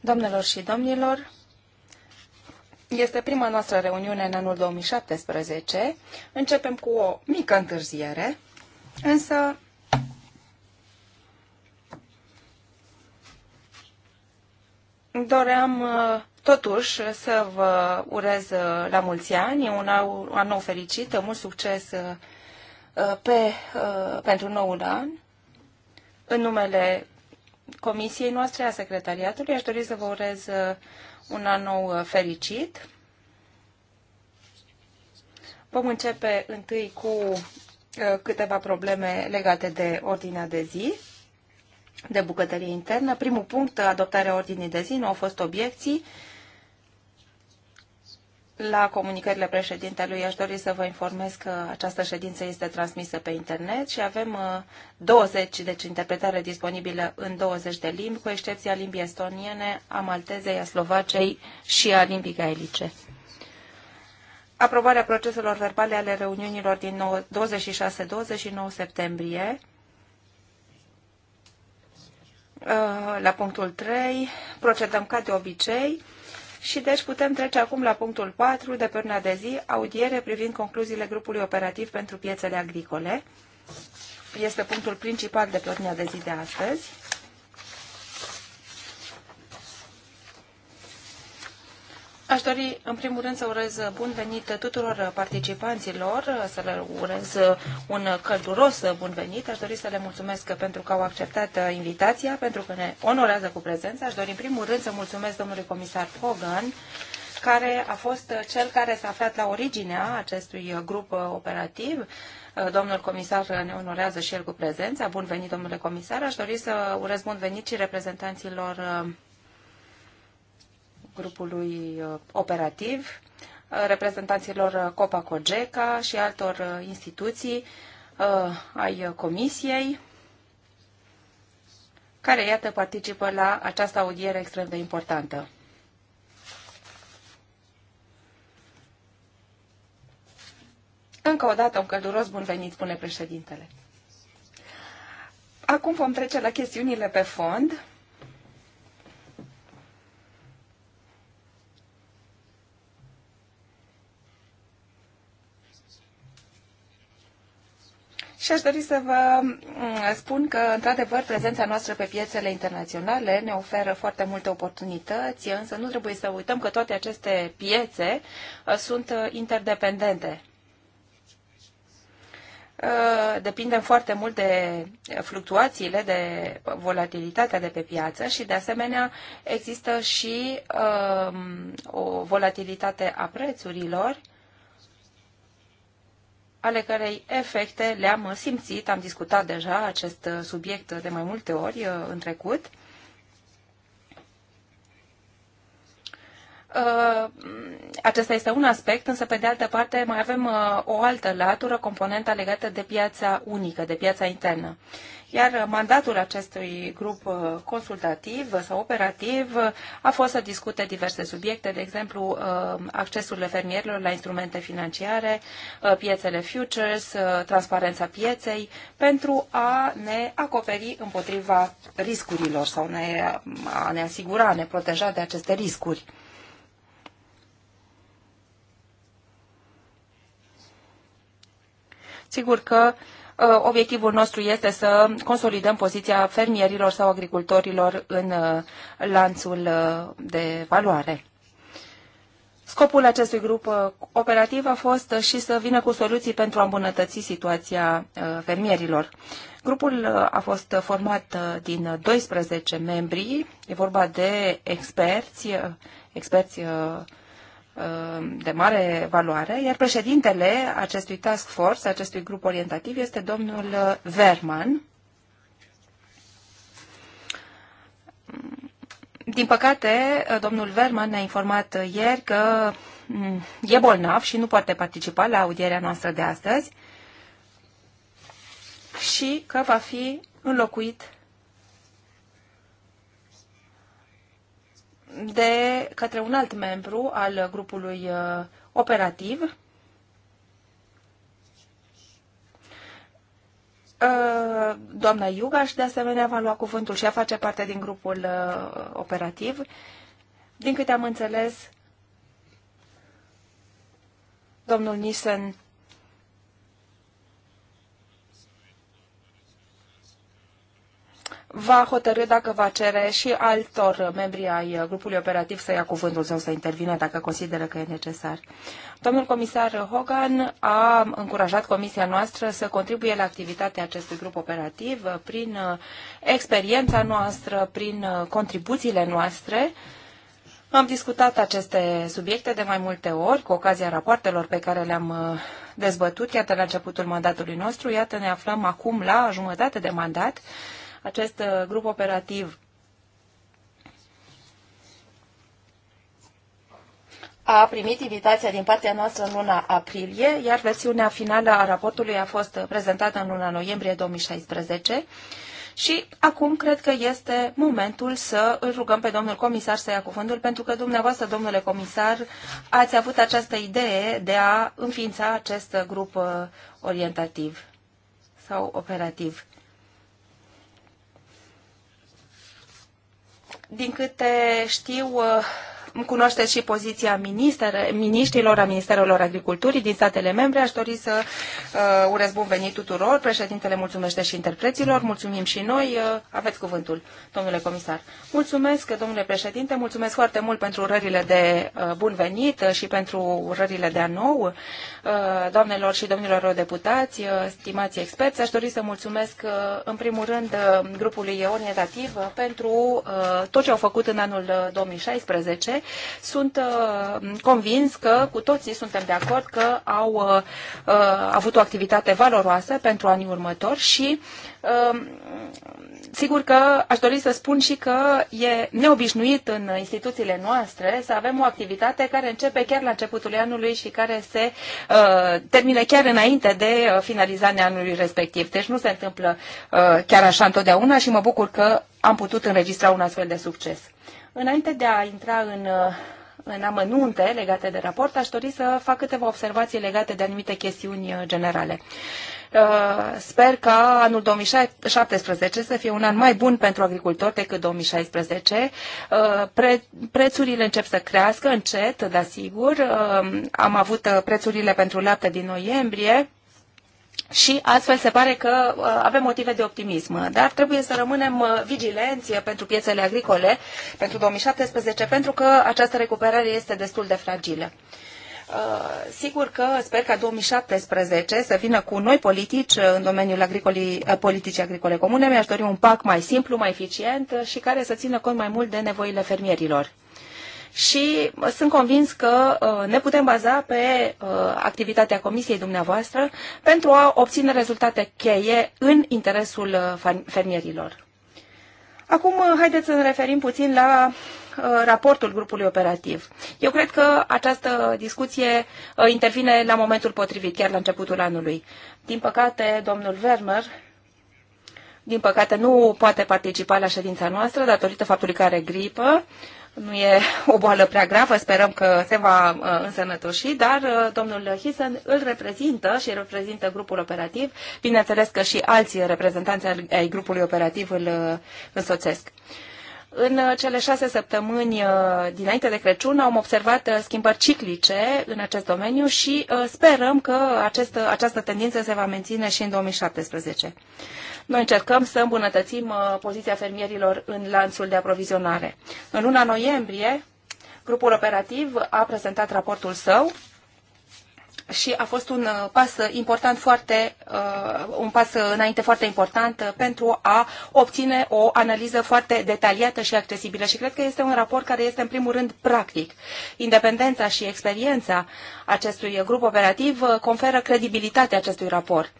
Domnilor și domnilor, este prima noastră reuniune în anul 2017. Începem cu o mică întârziere, însă doream uh, totuși să vă urez uh, la mulți ani, un an nou fericit, mult succes uh, pe, pentru noul an în numele comisiei noastre, a secretariatului, aș dori să vă urez uh, un an nou uh, fericit. Vom începe întâi cu uh, câteva probleme legate de ordinea de zi, de bucătărie internă. Primul punct, adoptarea ordinii de zi, nu au fost obiecții la comunicările președintelui aș dori să vă informez că această ședință este transmisă pe internet și avem 20, uh, deci interpretare disponibilă în 20 de limbi, cu excepția limbii estoniene, a maltezei, a slovacei și a limbii gaelice. Aprobarea proceselor verbale ale reuniunilor din 26-29 septembrie uh, la punctul 3 procedăm ca de obicei și deci putem trece acum la punctul 4 de până de zi, audiere privind concluziile grupului operativ pentru piețele agricole. Este punctul principal de pe ordinea de zi de astăzi. Aș dori, în primul rând, să urez bun venit tuturor participanților, să le urez un călduros bun venit. Aș dori să le mulțumesc pentru că au acceptat invitația, pentru că ne onorează cu prezența. Aș dori, în primul rând, să mulțumesc domnului comisar Hogan, care a fost cel care s-a aflat la originea acestui grup operativ. Domnul comisar ne onorează și el cu prezența. Bun venit, domnule comisar. Aș dori să urez bun venit și reprezentanților grupului uh, operativ, uh, reprezentanților Copa Cogeca și altor uh, instituții ai Comisiei, care, iată, participă la această audiere extrem de importantă. Încă o dată un călduros bun venit, spune președintele. Acum vom trece la chestiunile pe fond. Și aș dori să vă mm, spun că, într-adevăr, prezența noastră pe piețele internaționale ne oferă foarte multe oportunități, însă nu trebuie să uităm că toate aceste piețe uh, sunt uh, interdependente. Uh, depindem foarte mult de fluctuațiile, de volatilitatea de pe piață și, de asemenea, există și um, o volatilitate a prețurilor ale cărei efecte le-am simțit, am discutat deja acest subiect de mai multe ori uh, în trecut. Uh, acesta este un aspect, însă pe de altă parte mai avem uh, o altă latură, componenta legată de piața unică, de piața internă. Iar mandatul acestui grup uh, consultativ sau operativ a fost să discute diverse subiecte, de exemplu accesul fermierilor la instrumente financiare, piețele futures, transparența pieței, pentru a ne acoperi împotriva riscurilor sau ne, a ne asigura, a ne proteja de aceste riscuri. Sigur că uh, obiectivul nostru este să consolidăm poziția fermierilor sau agricultorilor în uh, lanțul uh, de valoare. Scopul acestui grup operativ a fost și să vină cu soluții pentru a îmbunătăți situația fermierilor. Grupul a fost format din 12 membri, e vorba de experți, experți Uh, de mare valoare, iar președintele acestui task force, acestui grup orientativ, este domnul uh, Verman. Din păcate, uh, domnul Verman ne-a informat ieri că mm, e bolnav și nu poate participa la audierea noastră de astăzi și că va fi înlocuit de către un alt membru al grupului uh, operativ. Uh, doamna și de asemenea, va lua cuvântul și a face parte din grupul uh, operativ. Din câte am înțeles, domnul Nissen va hotărâ dacă va cere și altor membri ai grupului operativ să ia cuvântul sau să intervină dacă consideră că e necesar. Domnul comisar Hogan a încurajat comisia noastră să contribuie la activitatea acestui grup operativ prin experiența noastră, prin contribuțiile noastre. Am discutat aceste subiecte de mai multe ori cu ocazia rapoartelor pe care le-am uh, dezbătut, iată la începutul mandatului nostru, iată ne aflăm acum la jumătate de mandat acest uh, grup operativ a primit invitația din partea noastră în luna aprilie, iar versiunea finală a raportului a fost prezentată în luna noiembrie 2016. Și acum cred că este momentul să îl rugăm pe domnul comisar să ia cuvântul, pentru că dumneavoastră, domnule comisar, ați avut această idee de a înființa acest grup uh, orientativ sau operativ. Din câte știu, cunoașteți și poziția ministrilor, miniștrilor, a Ministerelor Agriculturii din statele membre. Aș dori să uh, urez bun venit tuturor. Președintele mulțumește și interpreților. Mulțumim și noi. Uh, aveți cuvântul, domnule comisar. Mulțumesc, domnule președinte. Mulțumesc foarte mult pentru urările de uh, bun venit uh, și pentru urările de anou. Uh, doamnelor și domnilor deputați, uh, stimați experți, aș dori să mulțumesc uh, în primul rând uh, grupului orientativ uh, pentru uh, tot ce au făcut în anul 2016 uh, sunt uh, convins că cu toții suntem de acord că au uh, uh, avut o activitate valoroasă pentru anii următori și sigur că aș dori să spun și că e neobișnuit în instituțiile noastre să avem o activitate care începe chiar la începutul anului și care se termine chiar înainte de finalizarea anului respectiv. Deci nu se întâmplă chiar așa întotdeauna și mă bucur că am putut înregistra un astfel de succes. Înainte de a intra în uh, în amănunte legate de raport, aș dori să fac câteva observații legate de anumite chestiuni uh, generale. Uh, sper că anul 2017 să fie un an mai bun pentru agricultori decât 2016. Pre- prețurile încep să crească încet, dar sigur. Am avut prețurile pentru lapte din noiembrie și astfel se pare că uh, avem motive de optimism, dar trebuie să rămânem uh, vigilenți uh, pentru piețele agricole pentru 2017, pentru că această recuperare este destul de fragilă. Sigur că sper ca 2017 să vină cu noi politici în domeniul agricolii, politicii agricole comune. Mi-aș dori un pac mai simplu, mai eficient și care să țină cont mai mult de nevoile fermierilor și uh, sunt convins că uh, ne putem baza pe uh, activitatea comisiei dumneavoastră pentru a obține rezultate cheie în interesul fermierilor. Acum, haideți să ne referim puțin la raportul grupului operativ. Eu cred că această discuție intervine la momentul potrivit, chiar la începutul anului. Din păcate, domnul Vermeer, din păcate, nu poate participa la ședința noastră datorită faptului că are gripă nu e o boală prea gravă, sperăm că se va uh, însănătoși, dar uh, domnul Hisen îl reprezintă și reprezintă grupul operativ. Bineînțeles că și alții reprezentanți ai grupului operativ îl uh, însoțesc. În cele șase săptămâni dinainte de Crăciun am observat schimbări ciclice în acest domeniu și sperăm că această această tendință se va menține și în 2017. Noi încercăm să îmbunătățim uh, poziția fermierilor în lanțul de aprovizionare. În luna noiembrie, grupul operativ a prezentat raportul său și a fost un uh, pas important foarte, uh, un pas înainte foarte important pentru a obține o analiză foarte detaliată și accesibilă și cred că este un raport care este în primul rând practic. Independența și experiența acestui grup operativ conferă credibilitate acestui raport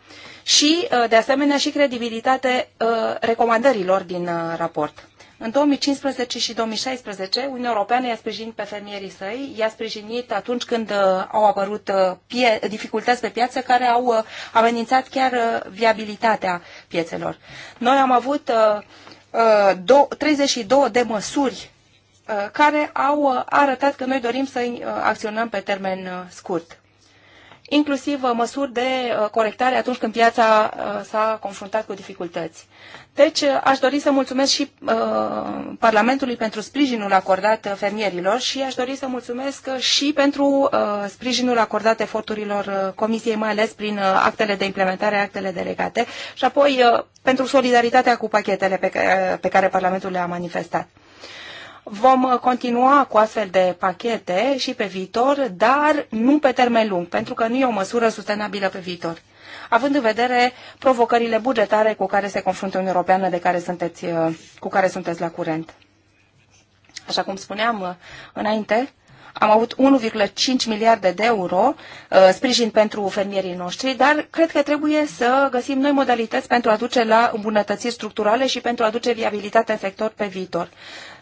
și, uh, de asemenea, și credibilitate uh, recomandărilor din uh, raport. În 2015 și 2016, Uniunea Europeană i-a sprijinit pe fermierii săi, i-a sprijinit atunci când au apărut dificultăți pe piață care au amenințat chiar viabilitatea piețelor. Noi am avut 32 de măsuri care au arătat că noi dorim să acționăm pe termen scurt inclusiv uh, măsuri de uh, corectare atunci când piața uh, s-a confruntat cu dificultăți. Deci aș dori să mulțumesc și Parlamentului pentru sprijinul acordat fermierilor și aș dori să mulțumesc și pentru sprijinul acordat eforturilor Comisiei, mai ales prin actele de implementare, actele delegate și apoi pentru solidaritatea cu pachetele pe care, pe care Parlamentul le-a manifestat. Vom uh, continua cu astfel de pachete și pe viitor, dar nu pe termen lung, pentru că nu e o măsură sustenabilă pe viitor având în vedere provocările bugetare cu care se confruntă Uniunea Europeană, de care sunteți, uh, cu care sunteți la curent. Așa cum spuneam uh, înainte, am avut 1,5 miliarde de euro sprijin pentru fermierii noștri, dar cred că trebuie să găsim noi modalități pentru a duce la îmbunătățiri structurale și pentru a duce viabilitatea în sector pe viitor.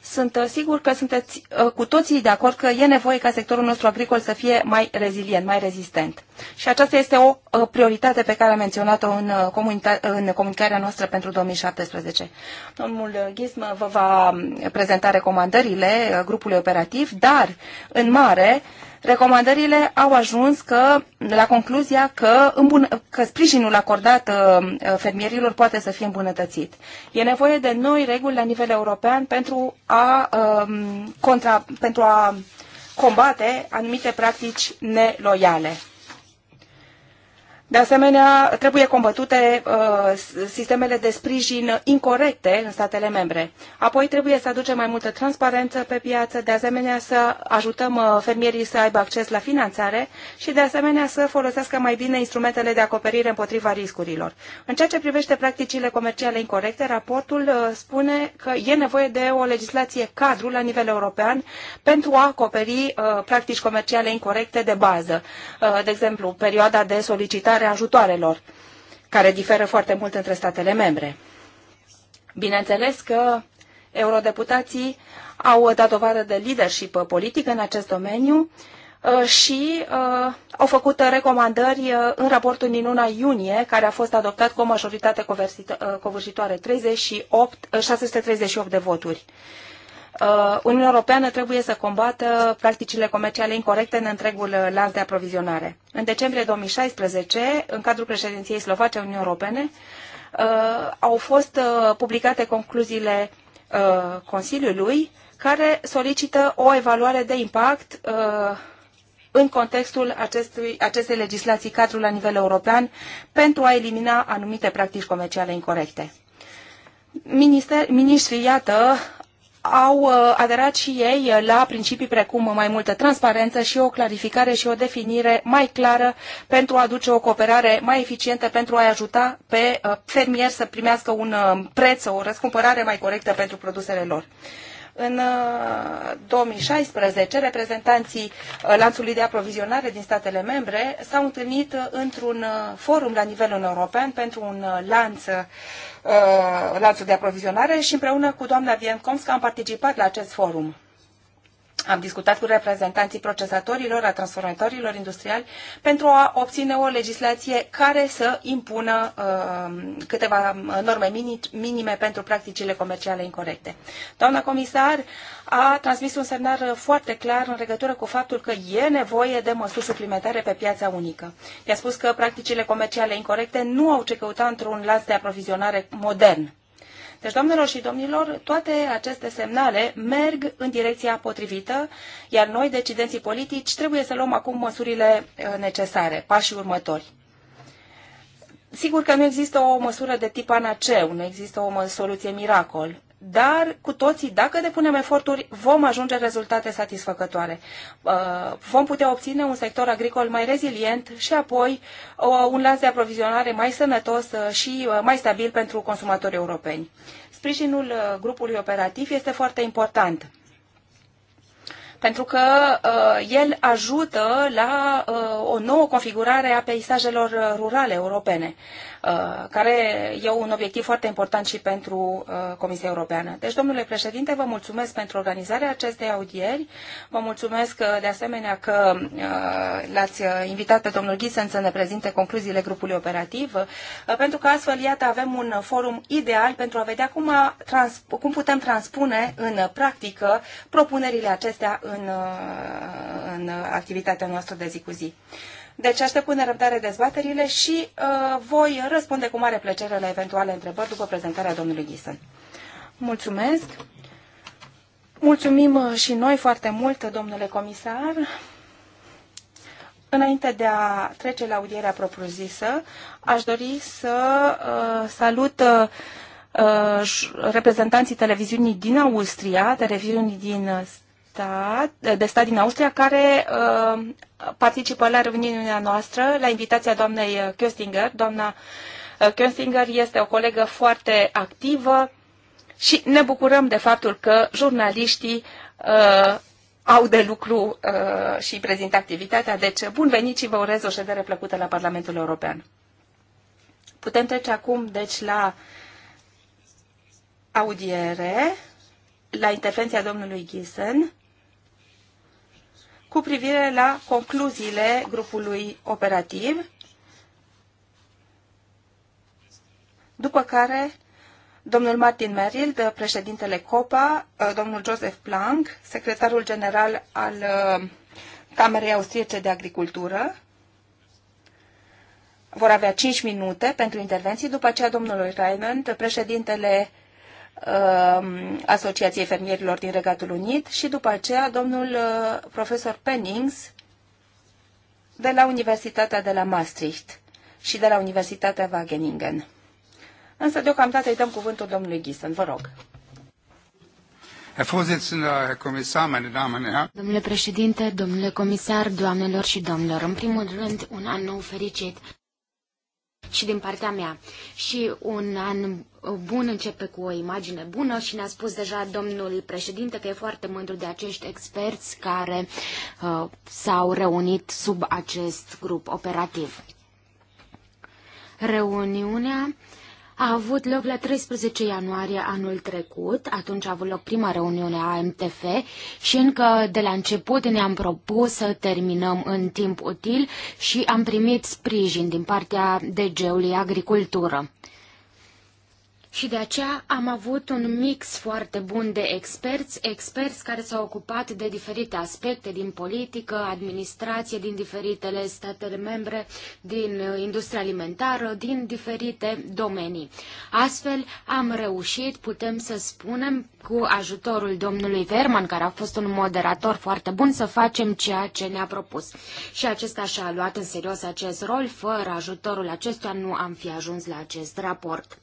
Sunt uh, sigur că sunteți uh, cu toții de acord că e nevoie ca sectorul nostru agricol să fie mai rezilient, mai rezistent. Și aceasta este o uh, prioritate pe care am menționat-o în, în comunicarea noastră pentru 2017. Domnul Ghism vă va prezenta recomandările grupului operativ, dar în mare recomandările au ajuns că, la concluzia că, îmbun- că sprijinul acordat uh, uh, fermierilor poate să fie îmbunătățit. E nevoie de noi reguli la nivel european pentru a, um, contra, pentru a combate anumite practici neloiale. De asemenea, trebuie combătute uh, sistemele de sprijin incorrecte în statele membre. Apoi trebuie să aducem mai multă transparență pe piață, de asemenea să ajutăm uh, fermierii să aibă acces la finanțare și de asemenea să folosească mai bine instrumentele de acoperire împotriva riscurilor. În ceea ce privește practicile comerciale incorrecte, raportul uh, spune că e nevoie de o legislație cadru la nivel european pentru a acoperi uh, practici comerciale incorrecte de bază. Uh, de exemplu, perioada de solicitare acordarea ajutoarelor, care diferă foarte mult între statele membre. Bineînțeles că eurodeputații au dat dovadă de leadership politic în acest domeniu uh, și uh, au făcut recomandări uh, în raportul din luna iunie, care a fost adoptat cu o majoritate covârșitoare 38, 638 de voturi. Uh, Uniunea Europeană trebuie să combată practicile comerciale incorrecte în întregul uh, lanț de aprovizionare. În decembrie 2016, în cadrul președinției slovace a Uniunii Europene, uh, au fost publicate concluziile Consiliului care solicită o evaluare de impact în contextul acestui, acestei legislații cadru la nivel european pentru a elimina anumite practici comerciale incorrecte. Minister, iată, au uh, aderat și ei uh, la principii precum mai multă transparență și o clarificare și o definire mai clară pentru a duce o cooperare mai eficientă pentru a-i ajuta pe uh, fermieri să primească un preț, o răscumpărare mai corectă pentru produsele lor. În 2016, uh, reprezentanții uh, lanțului de aprovizionare din statele membre s-au întâlnit uh, într-un forum la nivel european pentru un lanț lanțul de aprovizionare și împreună cu doamna Viencoms am participat la acest forum. Am discutat cu reprezentanții procesatorilor, a transformatorilor industriali, pentru a obține o legislație care să impună uh, câteva uh, norme minime pentru practicile comerciale incorrecte. Doamna comisar a transmis un semnal foarte clar în legătură cu faptul că e nevoie de măsuri suplimentare pe piața unică. I-a spus că practicile comerciale incorrecte nu au ce căuta într-un lanț de aprovizionare modern deci, doamnelor și domnilor, toate aceste semnale merg în direcția potrivită, iar noi, decidenții politici, trebuie să luăm acum măsurile eh, necesare, pașii următori. Sigur că nu există o măsură de tip anaceu, nu există o soluție miracol, dar cu toții, dacă depunem eforturi, vom ajunge rezultate satisfăcătoare. Uh, vom putea obține un sector agricol mai rezilient și apoi uh, un lanț de aprovizionare mai sănătos uh, și mai stabil pentru consumatorii europeni. Sprijinul grupului operativ este foarte important pentru că uh, el ajută la uh, o nouă configurare a peisajelor rurale europene. Uh, care e un obiectiv foarte important și pentru uh, Comisia Europeană. Deci, domnule președinte, vă mulțumesc pentru organizarea acestei audieri. Vă mulțumesc uh, de asemenea că l-ați invitat pe domnul Ghisen să ne prezinte concluziile grupului operativ, pentru că astfel, iată, avem un forum ideal pentru a vedea cum, a, trans, cum putem transpune în practică propunerile acestea în, în activitatea noastră de zi cu zi. Deci aștept cu nerăbdare dezbaterile și uh, voi răspunde cu mare plăcere la eventuale întrebări după prezentarea domnului Ghisen. Mulțumesc! Mulțumim uh, și noi foarte mult, domnule comisar. Înainte de a trece la audierea propriu-zisă, aș dori să uh, salut uh, uh reprezentanții televiziunii din Austria, televiziunii din stat, de stat din Austria care uh, participă la reuniunea noastră, la invitația doamnei Köstinger. Doamna uh, Köstinger este o colegă foarte activă și ne bucurăm de faptul că jurnaliștii uh, au de lucru uh, și prezintă activitatea. Deci, bun venit și vă urez o ședere plăcută la Parlamentul European. Putem trece acum, deci, la audiere, la intervenția domnului Gisen cu privire la concluziile grupului operativ, după care domnul Martin Merrill, președintele COPA, uh, domnul Joseph Planck, secretarul general al uh, Camerei Austriece de Agricultură, vor avea 5 minute pentru intervenții, după aceea domnul Raymond, președintele Um, Asociației Fermierilor din Regatul Unit și după aceea domnul uh, profesor Pennings de la Universitatea de la Maastricht și de la Universitatea Wageningen. Însă deocamdată îi dăm cuvântul domnului Ghissen. Vă rog. Domnule președinte, domnule comisar, doamnelor și domnilor, în primul rând, un an nou fericit și din partea mea. Și un an bun începe cu o imagine bună și ne-a spus deja domnul președinte că e foarte mândru de acești experți care uh, s-au reunit sub acest grup operativ. Reuniunea uh, a avut loc la 13 ianuarie anul trecut, atunci a avut loc prima reuniune a MTF și încă de la început ne-am propus să terminăm în timp util și am primit sprijin din partea DG-ului Agricultură și de aceea am avut un mix foarte bun de experți, experți care s-au ocupat de diferite aspecte din politică, administrație, din diferitele statele membre, din uh, industria alimentară, din diferite domenii. Astfel am reușit, putem să spunem, cu ajutorul domnului Verman, care a fost un moderator foarte bun, să facem ceea ce ne-a propus. Și acesta și-a luat în serios acest rol, fără ajutorul acestuia nu am fi ajuns la acest raport.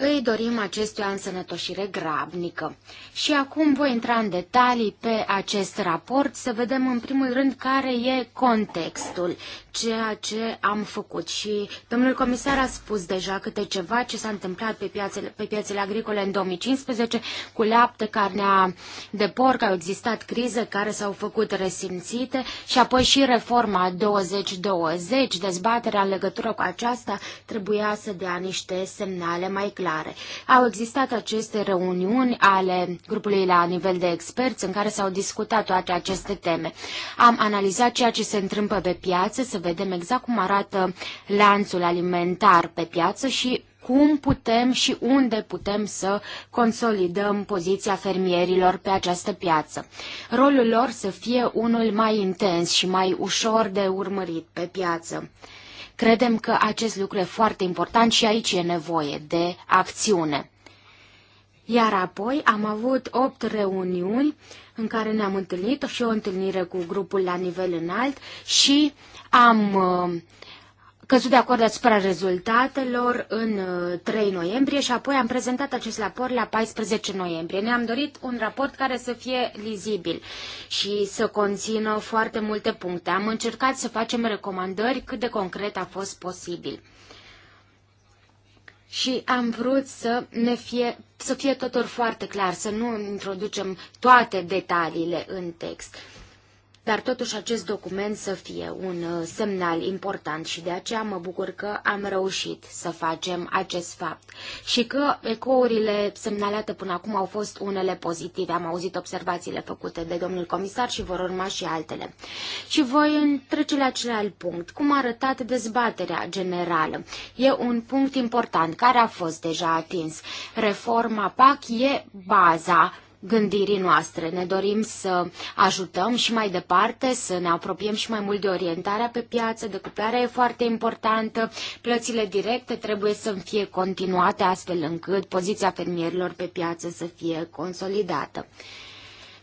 Îi dorim acestuia însănătoșire grabnică. Și acum voi intra în detalii pe acest raport să vedem în primul rând care e contextul, ceea ce am făcut. Și domnul comisar a spus deja câte ceva ce s-a întâmplat pe piațele, pe piațele agricole în 2015 cu lapte, carnea de porc, au existat crize care s-au făcut resimțite și apoi și reforma 2020, dezbaterea în legătură cu aceasta trebuia să dea niște semnale mai clare similare. Au existat aceste reuniuni ale grupului la nivel de experți în care s-au discutat toate aceste teme. Am analizat ceea ce se întâmplă pe piață, să vedem exact cum arată lanțul alimentar pe piață și cum putem și unde putem să consolidăm poziția fermierilor pe această piață. Rolul lor să fie unul mai intens și mai ușor de urmărit pe piață. Credem că acest lucru e foarte important și aici e nevoie de acțiune. Iar apoi am avut opt reuniuni în care ne-am întâlnit și o întâlnire cu grupul la nivel înalt și am uh, căzut de acord asupra rezultatelor în 3 uh, noiembrie și apoi am prezentat acest raport la 14 noiembrie. Ne-am dorit un raport care să fie lizibil și să conțină foarte multe puncte. Am încercat să facem recomandări cât de concret a fost posibil. Și am vrut să ne fie, să fie totul foarte clar, să nu introducem toate detaliile în text dar totuși acest document să fie un uh, semnal important și de aceea mă bucur că am reușit să facem acest fapt și că ecourile semnalate până acum au fost unele pozitive. Am auzit observațiile făcute de domnul comisar și vor urma și altele. Și voi trece la celălalt punct. Cum a arătat dezbaterea generală? E un punct important care a fost deja atins. Reforma PAC e baza gândirii noastre. Ne dorim să ajutăm și mai departe, să ne apropiem și mai mult de orientarea pe piață, decuplarea e foarte importantă, plățile directe trebuie să fie continuate astfel încât poziția fermierilor pe piață să fie consolidată.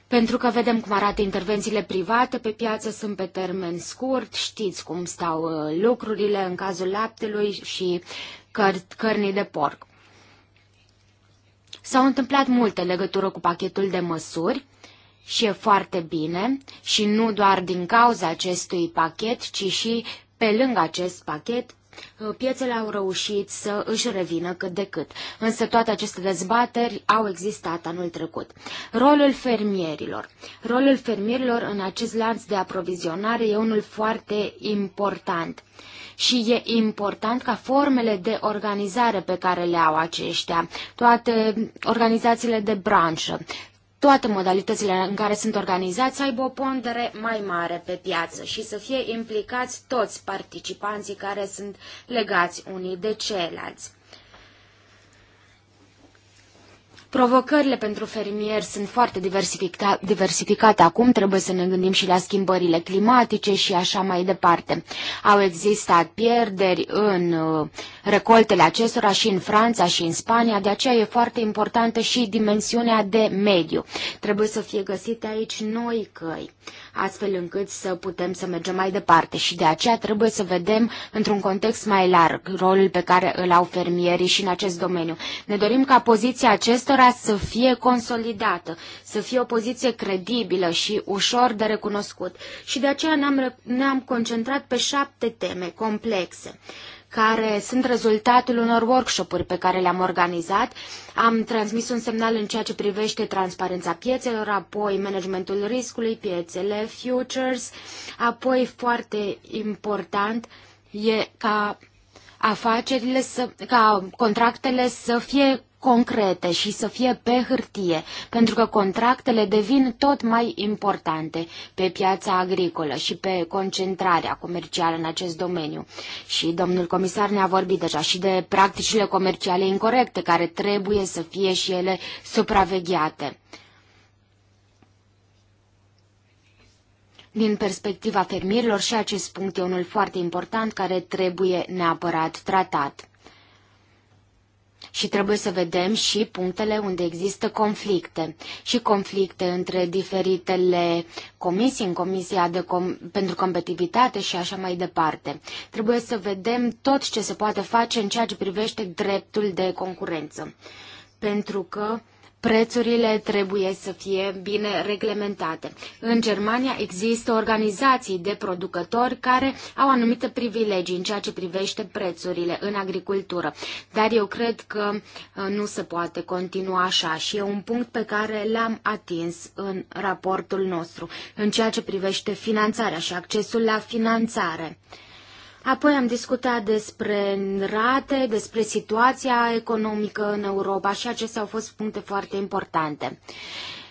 Pentru că vedem cum arată intervențiile private pe piață, sunt pe termen scurt, știți cum stau uh, lucrurile în cazul laptelui și căr- cărnii de porc. S-au întâmplat multe legătură cu pachetul de măsuri și e foarte bine și nu doar din cauza acestui pachet, ci și pe lângă acest pachet uh, piețele au reușit să își revină cât de cât. Însă toate aceste dezbateri au existat anul trecut. Rolul fermierilor. Rolul fermierilor în acest lanț de aprovizionare e unul foarte important. Uh, și e important ca formele de organizare pe care le au aceștia, toate organizațiile de branșă, toate modalitățile în care sunt organizați să aibă o pondere mai mare pe piață și să fie implicați toți participanții care sunt legați unii de ceilalți. Provocările pentru fermieri sunt foarte diversificate acum, trebuie să ne gândim și la schimbările climatice și așa mai departe. Au existat pierderi în uh, recoltele acestora și în Franța și în Spania, de aceea e foarte importantă și dimensiunea de mediu. Trebuie să fie găsite aici noi căi astfel încât să putem să mergem mai departe și de aceea trebuie să vedem într-un context mai larg rolul pe care îl au fermierii și în acest domeniu. Ne dorim ca poziția acestora să fie consolidată, să fie o poziție credibilă și ușor de recunoscut și de aceea ne-am, ne-am concentrat pe șapte teme complexe care sunt rezultatul unor workshop-uri pe care le-am organizat. Am transmis un semnal în ceea ce privește transparența piețelor, apoi managementul riscului, piețele, futures, apoi foarte important e ca afacerile să, ca contractele să fie concrete și să fie pe hârtie, pentru că contractele devin tot mai importante pe piața agricolă și pe concentrarea comercială în acest domeniu. Și domnul comisar ne-a vorbit deja și de practicile comerciale incorrecte, care trebuie să fie și ele supravegheate. Din perspectiva fermierilor și acest punct e unul foarte important care trebuie neapărat tratat și trebuie să vedem și punctele unde există conflicte și conflicte între diferitele comisii, în Comisia de Com- pentru Competitivitate și așa mai departe. Trebuie să vedem tot ce se poate face în ceea ce privește dreptul de concurență. Pentru că prețurile trebuie să fie bine reglementate. În Germania există organizații de producători care au anumite privilegii în ceea ce privește prețurile în agricultură, dar eu cred că uh, nu se poate continua așa și e un punct pe care l-am atins în raportul nostru în ceea ce privește finanțarea și accesul la finanțare. Apoi am discutat despre rate, despre situația economică în Europa și acestea au fost puncte foarte importante.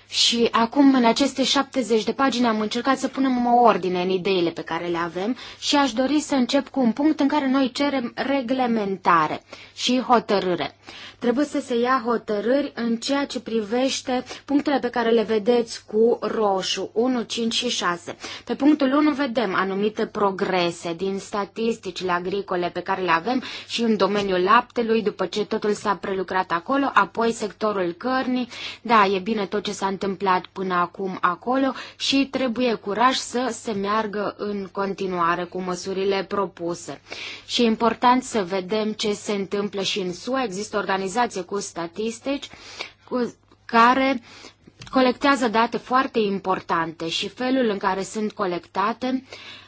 Și acum, în aceste 70 de pagini, am încercat să punem o ordine în ideile pe care le avem și aș dori să încep cu un punct în care noi cerem reglementare și hotărâre. Trebuie să se ia hotărâri în ceea ce privește punctele pe care le vedeți cu roșu, 1, 5 și 6. Pe punctul 1 vedem anumite progrese din statisticile agricole pe care le avem și în domeniul laptelui, după ce totul s-a prelucrat acolo, apoi sectorul cărnii. Da, e bine tot ce s-a întâmplat până acum acolo și trebuie curaj să se meargă în continuare cu măsurile propuse. Și e important să vedem ce se întâmplă și în SUA. Există organizații organizație cu statistici cu care colectează date foarte importante și felul în care sunt colectate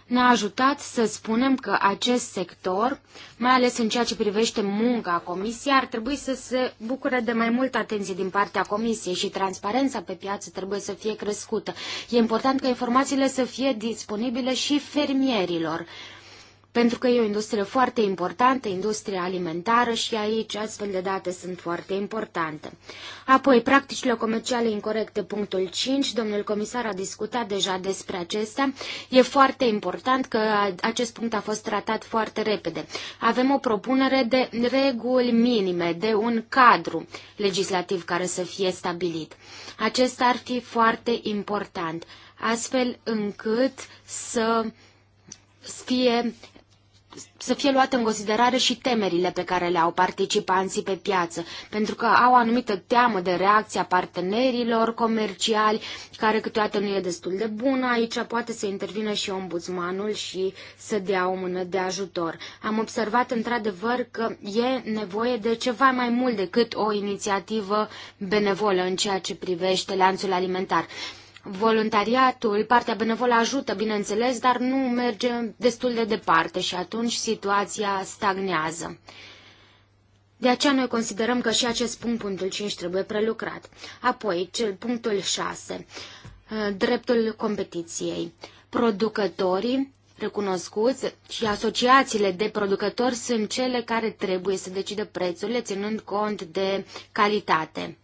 ne-a ajutat să spunem că acest sector, mai ales în ceea ce privește munca comisiei, ar trebui să se bucure de mai multă atenție din partea comisiei și transparența pe piață trebuie să fie crescută. E important ca informațiile să fie disponibile și fermierilor pentru că e o industrie foarte importantă, industria alimentară și aici astfel de date sunt foarte importante. Apoi, practicile comerciale incorrecte, punctul 5, domnul comisar a discutat deja despre acestea. E foarte important că acest punct a fost tratat foarte repede. Avem o propunere de reguli minime, de un cadru legislativ care să fie stabilit. Acesta ar fi foarte important, astfel încât să fie să fie luate în considerare și temerile pe care le au participanții pe piață, pentru că au anumită teamă de reacția partenerilor comerciali, care câteodată nu e destul de bună. Aici poate să intervină și ombudsmanul și să dea o mână de ajutor. Am observat într-adevăr că e nevoie de ceva mai mult decât o inițiativă benevolă în ceea ce privește lanțul alimentar. Voluntariatul, partea benevolă ajută, bineînțeles, dar nu merge destul de departe și atunci situația stagnează. De aceea noi considerăm că și acest punct, punctul 5, trebuie prelucrat. Apoi, cel punctul 6, eh, dreptul competiției. Producătorii recunoscuți și asociațiile de producători sunt cele care trebuie să decidă prețurile, ținând cont de calitate.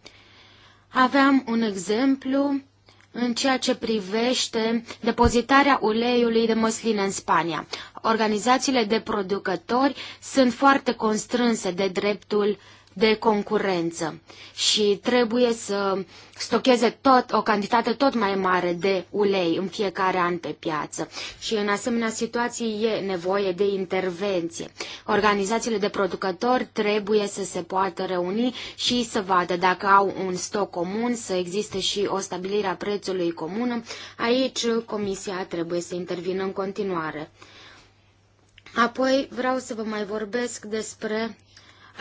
Aveam un exemplu în ceea ce privește depozitarea uleiului de măsline în Spania. Organizațiile de producători sunt foarte constrânse de dreptul uh, de concurență și trebuie să stocheze tot, o cantitate tot mai mare de ulei în fiecare an pe piață. Și în asemenea situații e nevoie de intervenție. Organizațiile de producători trebuie să se poată reuni și să vadă dacă au un stoc comun, să existe și o stabilire a prețului comun. Aici Comisia trebuie să intervină în continuare. Apoi vreau să vă mai vorbesc despre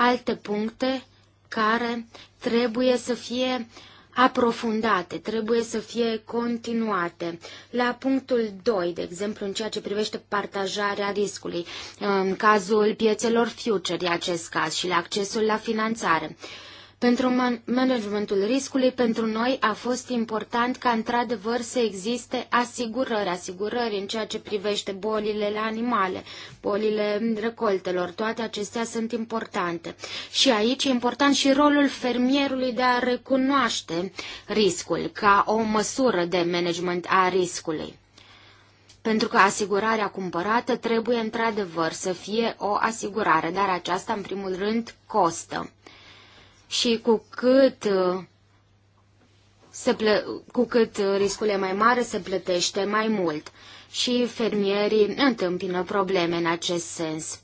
alte puncte care trebuie să fie aprofundate, trebuie să fie continuate. La punctul 2, de exemplu, în ceea ce privește partajarea riscului, în cazul piețelor future, e acest caz, și la accesul la finanțare. Uh, pentru man managementul riscului, pentru noi a fost important ca într-adevăr să existe asigurări, asigurări în ceea ce privește bolile la animale, bolile recoltelor, toate acestea sunt importante. Și aici e important și rolul fermierului de a recunoaște riscul ca o măsură de management a riscului pentru că asigurarea cumpărată trebuie într-adevăr să fie o asigurare, dar aceasta în primul rând costă și cu cât, uh, se plă- cu cât uh, riscul e mai mare, se plătește mai mult și fermierii întâmpină probleme în acest sens.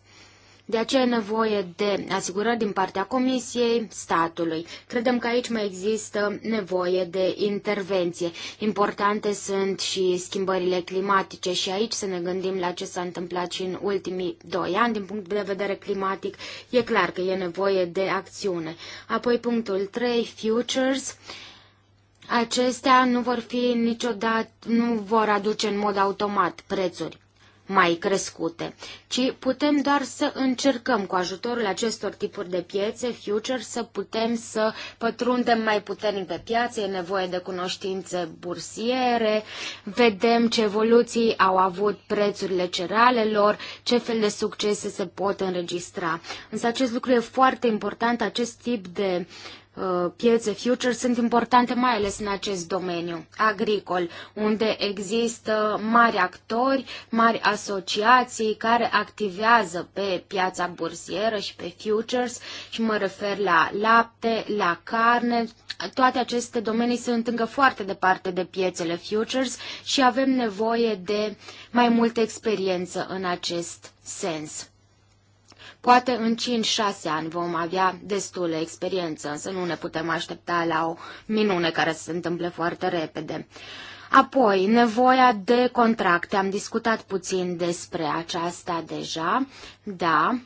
De aceea e nevoie de asigurări din partea Comisiei, statului. Credem că aici mai există nevoie de intervenție. Importante sunt și schimbările climatice și aici să ne gândim la ce s-a întâmplat și în ultimii doi ani din punct de vedere climatic. E clar că e nevoie de acțiune. Apoi punctul 3, futures. Acestea nu vor fi niciodată, nu vor aduce în mod automat prețuri mai crescute, ci putem doar să încercăm cu ajutorul acestor tipuri de piețe, future, să putem să pătrundem mai puternic pe piață, e nevoie de cunoștințe bursiere, vedem ce evoluții au avut prețurile cerealelor, ce fel de succese se pot înregistra. Însă acest lucru e foarte important, acest tip de uh, Uh, piețe futures sunt importante mai ales în acest domeniu agricol, unde există mari actori, mari asociații care activează pe piața bursieră și pe futures și mă refer la lapte, la carne. Toate aceste domenii sunt încă foarte departe de piețele futures și avem nevoie de mai multă experiență în acest sens. Poate în 5-6 ani vom avea destule experiență, însă nu ne putem aștepta la o minune care să se întâmple foarte repede. Apoi, nevoia de contracte. Am discutat puțin despre aceasta deja. Da,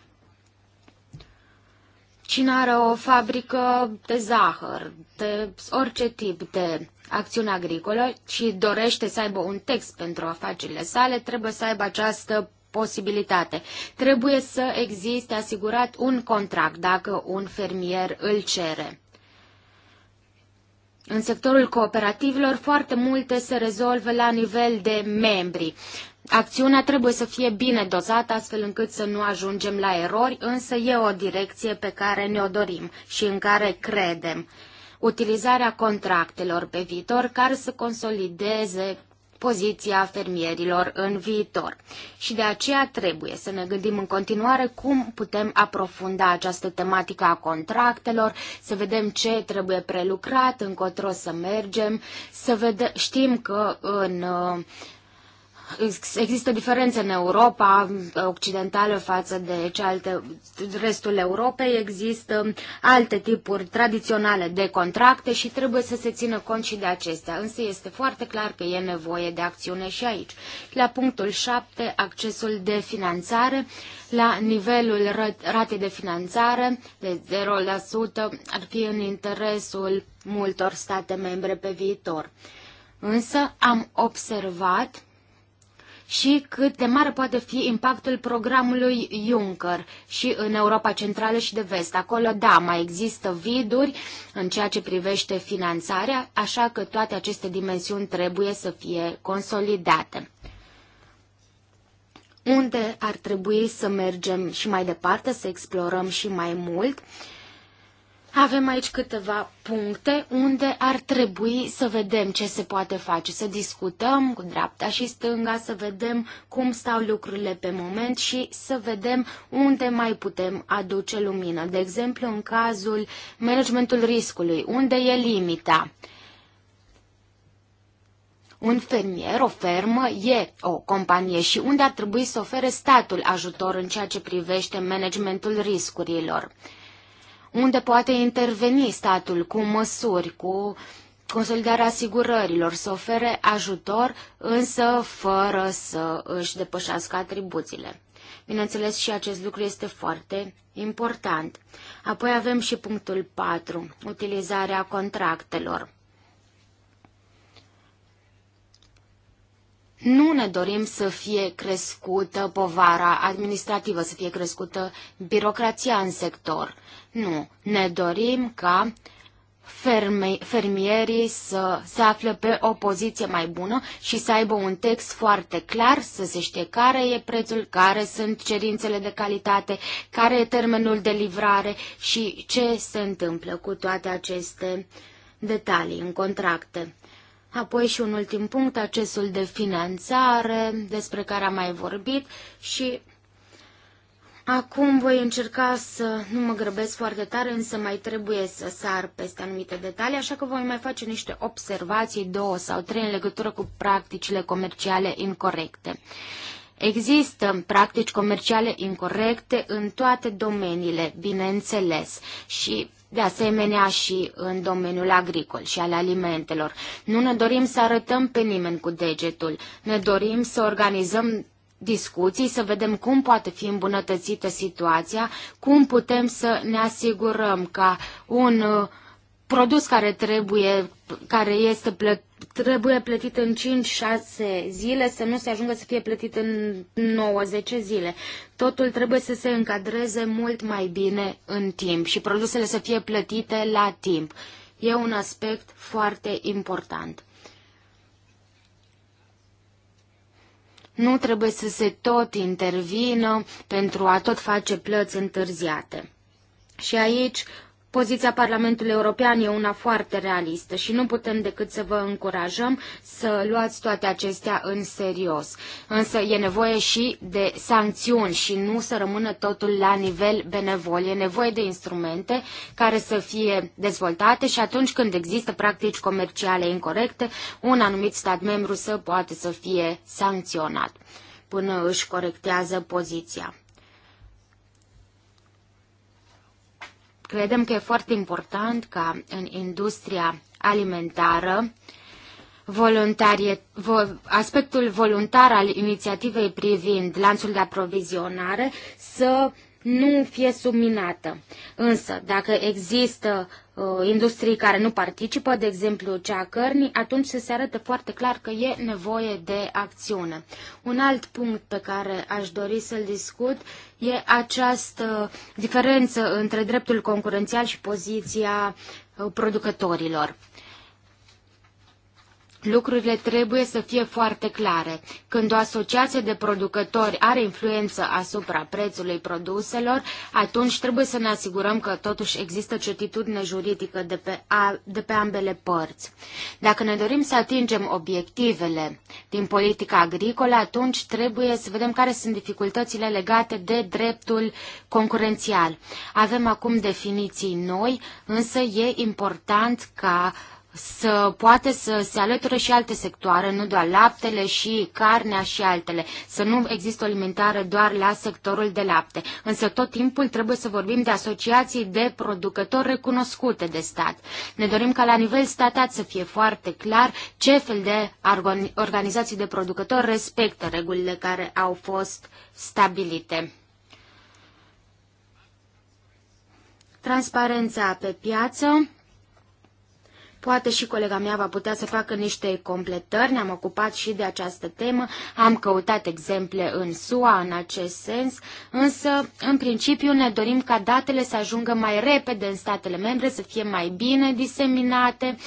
Cine are o fabrică de zahăr, de orice tip de acțiune agricolă și dorește să aibă un text pentru afacerile sale, trebuie să aibă această posibilitate. Trebuie să existe asigurat un contract dacă un fermier îl cere. În sectorul cooperativelor, foarte multe se rezolvă la nivel de membri. Acțiunea trebuie să fie bine dozată, astfel încât să nu ajungem la erori, însă e o direcție pe care ne-o dorim și în care credem. Utilizarea contractelor pe viitor care să consolideze poziția fermierilor în viitor. Și de aceea trebuie să ne gândim în continuare cum putem aprofunda această tematică a contractelor, să vedem ce trebuie prelucrat, încotro să mergem, să vede- știm că în uh, există diferențe în Europa uh, occidentală față de cealaltă, restul Europei, există um, alte tipuri tradiționale de contracte și trebuie să se țină cont și de acestea, însă este foarte clar că e nevoie de acțiune și aici. La punctul 7, accesul de finanțare, la nivelul ratei de finanțare de 0% ar fi în interesul multor state membre pe viitor. Însă am observat și cât de mare poate fi impactul programului Juncker și în Europa Centrală și de Vest. Acolo, da, mai există viduri în ceea ce privește finanțarea, așa că toate aceste dimensiuni trebuie să fie consolidate unde ar trebui să mergem și mai departe, să explorăm și mai mult. Uh, avem aici câteva puncte unde ar trebui să vedem ce se poate face, să discutăm cu dreapta și stânga, să vedem cum stau lucrurile pe moment și să vedem unde mai putem aduce lumină. De exemplu, în cazul managementul riscului, unde e limita. Un fermier, o fermă, e o companie și unde ar trebui să ofere statul ajutor în ceea ce privește managementul riscurilor unde poate interveni statul cu măsuri, cu consolidarea asigurărilor, să ofere ajutor, însă fără să își depășească atribuțiile. Bineînțeles, și acest lucru este foarte important. Apoi avem și punctul 4, utilizarea contractelor. Nu ne dorim să fie crescută povara administrativă, să fie crescută birocrația în sector. Nu, ne dorim ca fermierii să se află pe o poziție mai bună și să aibă un text foarte clar, să se știe care e prețul, care sunt cerințele de calitate, care e termenul de livrare și ce se întâmplă cu toate aceste detalii în contracte. Apoi și un ultim punct, accesul de finanțare, despre care am mai vorbit și Acum voi încerca să nu mă grăbesc foarte tare, însă mai trebuie să sar peste anumite detalii, așa că voi mai face niște observații, două sau trei, în legătură cu practicile comerciale incorrecte. Există practici comerciale incorrecte în toate domeniile, bineînțeles, și de asemenea și în domeniul agricol și al alimentelor. Nu ne dorim să arătăm pe nimeni cu degetul, ne dorim să organizăm discuții, să vedem cum poate fi îmbunătățită situația, cum putem să ne asigurăm ca un uh, produs care trebuie, care este plătit, trebuie plătit în 5-6 zile, să nu se ajungă să fie plătit în 9-10 zile. Totul trebuie să se încadreze mult mai bine în timp și produsele să fie plătite la timp. E un aspect foarte important. Nu trebuie să se tot intervină pentru a tot face plăți întârziate. Și aici Poziția Parlamentului European e una foarte realistă și nu putem decât să vă încurajăm să luați toate acestea în serios. Însă e nevoie și de sancțiuni și nu să rămână totul la nivel benevol. E nevoie de instrumente care să fie dezvoltate și atunci când există practici comerciale incorrecte, un anumit stat membru să poată să fie sancționat până își corectează poziția. Credem că e foarte important ca în industria alimentară aspectul voluntar al inițiativei privind lanțul de aprovizionare să nu fie subminată. Însă, dacă există uh, industrii care nu participă, de exemplu cea a cărnii, atunci se arată foarte clar că e nevoie de acțiune. Un alt punct pe care aș dori să-l discut e această diferență între dreptul concurențial și poziția uh, producătorilor. Lucrurile trebuie să fie foarte clare. Când o asociație de producători are influență asupra prețului produselor, atunci trebuie să ne asigurăm că totuși există certitudine juridică de pe, a, de pe ambele părți. Dacă ne dorim să atingem obiectivele din politica agricolă, atunci trebuie să vedem care sunt dificultățile legate de dreptul concurențial. Avem acum definiții noi, însă e important ca uh, să poate să se alăture și alte sectoare, nu doar laptele și carnea și altele, să nu există o alimentare doar la sectorul de lapte. Însă tot timpul trebuie să vorbim de asociații de producători recunoscute de stat. Ne dorim ca la nivel statat să fie foarte clar ce fel de organizații de producători respectă regulile care au fost stabilite. Transparența pe piață Poate și colega mea va putea să facă niște completări, ne-am ocupat și de această temă, am căutat exemple în SUA în acest sens, însă, în principiu, ne dorim ca datele să ajungă mai repede în statele membre, să fie mai bine diseminate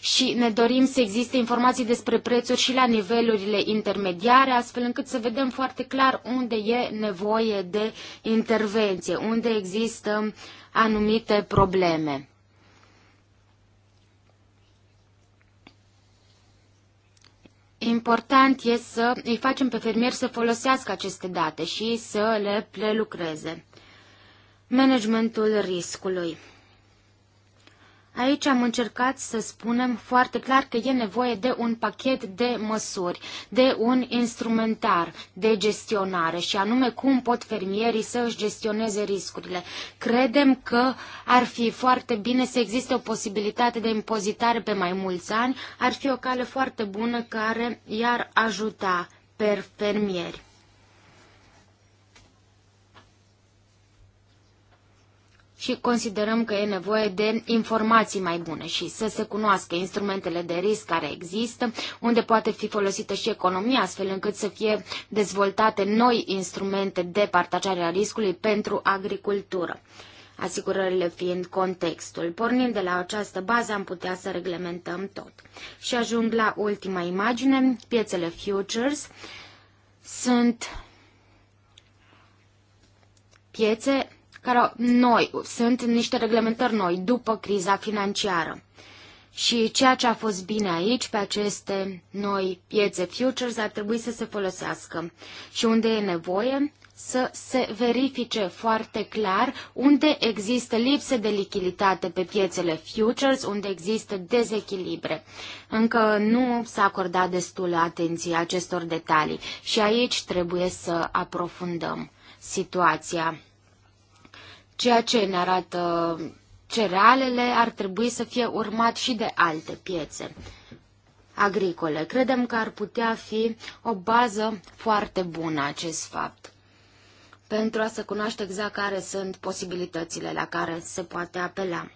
și ne dorim să existe informații despre prețuri și la nivelurile intermediare, astfel încât să vedem foarte clar unde e nevoie de intervenție, unde există anumite probleme. important e să îi facem pe fermieri să folosească aceste date și să le prelucreze. Managementul riscului. Aici am încercat să spunem foarte clar că e nevoie de un pachet de măsuri, de un instrumentar de gestionare și anume cum pot fermierii să își gestioneze riscurile. Credem că ar fi foarte bine să existe o posibilitate de impozitare pe mai mulți ani, ar fi o cale foarte bună care i-ar ajuta pe fermieri. și considerăm că e nevoie de informații mai bune și să se cunoască instrumentele de risc care există, unde poate fi folosită și economia, astfel încât să fie dezvoltate noi instrumente de partajare a riscului pentru agricultură asigurările fiind contextul. Pornind de la această bază am putea să reglementăm tot. Și ajung la ultima imagine, piețele futures sunt piețe care noi, sunt niște reglementări noi după criza financiară. Și ceea ce a fost bine aici, pe aceste noi piețe futures, ar trebui să se folosească. Și unde e nevoie, să se verifice foarte clar unde există lipse de lichiditate pe piețele futures, unde există dezechilibre. Încă nu s-a acordat destul atenție acestor detalii și aici trebuie să aprofundăm situația. Ceea ce ne arată cerealele ar trebui să fie urmat și de alte piețe agricole. Credem că ar putea fi o bază foarte bună acest fapt pentru a se cunoaște exact care sunt posibilitățile la care se poate apela.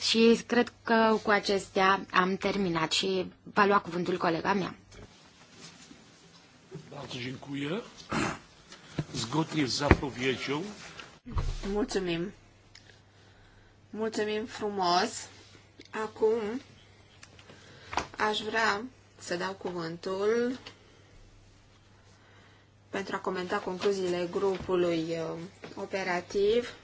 Și cred că cu acestea am terminat și va lua cuvântul colega mea. Mulțumesc zgodnie z zapowiedzią. Mulțumim. Mulțumim frumos. Acum aș vrea să dau cuvântul pentru a comenta concluziile grupului uh, operativ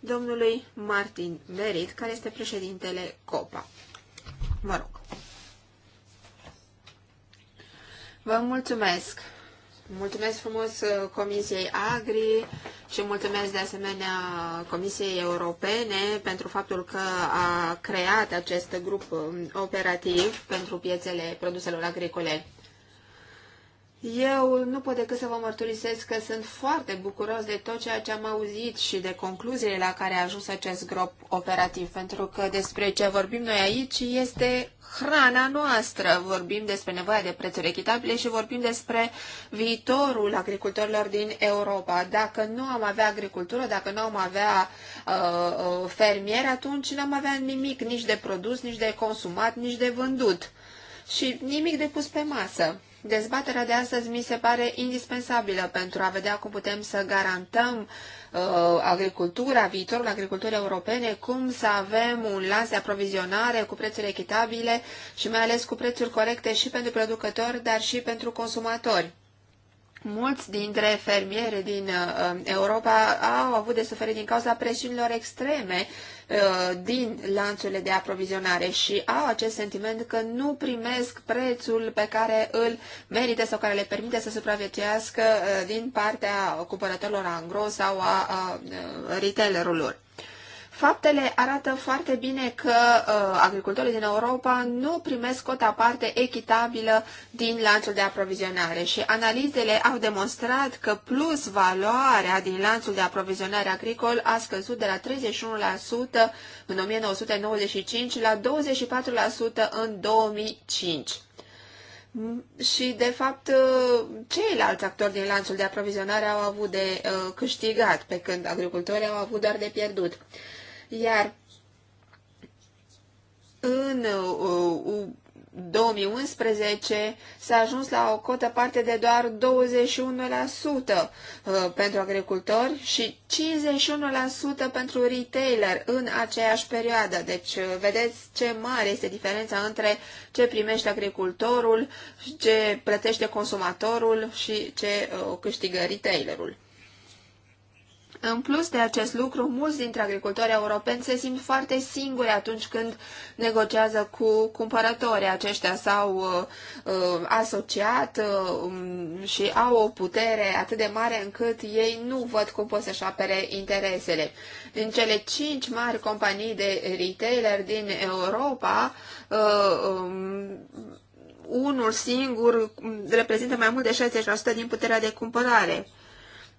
domnului Martin Merit, care este președintele COPA. Mă rog. Vă mulțumesc! Mulțumesc frumos uh, Comisiei Agri și mulțumesc de asemenea Comisiei Europene pentru faptul că a creat acest grup um, operativ pentru piețele produselor agricole. Eu nu pot decât să vă mărturisesc că sunt foarte bucuros de tot ceea ce am auzit și de concluziile la care a ajuns acest grup operativ, pentru că despre ce vorbim noi aici este hrana noastră. Vorbim despre nevoia de prețuri echitabile și vorbim despre viitorul agricultorilor din Europa. Dacă nu am avea agricultură, dacă nu am avea uh, uh fermieri, atunci n-am avea nimic nici de produs, nici de consumat, nici de vândut și nimic de pus pe masă. Dezbaterea de astăzi mi se pare indispensabilă pentru a vedea cum putem să garantăm uh, agricultura, viitorul agriculturii europene, cum să avem un lanț de aprovizionare cu prețuri echitabile și mai ales cu prețuri corecte și pentru producători, dar și pentru consumatori. Mulți dintre fermiere din uh, Europa au avut de suferit din cauza presiunilor extreme uh, din lanțurile de aprovizionare și au acest sentiment că nu primesc prețul pe care îl merită sau care le permite să supraviețuiască uh, din partea cumpărătorilor angro sau a retailerilor. Faptele arată foarte bine că uh, agricultorii din Europa nu primesc o parte echitabilă din lanțul de aprovizionare și analizele au demonstrat că plus valoarea din lanțul de aprovizionare agricol a scăzut de la 31% în 1995 la 24% în 2005. Și, de fapt, uh, ceilalți actori din lanțul de aprovizionare au avut de uh, câștigat, pe când agricultorii au avut doar de pierdut. Iar în 2011 uh, uh, s-a ajuns la o cotă parte de doar 21% uh, pentru agricultori și 51% pentru retailer în aceeași perioadă. Deci vedeți ce mare este diferența între ce primește agricultorul, ce plătește consumatorul și ce câștigă retailerul. În plus de acest lucru, mulți dintre agricultori europeni se simt foarte singuri atunci când negociază cu cumpărătorii. Aceștia s-au uh, uh asociat uh, um, și au o putere atât de mare încât ei nu văd cum pot să-și apere interesele. Din cele cinci mari companii de retailer din Europa, uh, um, unul singur reprezintă mai mult de 60% din puterea de cumpărare.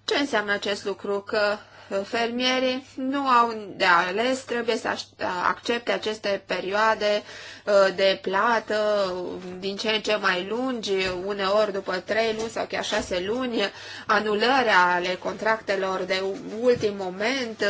Ce înseamnă acest lucru? Că uh, fermierii nu au de ales, trebuie să uh, accepte aceste perioade uh, de plată din ce în ce mai lungi, uneori după trei luni sau chiar 6 luni, anulări ale contractelor de ultim moment,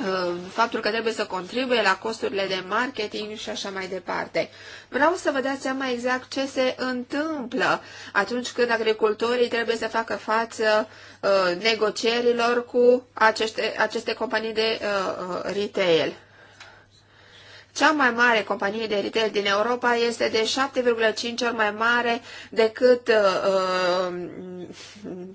Uh, faptul că trebuie să contribuie la costurile de marketing și așa mai departe. Vreau să vă dați seama exact ce se întâmplă atunci când agricultorii trebuie să facă față uh, negocierilor cu aceste, aceste companii de uh, uh retail. Cea mai mare companie de retail din Europa este de 7,5 ori mai mare decât uh, uh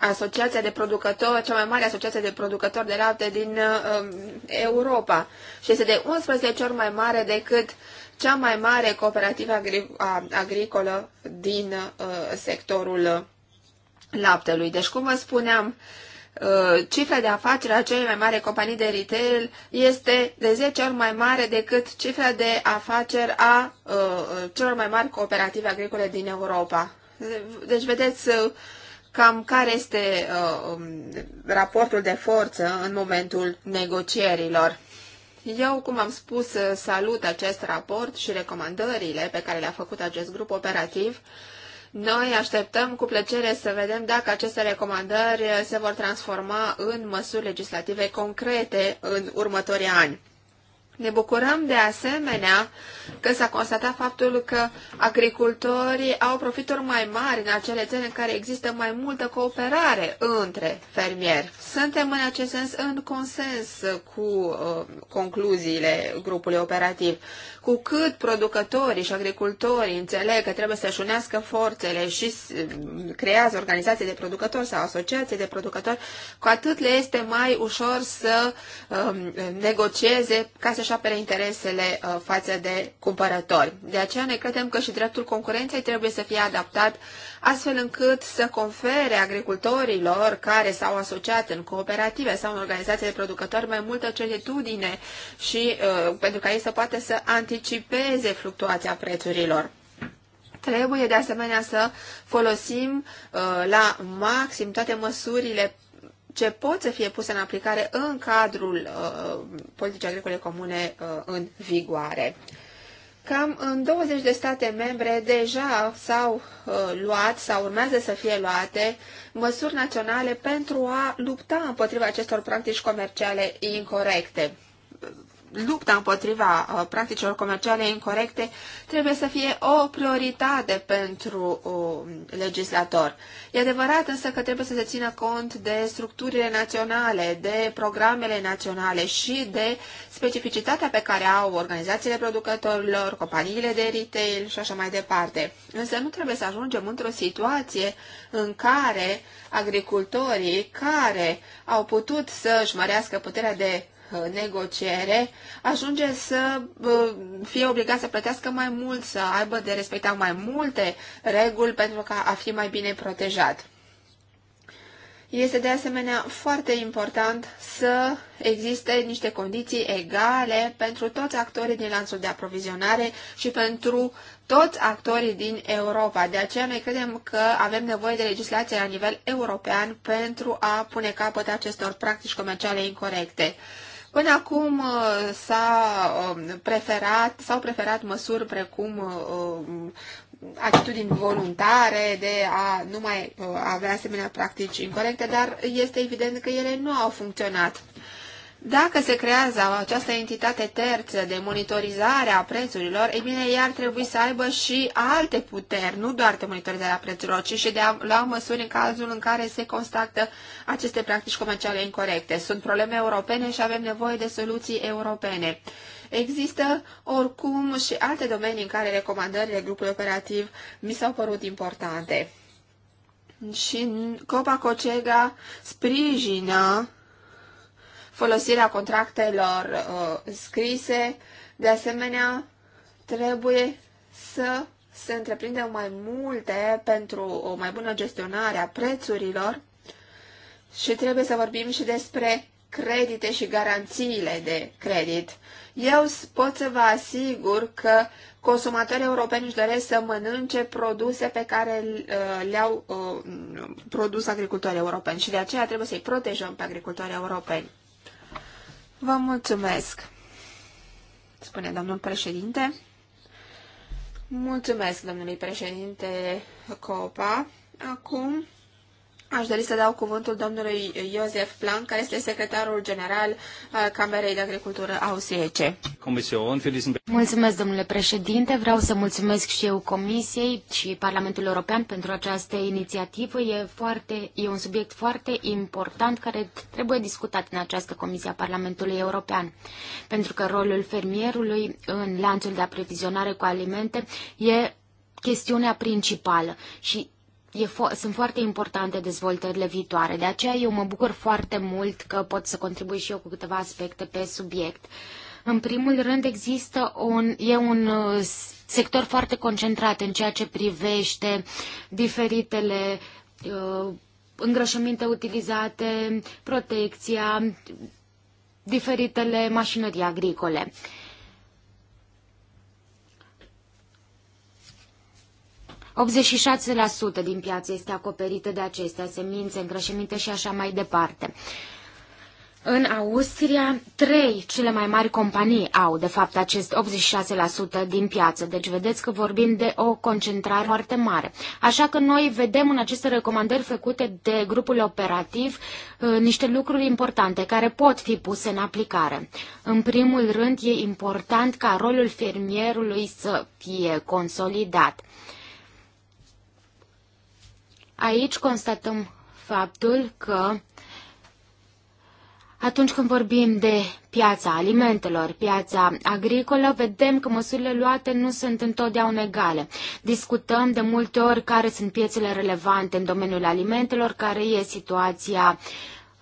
asociația de producători, cea mai mare asociație de producători de lapte din uh, Europa și este de 11 ori mai mare decât cea mai mare cooperativă agri- agricolă din uh, sectorul laptelui. Deci, cum vă spuneam, uh, cifra de afaceri a celei mai mari companii de retail este de 10 ori mai mare decât cifra de afaceri a uh, celor mai mari cooperative agricole din Europa. Deci, vedeți, uh, cam care este uh, um, raportul de forță în momentul negocierilor. Eu, cum am spus, uh, salut acest raport și recomandările pe care le-a făcut acest grup operativ. Noi așteptăm cu plăcere să vedem dacă aceste recomandări se vor transforma în măsuri legislative concrete în următorii ani. Ne bucurăm de asemenea că s-a constatat faptul că agricultorii au profituri mai mari în acele țări în care există mai multă cooperare între fermieri. Suntem în acest sens în consens cu uh, concluziile grupului operativ. Cu cât producătorii și agricultorii înțeleg că trebuie să-și unească forțele și creează organizații de producători sau asociații de producători, cu atât le este mai ușor să um, negocieze ca să-și apere interesele uh, față de cumpărători. De aceea ne credem că și dreptul concurenței trebuie să fie adaptat astfel încât să confere agricultorilor care s-au asociat în cooperative sau în organizații de producători mai multă certitudine și uh, pentru ca ei să poată să anticipeze fluctuația prețurilor. Trebuie de asemenea să folosim uh, la maxim toate măsurile ce pot să fie puse în aplicare în cadrul uh, politicii agricole comune uh, în vigoare. Cam în 20 de state membre deja s-au uh, luat sau urmează să fie luate măsuri naționale pentru a lupta împotriva acestor practici comerciale incorrecte lupta împotriva uh, practicilor comerciale incorrecte trebuie să fie o prioritate pentru um, legislator. E adevărat însă că trebuie să se țină cont de structurile naționale, de programele naționale și de specificitatea pe care au organizațiile producătorilor, companiile de retail și așa mai departe. Însă nu trebuie să ajungem într-o situație în care agricultorii care au putut să-și mărească puterea de Uh, negociere, ajunge să uh, fie obligat să plătească mai mult, să aibă de respectat mai multe reguli pentru ca a fi mai bine protejat. Este de asemenea foarte important să existe niște condiții egale pentru toți actorii din lanțul de aprovizionare și pentru toți actorii din Europa. De aceea noi credem că avem nevoie de legislație la nivel european pentru a pune capăt acestor practici comerciale incorrecte. Până acum uh, s-a uh, preferat, s-au preferat măsuri precum uh, atitudini voluntare de a nu mai avea asemenea practici incorrecte, dar este evident că ele nu au funcționat. Dacă se creează această entitate terță de monitorizare a prețurilor, ei bine, ea ar trebui să aibă și alte puteri, nu doar de a prețurilor, ci și de a lua măsuri în cazul în care se constată aceste practici comerciale incorrecte. Sunt probleme europene și avem nevoie de soluții europene. Există oricum și alte domenii în care recomandările grupului operativ mi s-au părut importante. Și Copa Cocega sprijină folosirea contractelor uh, scrise. De asemenea, trebuie să se întreprindă mai multe pentru o mai bună gestionare a prețurilor și trebuie să vorbim și despre credite și garanțiile de credit. Eu pot să vă asigur că consumatorii europeni își doresc să mănânce produse pe care uh, le-au uh, produs agricultorii europeni și de aceea trebuie să-i protejăm pe agricultorii europeni. Vă mulțumesc, spune domnul președinte. Mulțumesc, domnului președinte Copa. Acum Aș dori să dau cuvântul domnului Iosef Plan, care este secretarul general al Camerei de Agricultură Austriece. Mulțumesc, domnule președinte. Vreau să mulțumesc și eu Comisiei și Parlamentul European pentru această inițiativă. E, foarte, e un subiect foarte important care trebuie discutat în această Comisie a Parlamentului European, pentru că rolul fermierului în lanțul de aprovizionare cu alimente e chestiunea principală și e fo- sunt foarte importante dezvoltările viitoare. De aceea eu mă bucur foarte mult că pot să contribui și eu cu câteva aspecte pe subiect. În primul rând există un, e un uh, sector foarte concentrat în ceea ce privește diferitele uh, îngrășăminte utilizate, protecția, diferitele mașinării agricole. Uh, 86% din piață este acoperită de acestea, semințe, îngrășăminte și așa mai departe. În Austria, trei cele mai mari companii au, de fapt, acest 86% din piață. Deci vedeți că vorbim de o concentrare foarte mare. Așa că noi vedem în aceste recomandări făcute de grupul operativ uh, niște lucruri importante care pot fi puse în aplicare. În primul rând, e important ca rolul fermierului să fie consolidat. Aici constatăm faptul că atunci când vorbim de piața alimentelor, piața agricolă, vedem că măsurile luate nu sunt întotdeauna egale. Discutăm de multe ori care sunt piețele relevante în domeniul alimentelor, care e situația uh,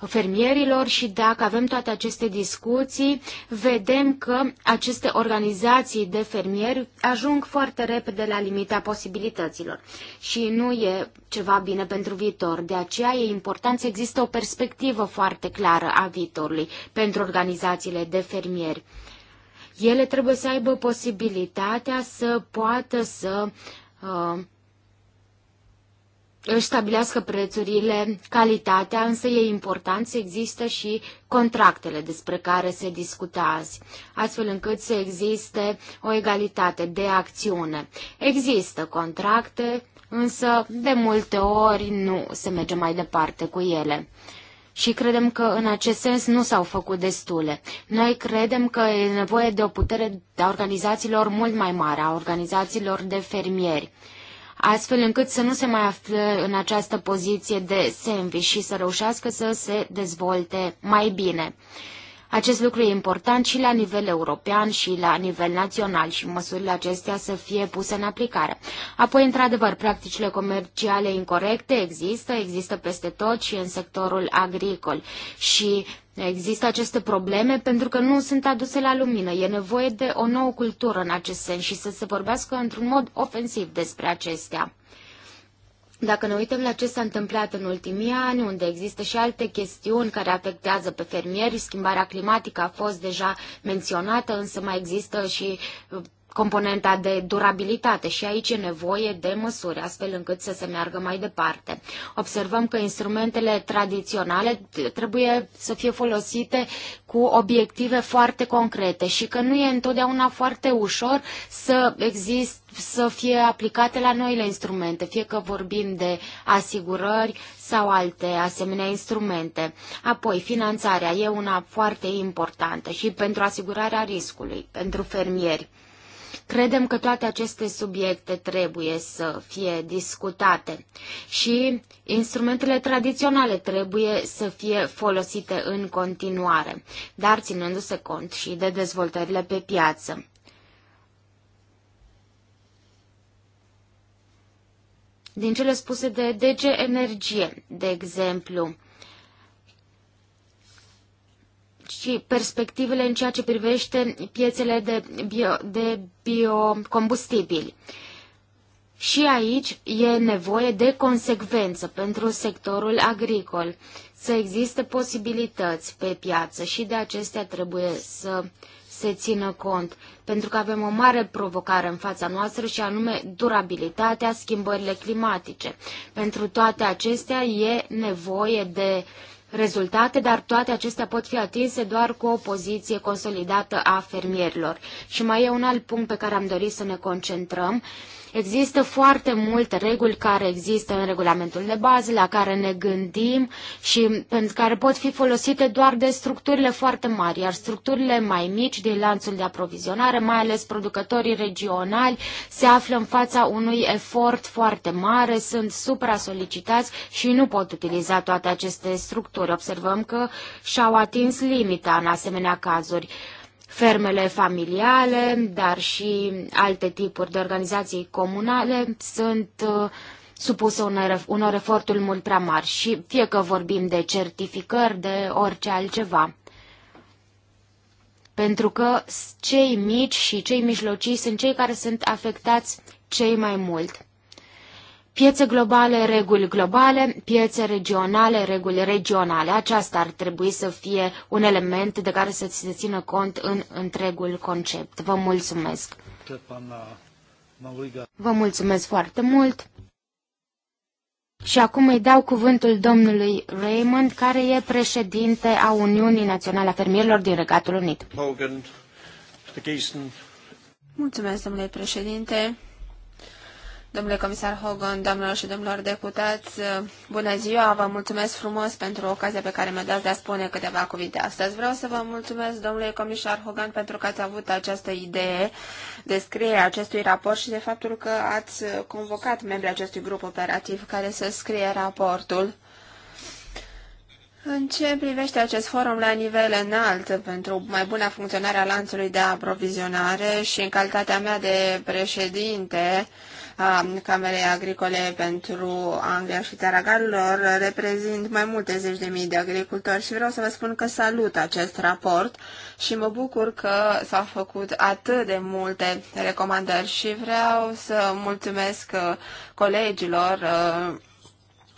fermierilor și dacă avem toate aceste discuții, vedem că aceste organizații de fermieri ajung foarte repede la limita posibilităților și nu e ceva bine pentru viitor. De aceea e important să există o perspectivă foarte clară a viitorului pentru organizațiile de fermieri. Ele trebuie să aibă posibilitatea să poată să uh, își stabilească prețurile, calitatea, însă e important să există și contractele despre care se discută azi, astfel încât să existe o egalitate de acțiune. Există contracte, însă de multe ori nu se merge mai departe cu ele și credem că în acest sens nu s-au făcut destule. Noi credem că e nevoie de o putere a organizațiilor mult mai mare, a organizațiilor de fermieri astfel încât să nu se mai află în această poziție de sandwich și să reușească să se dezvolte mai bine. Acest lucru e important și la nivel european și la nivel național și măsurile acestea să fie puse în aplicare. Apoi, într-adevăr, practicile comerciale incorrecte există, există peste tot și în sectorul agricol și Există aceste probleme pentru că nu sunt aduse la lumină. E nevoie de o nouă cultură în acest sens și să se vorbească într-un mod ofensiv despre acestea. Dacă ne uităm la ce s-a întâmplat în ultimii ani, unde există și alte chestiuni care afectează pe fermieri, schimbarea climatică a fost deja menționată, însă mai există și componenta de durabilitate și aici e nevoie de măsuri, astfel încât să se meargă mai departe. Observăm că instrumentele tradiționale trebuie să fie folosite cu obiective foarte concrete și că nu e întotdeauna foarte ușor să exist, să fie aplicate la noile instrumente, fie că vorbim de asigurări sau alte asemenea instrumente. Apoi, finanțarea e una foarte importantă și pentru asigurarea riscului, pentru fermieri. Credem că toate aceste subiecte trebuie să fie discutate și instrumentele tradiționale trebuie să fie folosite în continuare, dar ținându-se cont și de dezvoltările pe piață. Din cele spuse de DG Energie, de exemplu, și perspectivele în ceea ce privește piețele de, bio, de biocombustibili. Și aici e nevoie de consecvență pentru sectorul agricol, să existe posibilități pe piață și de acestea trebuie să se țină cont, pentru că avem o mare provocare în fața noastră și anume durabilitatea, schimbările climatice. Pentru toate acestea e nevoie de uh, rezultate, dar toate acestea pot fi atinse doar cu o poziție consolidată a fermierilor. Și mai e un alt punct pe care am dorit să ne concentrăm Există foarte multe reguli care există în regulamentul de bază, la care ne gândim și pentru care pot fi folosite doar de structurile foarte mari, iar structurile mai mici din lanțul de aprovizionare, mai ales producătorii regionali, se află în fața unui efort foarte mare, sunt supra-solicitați și nu pot utiliza toate aceste structuri. Observăm că și-au atins limita în asemenea cazuri fermele familiale, dar și alte tipuri de organizații comunale sunt uh, supuse unor, unor eforturi mult prea mari și fie că vorbim de certificări, de orice altceva. Pentru că cei mici și cei mijlocii sunt cei care sunt afectați cei mai mult. Piețe globale, reguli globale, piețe regionale, reguli regionale. Aceasta ar trebui să fie un element de care să se țină cont în întregul concept. Vă mulțumesc! Vă mulțumesc foarte mult! Și acum îi dau cuvântul domnului Raymond, care e președinte a Uniunii Naționale a Fermierilor din Regatul Unit. Mulțumesc, domnule președinte! Domnule comisar Hogan, doamnelor și domnilor deputați, bună ziua, vă mulțumesc frumos pentru ocazia pe care mi-a dat de a spune câteva cuvinte astăzi. Vreau să vă mulțumesc, domnule comisar Hogan, pentru că ați avut această idee de scriere acestui raport și de faptul că ați convocat membrii acestui grup operativ care să scrie raportul. În ce privește acest forum la nivel înalt pentru mai bună funcționare a lanțului de aprovizionare și în calitatea mea de președinte Camerei Agricole pentru Anglia și Taragalor Reprezint mai multe zeci de mii de agricultori și vreau să vă spun că salut acest raport și mă bucur că s-au făcut atât de multe recomandări și vreau să mulțumesc uh, colegilor uh,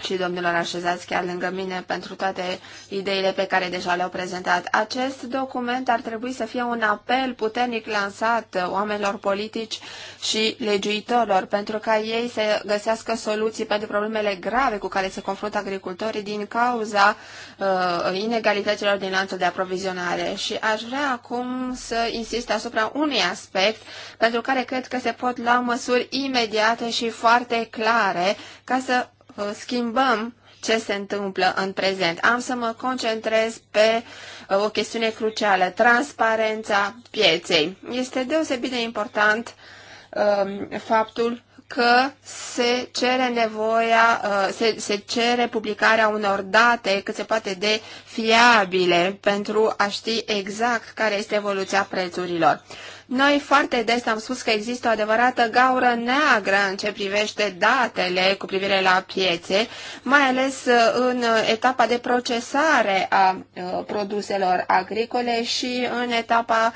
și domnilor așezați chiar lângă mine pentru toate ideile pe care deja le-au prezentat. Acest document ar trebui să fie un apel puternic lansat oamenilor politici și legiuitorilor pentru ca ei să găsească soluții pentru problemele grave cu care se confruntă agricultorii din cauza uh, inegalităților din lanțul de aprovizionare. Și aș vrea acum să insist asupra unui aspect pentru care cred că se pot lua măsuri imediate și foarte clare ca să Uh, schimbăm ce se întâmplă în prezent. Am să mă concentrez pe uh, o chestiune crucială, transparența pieței. Este deosebit de important um, faptul că se cere nevoia, uh, se, se cere publicarea unor date cât se poate de fiabile pentru a ști exact care este evoluția prețurilor. Noi foarte des am spus că există o adevărată gaură neagră în ce privește datele cu privire la piețe, mai ales uh, în uh, etapa de procesare a uh, produselor agricole și în etapa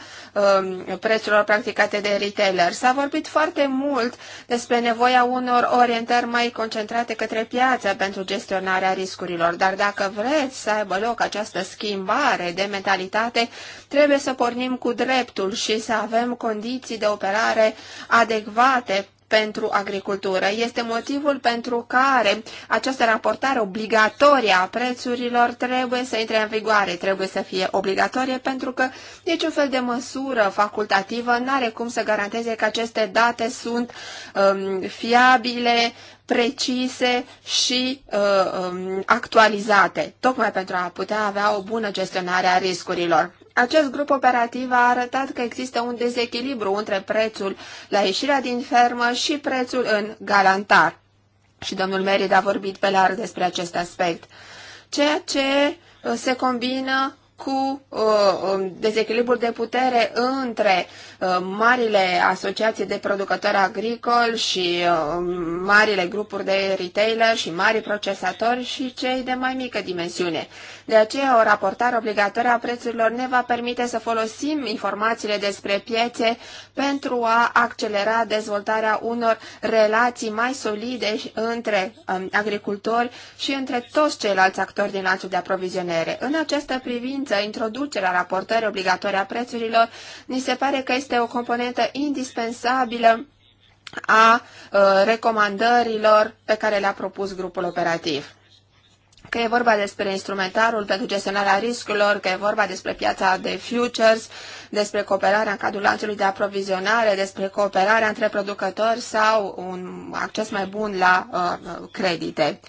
um, prețurilor practicate de retailer. S-a vorbit foarte mult despre nevoia unor orientări mai concentrate către piață pentru gestionarea riscurilor, dar dacă vreți să aibă loc această schimbare de mentalitate, trebuie să pornim cu dreptul și să avem avem condiții de operare adecvate pentru agricultură. Este motivul pentru care această raportare obligatorie a prețurilor trebuie să intre în vigoare, trebuie să fie obligatorie pentru că niciun fel de măsură facultativă nu are cum să garanteze că aceste date sunt um, fiabile, precise și uh, um, actualizate, tocmai pentru a putea avea o bună gestionare a riscurilor. Acest grup operativ a arătat că există un dezechilibru între prețul la ieșirea din fermă și prețul în galantar. Și domnul Merid a vorbit pe larg despre acest aspect. Ceea ce uh, se combină cu uh, um, dezechilibrul de putere între uh, marile asociații de producători agricoli și uh, marile grupuri de retailer și mari procesatori și cei de mai mică dimensiune. De aceea, o raportare obligatorie a prețurilor ne va permite să folosim informațiile despre piețe pentru a accelera dezvoltarea unor relații mai solide între um, agricultori și între toți ceilalți actori din lanțul de aprovizionare. În această privință, privință, introducerea raportării obligatorii a prețurilor, ni se pare că este o componentă indispensabilă a uh, recomandărilor pe care le-a propus grupul operativ. Că e vorba despre instrumentarul pentru gestionarea riscurilor, că e vorba despre piața de futures, despre cooperarea în cadrul lanțului de aprovizionare, despre cooperarea între producători sau un acces mai bun la uh, credite. Uh,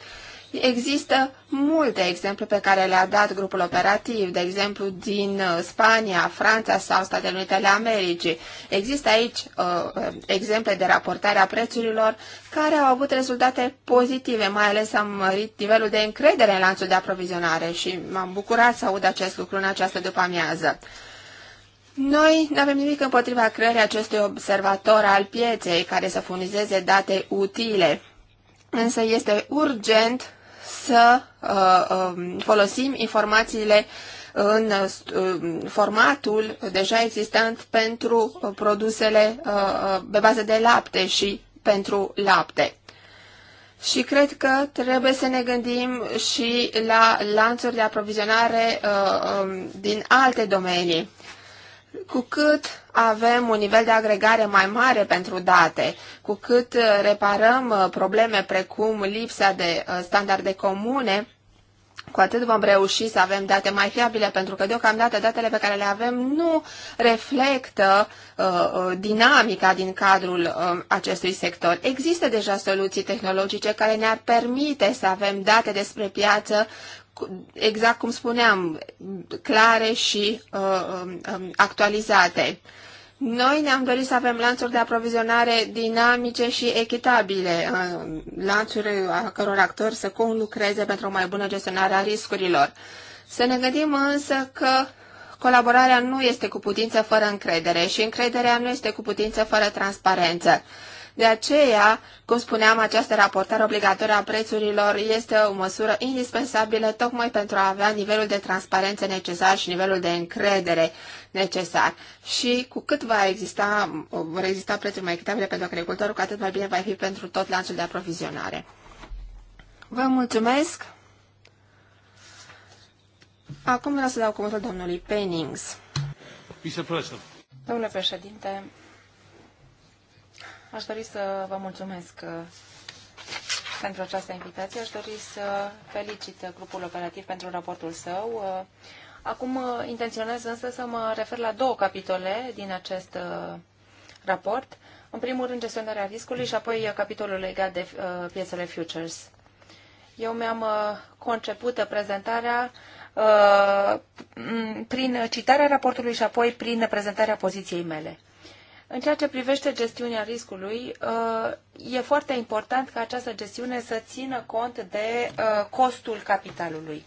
Există multe exemple pe care le-a dat grupul operativ, de exemplu din uh, Spania, Franța sau Statele Unite ale Americii. Există aici uh, exemple de raportare a prețurilor care au avut rezultate pozitive, mai ales am mărit nivelul de încredere în lanțul de aprovizionare și m-am bucurat să aud acest lucru în această după-amiază. Noi nu avem nimic împotriva creării acestui observator al pieței care să furnizeze date utile, însă este urgent să uh, um, folosim informațiile în uh, formatul deja existent pentru uh, produsele pe bază de lapte și pentru lapte. Și cred că trebuie să ne gândim și la lanțuri de aprovizionare um, din alte domenii. Cu cât avem un nivel de agregare mai mare pentru date, cu cât uh, reparăm uh, probleme precum lipsa de uh, standarde comune, cu atât vom reuși să avem date mai fiabile, pentru că deocamdată datele pe care le avem nu reflectă uh, dinamica din cadrul uh, acestui sector. Există deja soluții tehnologice care ne-ar permite să avem date despre piață exact cum spuneam, clare și uh, um, um, actualizate. Noi ne-am dorit să avem lanțuri de aprovizionare dinamice și echitabile, uh, lanțuri a căror actori să conlucreze pentru o mai bună gestionare a riscurilor. Să ne gândim însă că colaborarea nu este cu putință fără încredere și încrederea nu este cu putință fără transparență. De aceea, cum spuneam, această raportare obligatorie a prețurilor este o măsură indispensabilă tocmai pentru a avea nivelul de transparență necesar și nivelul de încredere necesar. Și cu cât va exista, vor exista prețuri mai echitabile pentru agricultorul, cu atât mai bine va fi pentru tot lanțul de aprovizionare. Vă mulțumesc! Acum vreau să dau cuvântul domnului Pennings. Domnule președinte, Aș dori să vă mulțumesc uh, pentru această invitație. Aș dori să felicit grupul operativ pentru raportul său. Uh, acum uh, intenționez însă să mă refer la două capitole din acest raport. În primul rând, gestionarea riscului și apoi capitolul legat de piețele futures. Eu mi-am conceput prezentarea prin citarea raportului și apoi prin prezentarea poziției mele. În ceea ce privește gestiunea riscului, uh, e foarte important ca această gestiune să țină cont de uh, costul capitalului.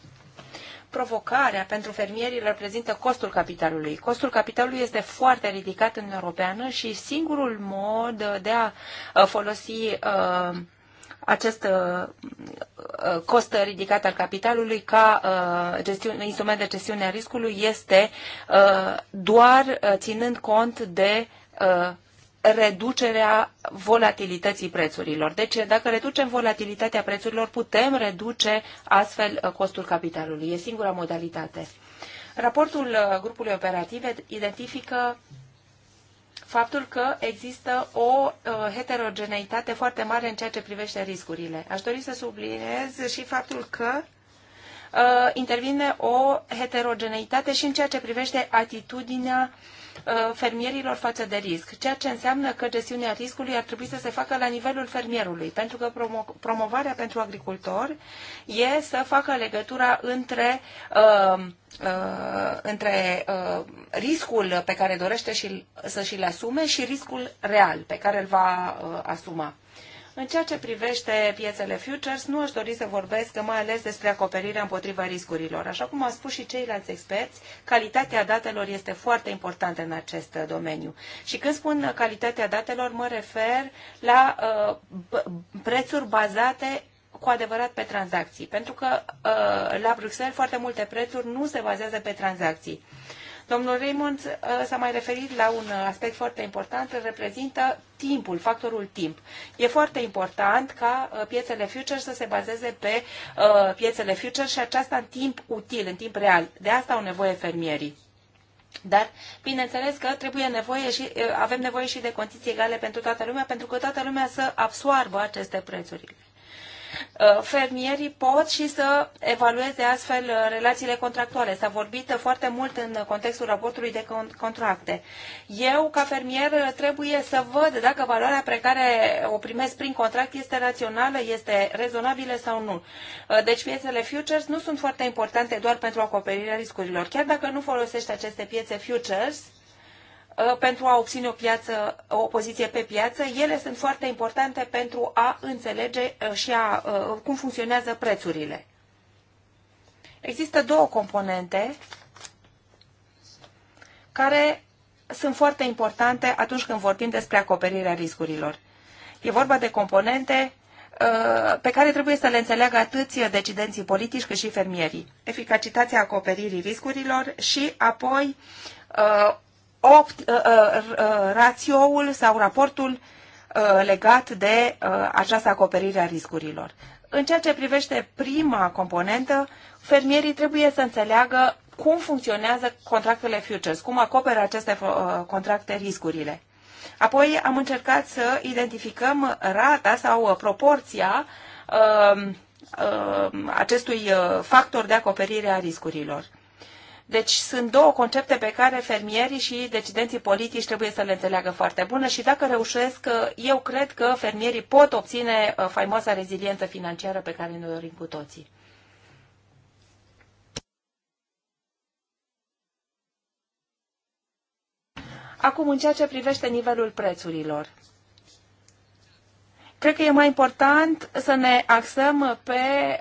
Provocarea pentru fermierii reprezintă costul capitalului. Costul capitalului este foarte ridicat în Europeană și singurul mod de a uh, folosi acest cost ridicat al capitalului ca gestiune, instrument de gestiune a riscului este doar ținând cont de Uh, reducerea volatilității prețurilor. Deci, dacă reducem volatilitatea prețurilor, putem reduce astfel uh, costul capitalului. E singura modalitate. Raportul uh, grupului operativ identifică faptul că există o heterogeneitate foarte mare în ceea ce privește riscurile. Aș dori să subliniez și faptul că intervine o heterogeneitate și în ceea ce privește atitudinea uh, Uh, fermierilor față de risc, ceea ce înseamnă că gestiunea riscului ar trebui să se facă la nivelul fermierului, pentru că promo- promovarea pentru agricultori e să facă legătura între, uh, uh, între uh, riscul pe care dorește și, să și-l asume și riscul real pe care îl va uh, asuma. În ceea ce privește piețele futures, nu aș dori să vorbesc mai ales despre acoperirea împotriva riscurilor. Așa cum au spus și ceilalți experți, calitatea datelor este foarte importantă în acest domeniu. Și când spun calitatea datelor, mă refer la uh, prețuri bazate cu adevărat pe tranzacții, pentru că uh, la Bruxelles foarte multe prețuri nu se bazează pe tranzacții. Uh, Domnul Raymond s-a mai referit la un aspect foarte important, îl reprezintă timpul, factorul timp. E foarte important ca uh, piețele futures să se bazeze pe uh, piețele futures și aceasta în timp util, în timp real. De asta au nevoie fermierii. Dar, bineînțeles că trebuie nevoie și, uh, avem nevoie și de condiții egale pentru toată lumea, pentru că toată lumea să absoarbă aceste prețuri. Uh, fermierii pot și să evalueze astfel uh, relațiile contractuale. S-a vorbit uh, foarte mult în contextul raportului de contracte. Eu, ca fermier, trebuie să văd dacă valoarea pe care o primesc prin contract este rațională, este rezonabilă sau nu. Deci piețele futures nu sunt foarte importante doar pentru acoperirea riscurilor. Chiar dacă nu folosești aceste piețe futures, Uh, pentru a obține o, piață, o poziție pe piață. Ele sunt foarte importante pentru a înțelege uh, și a, uh, cum funcționează prețurile. Există două componente care sunt foarte importante atunci când vorbim despre acoperirea riscurilor. E vorba de componente pe care trebuie să le înțeleagă atât decidenții politici cât și fermierii. Eficacitatea acoperirii riscurilor și apoi opt, uh, uh, uh, rațioul sau raportul uh, legat de uh, această acoperire a riscurilor. În ceea ce privește prima componentă, fermierii trebuie să înțeleagă cum funcționează contractele futures, cum acoperă aceste uh, contracte riscurile. Apoi am încercat să identificăm rata sau uh, proporția uh, uh acestui factor de acoperire a riscurilor. Deci sunt două concepte pe care fermierii și decidenții politici trebuie să le înțeleagă foarte bună și dacă reușesc, eu cred că fermierii pot obține uh, faimoasa reziliență financiară pe care ne dorim cu toții. Acum, în ceea ce privește nivelul prețurilor. Cred că e mai important să ne axăm pe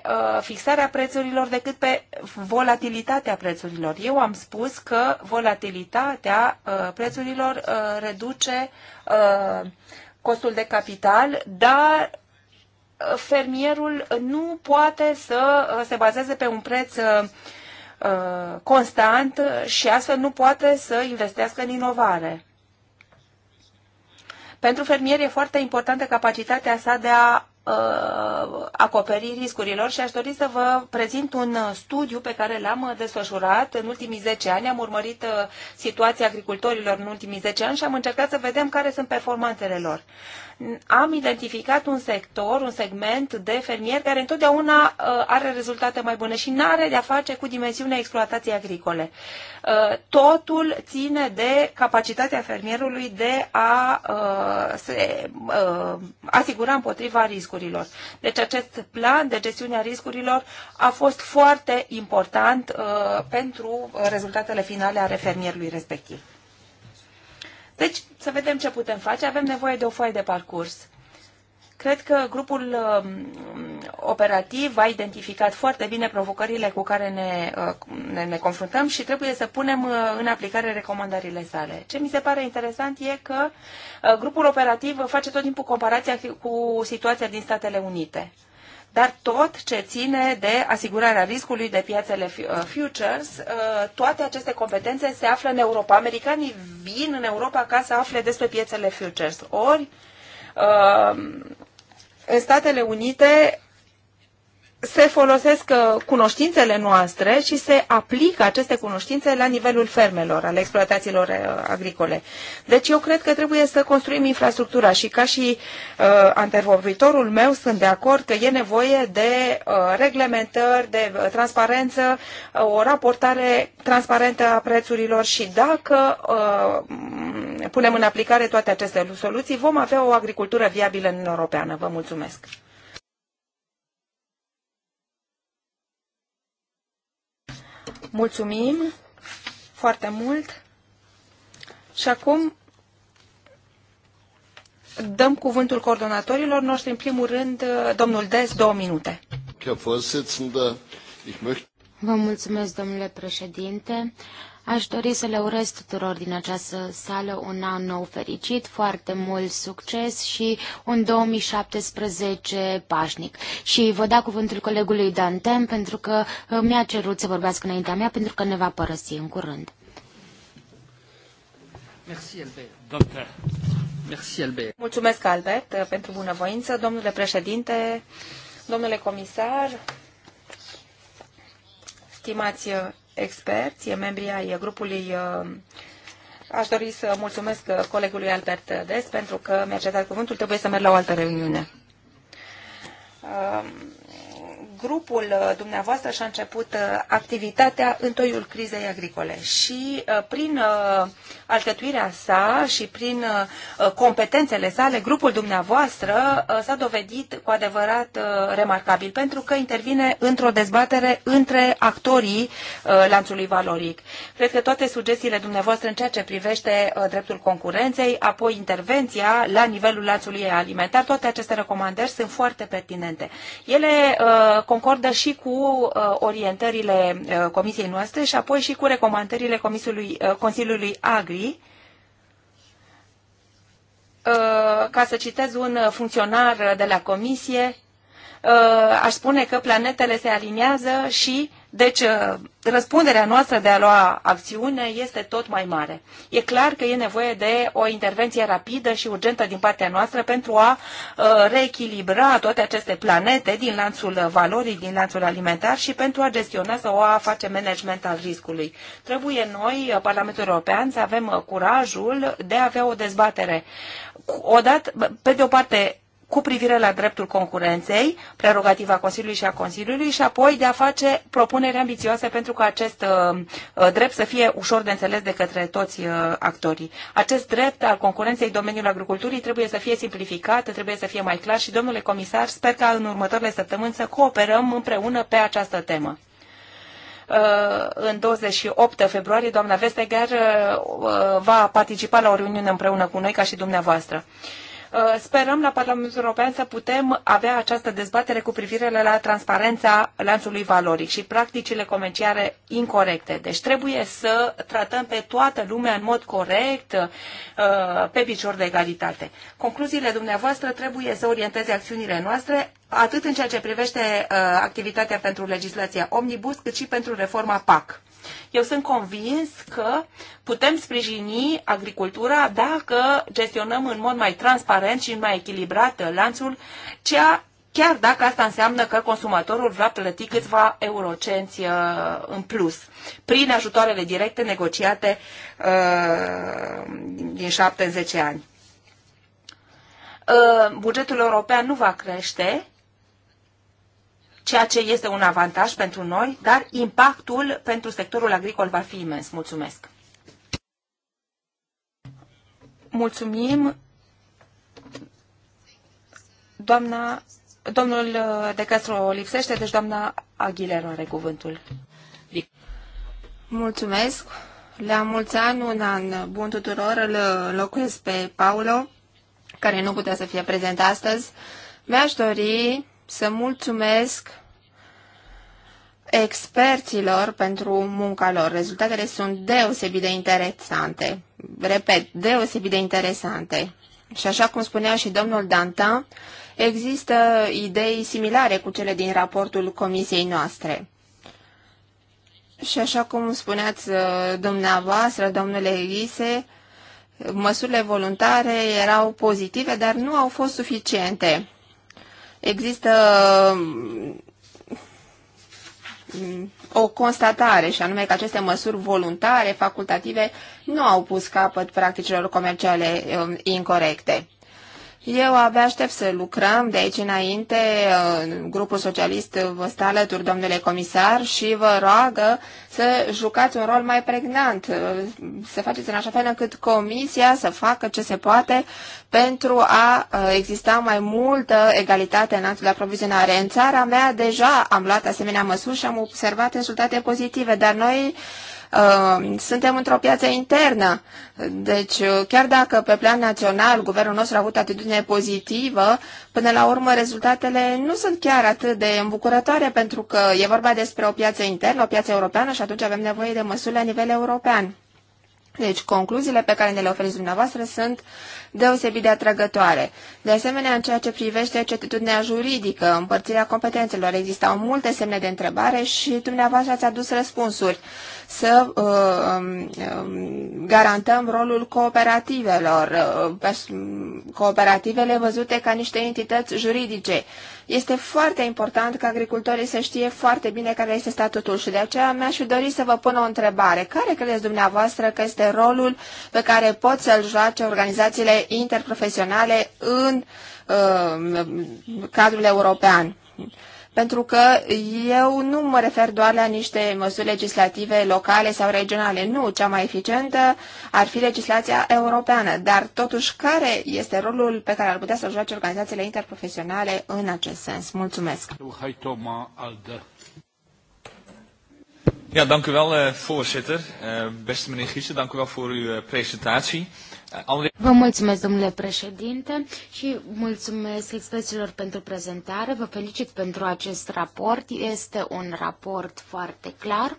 uh, fixarea prețurilor decât pe volatilitatea prețurilor. Eu am spus că volatilitatea uh, prețurilor uh, reduce uh, costul de capital, dar uh, fermierul nu poate să uh, se bazeze pe un preț uh, constant și astfel nu poate să investească în inovare. Pentru fermier e foarte importantă capacitatea sa de a uh, acoperi riscurilor și aș dori să vă prezint un studiu pe care l-am desfășurat în ultimii 10 ani. Am urmărit uh, situația agricultorilor în ultimii 10 ani și am încercat să vedem care sunt performanțele lor am identificat un sector, un segment de fermieri care întotdeauna uh, are rezultate mai bune și nu are de-a face cu dimensiunea exploatației agricole. Uh, totul ține de capacitatea fermierului de a uh, se asigura împotriva riscurilor. Deci acest plan de gestiune a riscurilor a fost foarte important pentru rezultatele finale ale fermierului respectiv. Deci, să vedem ce putem face. Avem nevoie de o foaie de parcurs. Cred că grupul um, operativ a identificat foarte bine provocările cu care ne, uh, ne, ne confruntăm și trebuie să punem uh, în aplicare recomandările sale. Ce mi se pare interesant e că uh, grupul operativ face tot timpul comparația cu situația din Statele Unite dar tot ce ține de asigurarea riscului de piețele uh, futures, uh, toate aceste competențe se află în Europa. Americanii vin în Europa ca să afle despre piețele futures. Ori, uh, în Statele Unite, se folosesc uh, cunoștințele noastre și se aplică aceste cunoștințe la nivelul fermelor, ale exploatațiilor uh, agricole. Deci eu cred că trebuie să construim infrastructura și ca și uh, antervorbitorul meu sunt de acord că e nevoie de uh, reglementări, de uh, transparență, uh, o raportare transparentă a prețurilor și dacă uh, punem în aplicare toate aceste soluții, vom avea o agricultură viabilă în Europeană. Vă mulțumesc! Mulțumim foarte mult. Și acum dăm cuvântul coordonatorilor noștri, în primul rând, domnul Des, două minute. Vă mulțumesc, domnule președinte. Aș dori să le urez tuturor din această sală un an nou fericit, foarte mult succes și un 2017 pașnic. Și vă da cuvântul colegului Dantem pentru că uh, mi-a cerut să vorbească înaintea mea pentru că ne va părăsi în curând. Merci, Albert. Merci, Albert. Mulțumesc, Albert, uh, pentru bunăvoință. Domnule președinte, domnule comisar, stimați uh, experți, membrii ai grupului. Aș dori să mulțumesc colegului Albert Des pentru că mi-a cedat cuvântul, trebuie să merg la o altă reuniune grupul uh, dumneavoastră și-a început uh, activitatea în toiul crizei agricole și uh, prin alcătuirea sa și prin competențele sale, grupul dumneavoastră s-a dovedit cu adevărat remarcabil pentru că intervine într-o dezbatere între actorii lanțului valoric. Cred că toate sugestiile dumneavoastră în ceea ce privește dreptul concurenței, apoi intervenția la nivelul lanțului alimentar, toate aceste recomandări sunt foarte pertinente. Ele concordă și cu uh, orientările uh, comisiei noastre și apoi și cu recomandările Comisului, uh, Consiliului Agri, ca să citez un funcționar de la comisie, aș spune că planetele se aliniază și deci, uh, răspunderea noastră de a lua acțiune este tot mai mare. E clar că e nevoie de o intervenție rapidă și urgentă din partea noastră pentru a uh, reechilibra toate aceste planete din lanțul valorii, din lanțul alimentar și pentru a gestiona sau a face management al riscului. Trebuie noi, uh, Parlamentul European, să avem curajul de a avea o dezbatere. Odată, pe de o parte, cu privire la dreptul concurenței, prerogativa Consiliului și a Consiliului și apoi de a face propuneri ambițioase pentru ca acest uh, uh drept să fie ușor de înțeles de către toți uh, actorii. Acest drept al concurenței domeniul agriculturii trebuie să fie simplificat, trebuie să fie mai clar și, domnule comisar, sper ca în următoarele săptămâni să cooperăm împreună pe această temă uh, în 28 februarie, doamna Vestegar uh, va participa la o reuniune împreună cu noi, ca și dumneavoastră. Uh, sperăm la Parlamentul European să putem avea această dezbatere cu privire la transparența lanțului valoric și practicile comerciale incorrecte. Deci trebuie să tratăm pe toată lumea în mod corect, uh, pe picior de egalitate. Concluziile dumneavoastră trebuie să orienteze acțiunile noastre atât în ceea ce privește uh, activitatea pentru legislația omnibus, cât și pentru reforma PAC. Eu sunt convins că putem sprijini agricultura dacă gestionăm în mod mai transparent și mai echilibrat lanțul, ceea chiar dacă asta înseamnă că consumatorul va plăti câțiva eurocenți uh, în plus, prin ajutoarele directe negociate uh, din 7-10 ani. Uh, bugetul european nu va crește, ceea ce este un avantaj pentru noi, dar impactul pentru sectorul agricol va fi imens. Mulțumesc! Mulțumim, doamna, domnul De Castro lipsește, deci doamna Aguilera are cuvântul. Mulțumesc! La mulți ani, un an bun tuturor, îl locuiesc pe Paulo, care nu putea să fie prezent astăzi. Mi-aș dori să mulțumesc experților pentru munca lor. Rezultatele sunt deosebit de interesante. Repet, deosebit de interesante. Și așa cum spunea și domnul Dantin, există idei similare cu cele din raportul comisiei noastre. Și așa cum spuneați uh, dumneavoastră, domnule Elise, măsurile voluntare erau pozitive, dar nu au fost suficiente există mm, o constatare, și anume că aceste măsuri voluntare, facultative, nu au pus capăt practicilor comerciale um, incorrecte. Eu abia aștept să lucrăm de aici înainte. Grupul socialist vă stă alături, domnule comisar, și vă roagă să jucați un rol mai pregnant, să faceți în așa fel încât comisia să facă ce se poate pentru a uh, exista mai multă egalitate în actul de aprovizionare. În țara mea deja am luat asemenea măsuri și am observat rezultate pozitive, dar noi Uh, suntem într-o piață internă, deci uh, chiar dacă pe plan național guvernul nostru a avut atitudine pozitivă, până la urmă rezultatele nu sunt chiar atât de îmbucurătoare pentru că e vorba despre o piață internă, o piață europeană și atunci avem nevoie de măsuri la nivel european. Deci concluziile pe care ne le oferiți dumneavoastră sunt deosebit de atrăgătoare. De asemenea, în ceea ce privește certitudinea juridică, împărțirea competențelor, existau multe semne de întrebare și dumneavoastră ați adus răspunsuri să uh, uh, garantăm rolul cooperativelor, uh, cooperativele văzute ca niște entități juridice. Este foarte important ca agricultorii să știe foarte bine care este statutul și de aceea mi-aș fi dorit să vă pun o întrebare. Care credeți dumneavoastră că este rolul pe care pot să-l joace organizațiile interprofesionale în uh, cadrul european. Pentru că eu nu mă refer doar la niște măsuri legislative locale sau regionale. Nu, cea mai eficientă ar fi legislația europeană. Dar totuși, care este rolul pe care ar putea să-l joace organizațiile interprofesionale în acest sens? Mulțumesc! Ja, dank u wel, uh, voorzitter. Uh, beste meneer Giesen, dank u wel voor uw uh, presentatie. Vă mulțumesc, domnule președinte, și mulțumesc experților pentru prezentare. Vă felicit pentru acest raport. Este un raport foarte clar,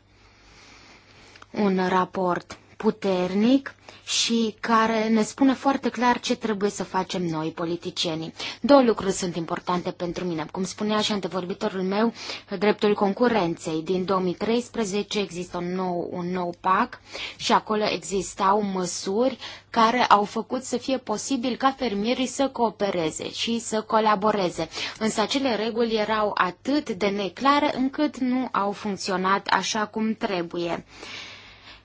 un raport puternic și care ne spune foarte clar ce trebuie să facem noi, politicienii. Două lucruri sunt importante pentru mine. Cum spunea și antevorbitorul meu, dreptul concurenței. Din 2013 există un nou, un nou PAC și acolo existau măsuri care au făcut să fie posibil ca fermierii să coopereze și să colaboreze. Însă acele reguli erau atât de neclare încât nu au funcționat așa cum trebuie.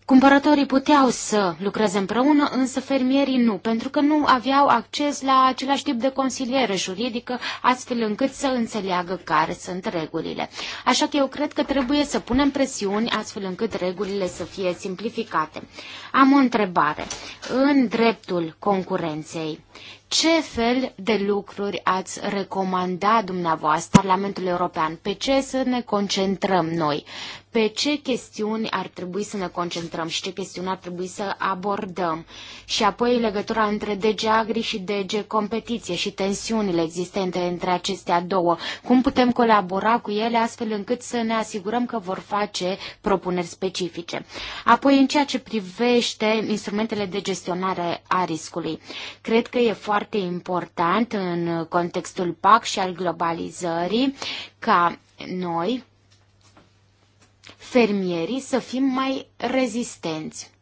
Cumpărătorii puteau să lucreze împreună, însă fermierii nu, pentru că nu aveau acces la același tip de consiliere juridică, astfel încât să înțeleagă care sunt regulile. Așa că eu cred că trebuie să punem presiuni astfel încât regulile să fie simplificate. Am o întrebare. În dreptul concurenței, ce fel de lucruri ați recomanda dumneavoastră Parlamentul European? Pe ce să ne concentrăm noi? Pe ce chestiuni ar trebui să ne concentrăm și ce chestiuni ar trebui să abordăm? Și apoi legătura între DG Agri și DG Competiție și tensiunile existente între acestea două. Cum putem colabora cu ele astfel încât să ne asigurăm că vor face propuneri specifice? Apoi, în ceea ce privește instrumentele de gestionare a riscului, cred că e foarte foarte important în contextul PAC și al globalizării ca noi, fermierii, să fim mai rezistenți.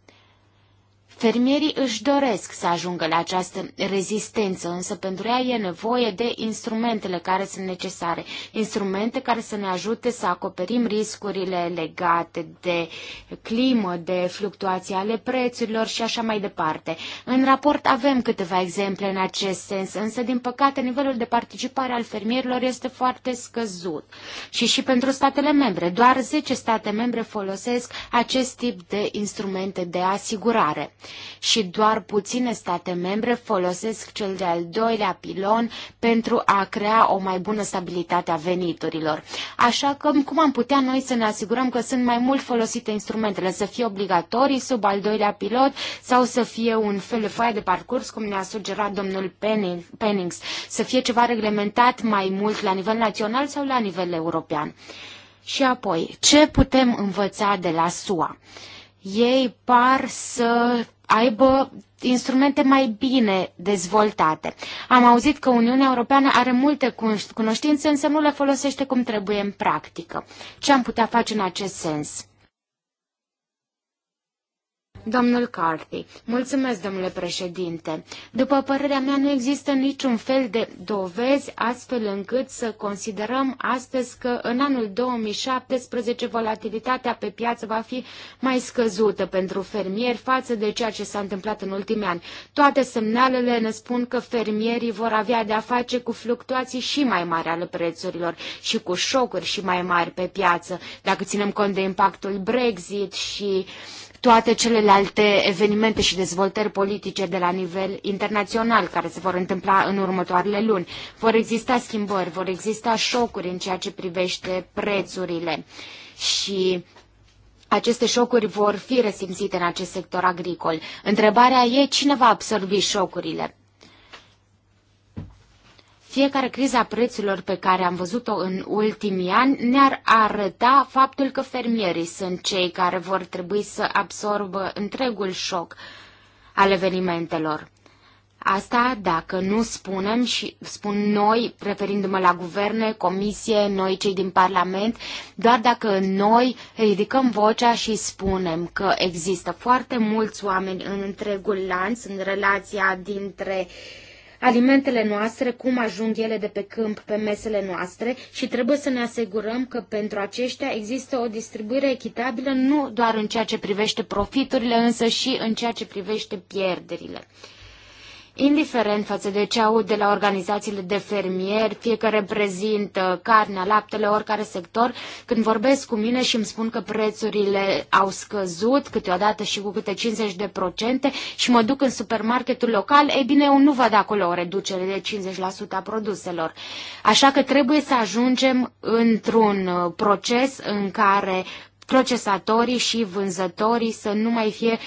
Fermierii își doresc să ajungă la această rezistență, însă pentru ea e nevoie de instrumentele care sunt necesare, instrumente care să ne ajute să acoperim riscurile legate de climă, de fluctuații ale prețurilor și așa mai departe. În raport avem câteva exemple în acest sens, însă din păcate nivelul de participare al fermierilor este foarte scăzut. Și și pentru statele membre, doar 10 state membre folosesc acest tip de instrumente de asigurare și doar puține state membre folosesc cel de-al doilea pilon pentru a crea o mai bună stabilitate a veniturilor. Așa că cum am putea noi să ne asigurăm că sunt mai mult folosite instrumentele, să fie obligatorii sub al doilea pilot sau să fie un fel de foaie de parcurs, cum ne-a sugerat domnul Pennings, să fie ceva reglementat mai mult la nivel național sau la nivel european. Și apoi, ce putem învăța de la SUA? ei par să aibă instrumente mai bine dezvoltate. Am auzit că Uniunea Europeană are multe cunoștințe, însă nu le folosește cum trebuie în practică. Ce am putea face în acest sens? Domnul Carthy, mulțumesc, domnule președinte. După părerea mea, nu există niciun fel de dovezi astfel încât să considerăm astăzi că în anul 2017 volatilitatea pe piață va fi mai scăzută pentru fermieri față de ceea ce s-a întâmplat în ultimii ani. Toate semnalele ne spun că fermierii vor avea de-a face cu fluctuații și mai mari ale prețurilor și cu șocuri și mai mari pe piață, dacă ținem cont de impactul Brexit și toate celelalte evenimente și dezvoltări politice de la nivel internațional care se vor întâmpla în următoarele luni. Vor exista schimbări, vor exista șocuri în ceea ce privește prețurile și aceste șocuri vor fi resimțite în acest sector agricol. Întrebarea e cine va absorbi șocurile fiecare criza prețurilor pe care am văzut-o în ultimii ani ne-ar arăta faptul că fermierii sunt cei care vor trebui să absorbă întregul șoc al evenimentelor. Asta dacă nu spunem și spun noi, referindu-mă la guverne, comisie, noi cei din Parlament, doar dacă noi ridicăm vocea și spunem că există foarte mulți oameni în întregul lanț, în relația dintre uh, alimentele noastre, cum ajung ele de pe câmp pe mesele noastre și trebuie să ne asigurăm că pentru aceștia există o distribuire echitabilă nu doar în ceea ce privește profiturile, însă și în ceea ce privește pierderile indiferent față de ce aud de la organizațiile de fermieri, fie că reprezintă carnea, laptele, oricare sector, când vorbesc cu mine și îmi spun că prețurile au scăzut câteodată și cu câte 50% de procente și mă duc în supermarketul local, ei bine, eu nu văd acolo o reducere de 50% a produselor. Așa că trebuie să ajungem într-un uh, proces în care procesatorii și vânzătorii să nu mai fie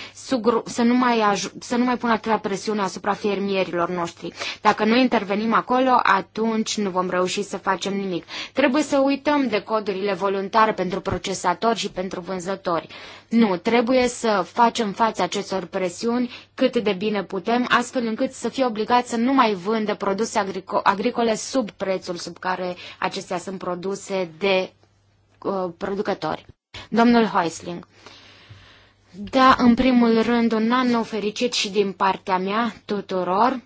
să nu mai, să nu mai pună atâta presiune asupra fermierilor noștri. Dacă noi intervenim acolo, atunci nu vom reuși să facem nimic. Trebuie să uităm de codurile voluntare pentru procesatori și pentru vânzători. Nu, trebuie să facem față acestor presiuni cât de bine putem, astfel încât să fie obligați să nu mai vândă produse agricole sub prețul sub care acestea sunt produse de uh, producători. Domnul Heisling. Da, în primul rând, un an nou fericit și din partea mea tuturor.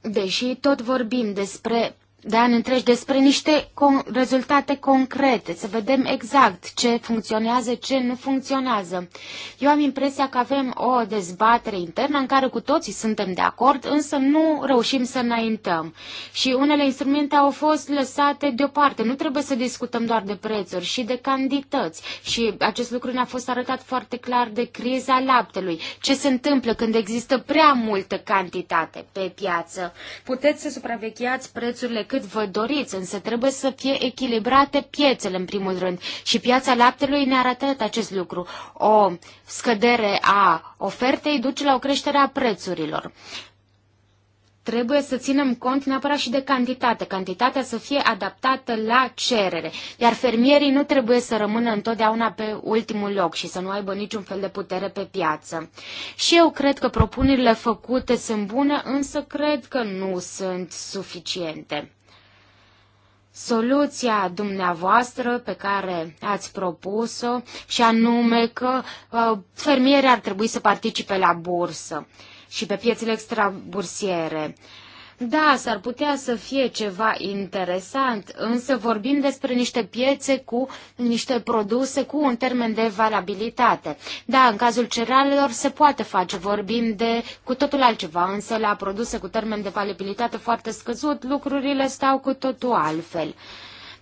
Deși tot vorbim despre de ani întregi despre niște con- rezultate concrete, să vedem exact ce funcționează, ce nu funcționează. Eu am impresia că avem o dezbatere internă în care cu toții suntem de acord, însă nu reușim să înaintăm. Și unele instrumente au fost lăsate deoparte. Nu trebuie să discutăm doar de prețuri și de cantități. Și acest lucru ne-a fost arătat foarte clar de criza laptelui. Ce se întâmplă când există prea multă cantitate pe piață? Puteți să supravegheați prețurile cât vă doriți, însă trebuie să fie echilibrate piețele în primul rând. Și piața laptelui ne arată acest lucru. O scădere a ofertei duce la o creștere a prețurilor trebuie să ținem cont neapărat și de cantitate. Cantitatea să fie adaptată la cerere, iar fermierii nu trebuie să rămână întotdeauna pe ultimul loc și să nu aibă niciun fel de putere pe piață. Și eu cred că propunerile făcute sunt bune, însă cred că nu sunt suficiente soluția dumneavoastră pe care ați propus-o și anume că uh, fermierii ar trebui să participe la bursă și pe piețele extrabursiere. Uh, da, s-ar putea să fie ceva interesant, însă vorbim despre niște piețe cu niște produse cu un termen de valabilitate. Da, în cazul cerealelor se poate face, vorbim de cu totul altceva, însă la produse cu termen de valabilitate foarte scăzut lucrurile stau cu totul altfel.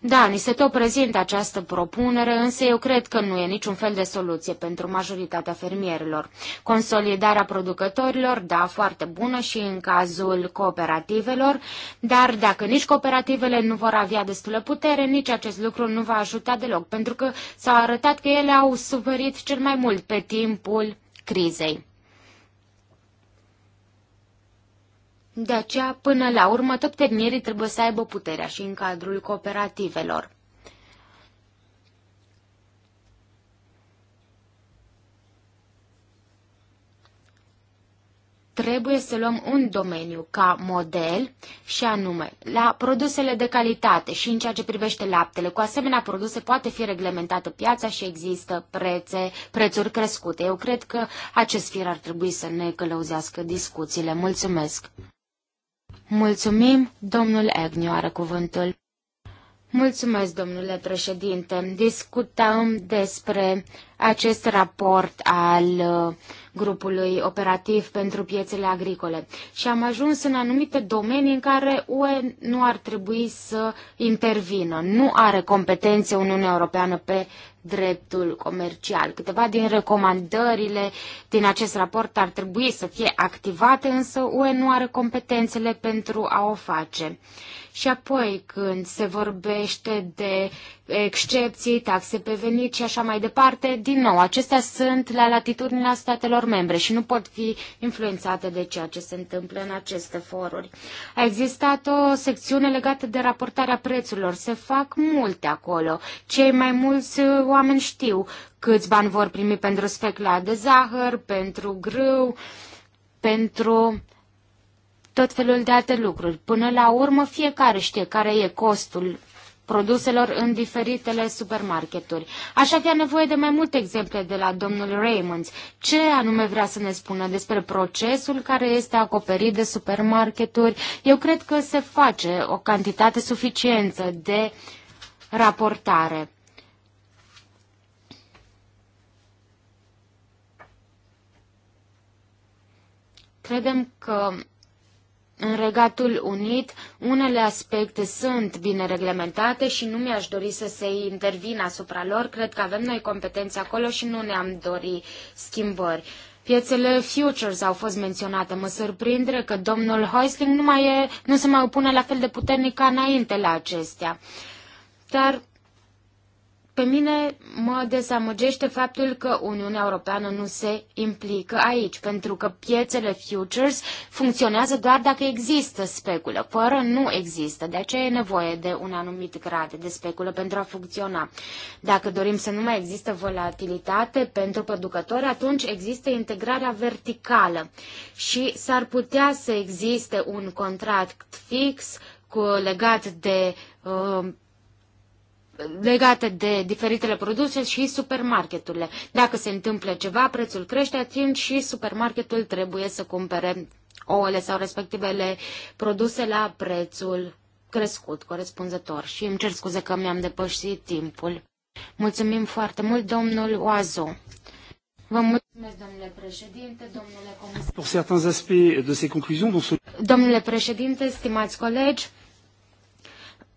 Da, ni se tot prezintă această propunere, însă eu cred că nu e niciun fel de soluție pentru majoritatea fermierilor. Consolidarea producătorilor, da, foarte bună și în cazul cooperativelor, dar dacă nici cooperativele nu vor avea destulă putere, nici acest lucru nu va ajuta deloc, pentru că s-a arătat că ele au suferit cel mai mult pe timpul crizei. De aceea, până la urmă, tăpternierii trebuie să aibă puterea și în cadrul cooperativelor. trebuie să luăm un domeniu ca model și anume la produsele de calitate și în ceea ce privește laptele. Cu asemenea produse poate fi reglementată piața și există prețe, prețuri crescute. Eu cred că acest fir ar trebui să ne călăuzească discuțiile. Mulțumesc! Mulțumim, domnul Egniu are cuvântul. Mulțumesc, domnule președinte. Discutăm despre acest raport al uh, grupului operativ pentru piețele agricole și am ajuns în anumite domenii în care UE nu ar trebui să intervină. Nu are competențe Uniunea Europeană pe dreptul comercial. Câteva din recomandările din acest raport ar trebui să fie activate, însă UE nu are competențele pentru a o face. Uh, și apoi când se vorbește de excepții, taxe pe venit și așa mai departe, din nou, acestea sunt la latitudinea statelor membre și nu pot fi influențate de ceea ce se întâmplă în aceste foruri. A existat o secțiune legată de raportarea prețurilor. Se fac multe acolo. Cei mai mulți oameni știu câți bani vor primi pentru specla de zahăr, pentru grâu, pentru tot felul de alte lucruri. Până la urmă, fiecare știe care e costul produselor în diferitele supermarketuri. Aș avea nevoie de mai multe exemple de la domnul Raymonds. Ce anume vrea să ne spună despre procesul care este acoperit de supermarketuri? Eu cred că se face o cantitate suficientă de raportare. Credem că în Regatul Unit, unele aspecte sunt bine reglementate și nu mi-aș dori să se intervin asupra lor. Cred că avem noi competențe acolo și nu ne-am dori schimbări. Piețele futures au fost menționate. Mă surprinde că domnul Hoisling nu, mai e, nu se mai opune la fel de puternic ca înainte la acestea. Dar pe mine mă dezamăgește faptul că Uniunea Europeană nu se implică aici, pentru că piețele futures funcționează doar dacă există speculă. Fără nu există, de aceea e nevoie de un anumit grad de speculă pentru a funcționa. Dacă dorim să nu mai există volatilitate pentru producători, atunci există integrarea verticală și s-ar putea să existe un contract fix cu legat de uh, legate de diferitele produse și supermarketurile. Dacă se întâmplă ceva, prețul crește, atunci și supermarketul trebuie să cumpere ouăle sau respectivele produse la prețul crescut, corespunzător. Și îmi cer scuze că mi-am depășit timpul. Mulțumim foarte mult, domnul Oazu. Vă mulțumesc, domnule președinte, domnule comisar. Pour certains aspects de ces conclusions, dont... Domnule președinte, stimați colegi,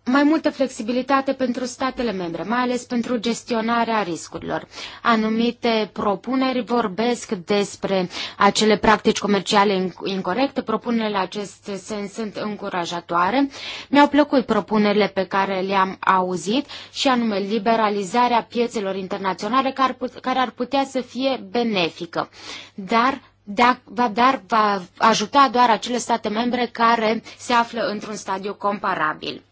mai multă flexibilitate pentru statele membre, mai ales pentru gestionarea riscurilor. Anumite propuneri vorbesc despre acele practici comerciale incorrecte, propunerile acest sens sunt încurajatoare. Mi-au plăcut propunerile pe care le-am auzit și anume liberalizarea piețelor internaționale care ar putea să fie benefică. Dar dar va ajuta doar acele state membre care se află într-un stadiu comparabil.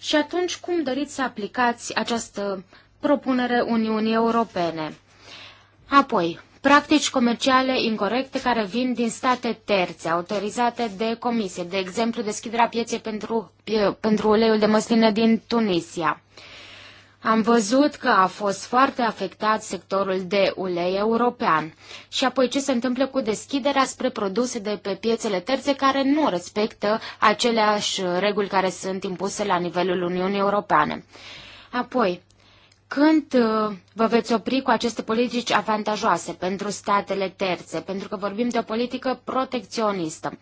Și atunci cum doriți să aplicați această propunere Uniunii Europene? Apoi, practici comerciale incorrecte care vin din state terțe, autorizate de comisie, de exemplu deschiderea pieței pentru, pentru uleiul de măsline din Tunisia. Am văzut că a fost foarte afectat sectorul de ulei european. Și apoi ce se întâmplă cu deschiderea spre produse de pe piețele terțe care nu respectă aceleași reguli care sunt impuse la nivelul Uniunii Europene. Apoi, când uh, vă veți opri cu aceste politici avantajoase pentru statele terțe, pentru că vorbim de o politică protecționistă.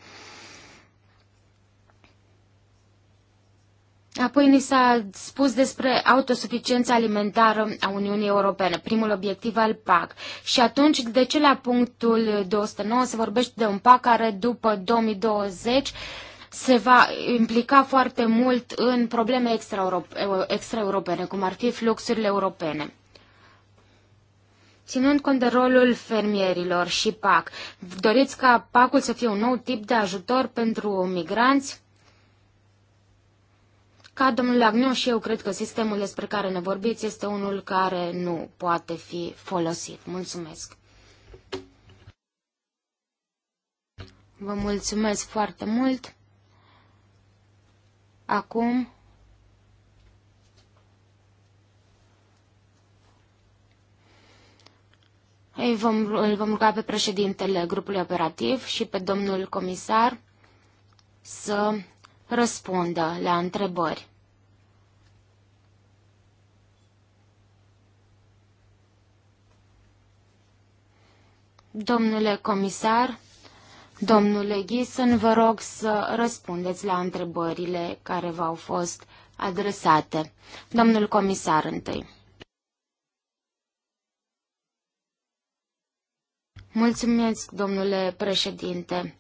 Apoi ni s-a spus despre autosuficiența alimentară a Uniunii Europene, primul obiectiv al PAC. Și atunci, de ce la punctul 209 se vorbește de un PAC care după 2020 se va implica foarte mult în probleme extraeuropene, cum ar fi fluxurile europene? Ținând cont de rolul fermierilor și PAC, doriți ca PAC-ul să fie un nou tip de ajutor pentru migranți? Ca domnul Agneu și eu cred că sistemul despre care ne vorbiți este unul care nu poate fi folosit. Mulțumesc! Vă mulțumesc foarte mult! Acum... Îl vom, îl vom ruga pe președintele grupului operativ și pe domnul comisar să răspundă la întrebări. Domnule comisar, domnule Ghisen, vă rog să răspundeți la întrebările care v-au fost adresate. Domnul comisar întâi. Mulțumesc, domnule președinte.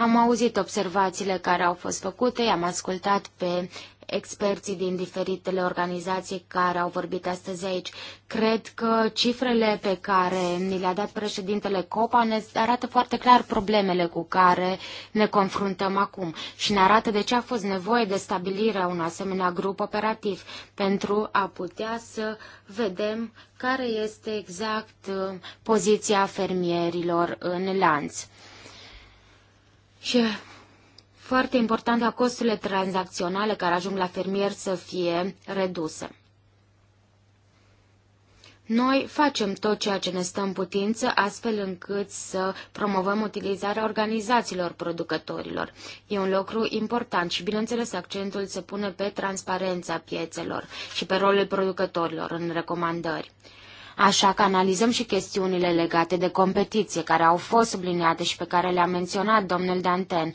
Am auzit observațiile care au fost făcute, am ascultat pe experții din diferitele organizații care au vorbit astăzi aici. Cred că cifrele pe care ni le-a dat președintele COPA ne arată foarte clar problemele cu care ne confruntăm acum și ne arată de ce a fost nevoie de stabilirea unui asemenea grup operativ pentru a putea să vedem care este exact uh, poziția fermierilor în lanț. Și foarte important ca costurile tranzacționale care ajung la fermier să fie reduse. Noi facem tot ceea ce ne stă în putință, astfel încât să promovăm utilizarea organizațiilor producătorilor. E un lucru important și, bineînțeles, accentul se pune pe transparența piețelor și pe rolul producătorilor în recomandări. Așa că analizăm și chestiunile legate de competiție, care au fost subliniate și pe care le-a menționat domnul Danten.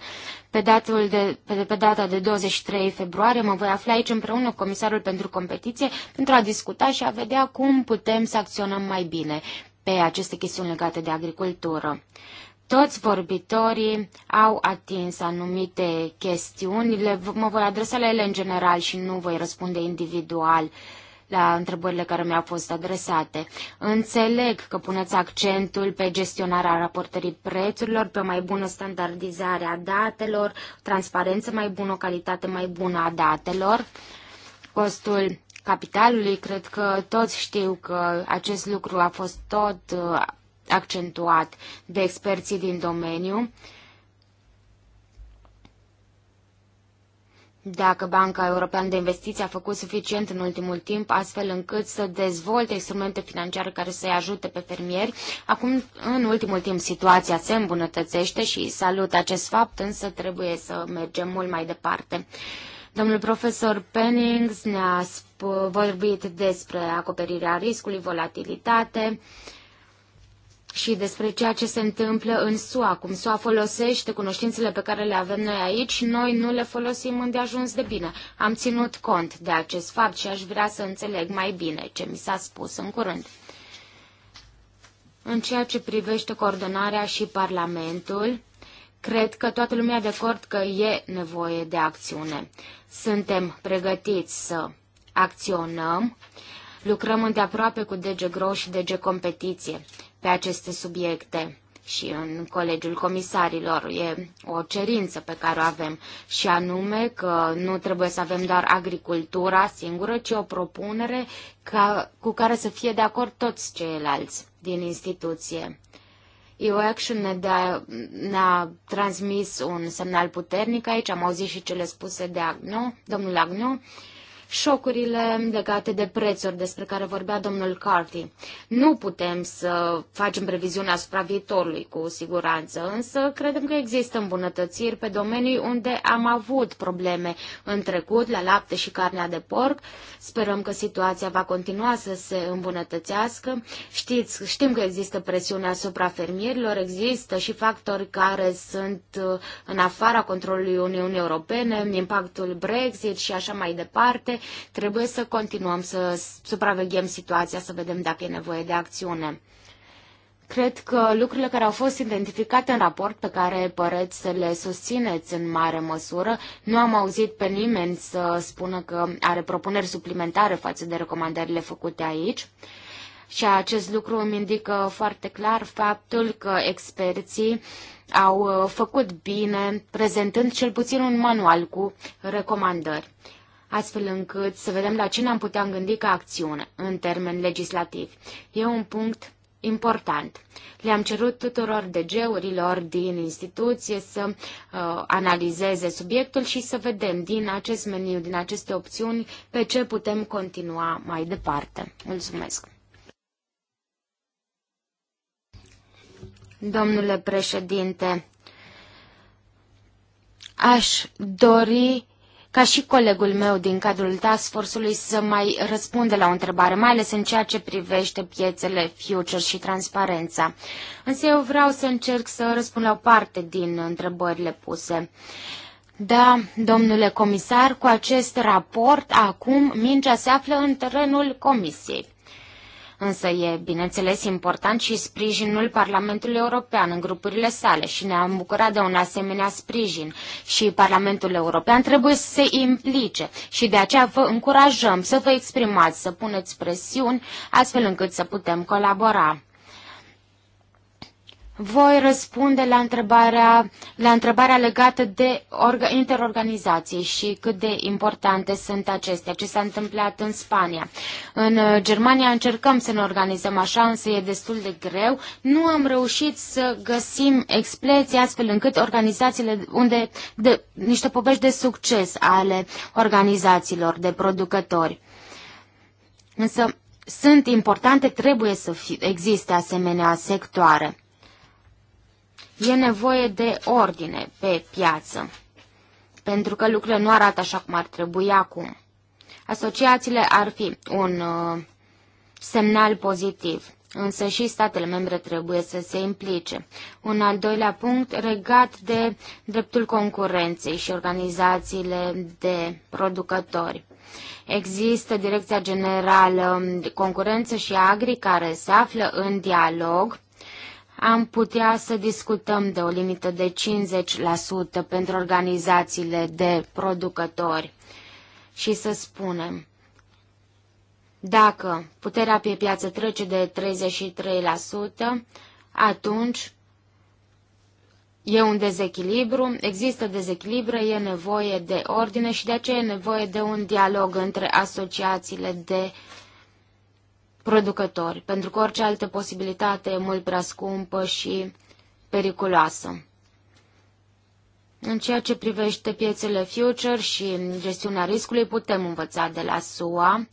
Pe, datul de, pe, pe data de 23 februarie mă voi afla aici împreună cu Comisarul pentru Competiție pentru a discuta și a vedea cum putem să acționăm mai bine pe aceste chestiuni legate de agricultură toți vorbitorii au atins anumite chestiuni, le, mă voi adresa la ele în general și nu voi răspunde individual la întrebările care mi-au fost adresate. Înțeleg că puneți accentul pe gestionarea raportării prețurilor, pe o mai bună standardizare a datelor, transparență mai bună, o calitate mai bună a datelor, costul capitalului. Cred că toți știu că acest lucru a fost tot uh, accentuat de experții din domeniu. Uh, dacă Banca Europeană de Investiții a făcut suficient în ultimul timp, astfel încât să dezvolte instrumente financiare care să-i ajute pe fermieri. Acum, în ultimul timp, situația se îmbunătățește și salut acest fapt, însă trebuie să mergem mult mai departe. Domnul profesor Pennings ne-a vorbit despre acoperirea riscului, volatilitate, uh, și despre ceea ce se întâmplă în SUA, cum SUA folosește cunoștințele pe care le avem noi aici, noi nu le folosim îndeajuns de bine. Am ținut cont de acest fapt și aș vrea să înțeleg mai bine ce mi s-a spus în curând. În ceea ce privește coordonarea și Parlamentul, cred că toată lumea de acord că e nevoie de acțiune. Suntem pregătiți să acționăm, lucrăm îndeaproape cu DG Grow și DG Competiție pe aceste subiecte și în Colegiul Comisarilor. E o cerință pe care o avem și anume că nu trebuie să avem doar agricultura singură, ci o propunere ca, cu care să fie de acord toți ceilalți din instituție. EU Action ne a ne-a transmis un semnal puternic aici, am auzit și cele spuse de Agno, domnul Agno, uh, șocurile legate de prețuri despre care vorbea domnul Carty. Nu putem să facem previziune asupra viitorului cu siguranță, însă credem că există îmbunătățiri pe domenii unde am avut probleme în trecut la lapte și carnea de porc. Sperăm că situația va continua să se îmbunătățească. Știți, știm că există presiune asupra fermierilor, există și factori care sunt uh, în afara controlului Uniunii Europene, impactul Brexit și așa mai departe. Trebuie să continuăm să supraveghem situația, să vedem dacă e nevoie de acțiune. Cred că lucrurile care au fost identificate în raport, pe care păreți să le susțineți în mare măsură, nu am auzit pe nimeni să spună că are propuneri suplimentare față de recomandările făcute aici. Și acest lucru îmi indică foarte clar faptul că experții au făcut bine prezentând cel puțin un manual cu recomandări astfel încât să vedem la ce ne-am putea gândi ca acțiune în termen legislativ. E un punct important. Le-am cerut tuturor DG-urilor din instituție să uh, analizeze subiectul și să vedem din acest meniu, din aceste opțiuni, pe ce putem continua mai departe. Mulțumesc! Domnule președinte, aș dori ca și colegul meu din cadrul task force-ului să mai răspundă la o întrebare, mai ales în ceea ce privește piețele future și transparența. Însă eu vreau să încerc să răspund la o parte din întrebările puse. Da, domnule comisar, cu acest raport acum mingea se află în terenul comisiei. Însă e, bineînțeles, important și sprijinul Parlamentului European în grupurile sale și ne-am bucurat de un asemenea sprijin. Și Parlamentul European trebuie să se implice și de aceea vă încurajăm să vă exprimați, să puneți presiuni, astfel încât să putem colabora. Voi răspunde la întrebarea, la întrebarea legată de interorganizații și cât de importante sunt acestea, ce s-a întâmplat în Spania. În uh, Germania încercăm să ne organizăm așa, însă e destul de greu. Nu am reușit să găsim expleții astfel încât organizațiile unde de, niște povești de succes ale organizațiilor de producători. Însă sunt importante, trebuie să fi, existe asemenea sectoare. E nevoie de ordine pe piață, pentru că lucrurile nu arată așa cum ar trebui acum. Asociațiile ar fi un uh, semnal pozitiv, însă și statele membre trebuie să se implice. Un al doilea punct regat de dreptul concurenței și organizațiile de producători. Există Direcția Generală Concurență și Agri care se află în dialog am putea să discutăm de o limită de 50% pentru organizațiile de producători și să spunem dacă puterea pe piață trece de 33%, atunci e un dezechilibru, există dezechilibru, e nevoie de ordine și de aceea e nevoie de un dialog între asociațiile de producători, pentru că orice altă posibilitate e mult prea scumpă și periculoasă. În ceea ce privește piețele future și gestiunea riscului, putem învăța de la SUA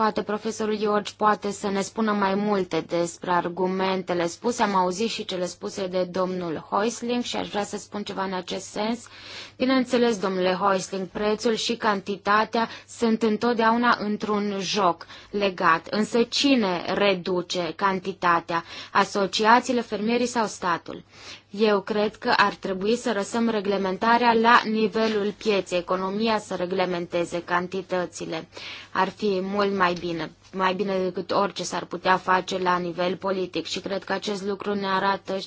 Poate profesorul George poate să ne spună mai multe despre argumentele spuse. Am auzit și cele spuse de domnul Hoisling și aș vrea să spun ceva în acest sens. Bineînțeles, domnule Hoisling, prețul și cantitatea sunt întotdeauna într-un joc legat. Însă cine reduce cantitatea? Asociațiile, fermierii sau statul? Eu cred că ar trebui să răsăm reglementarea la nivelul pieței, economia să reglementeze cantitățile. Ar fi mult mai bine, mai bine decât orice s-ar putea face la nivel politic și cred că acest lucru ne arată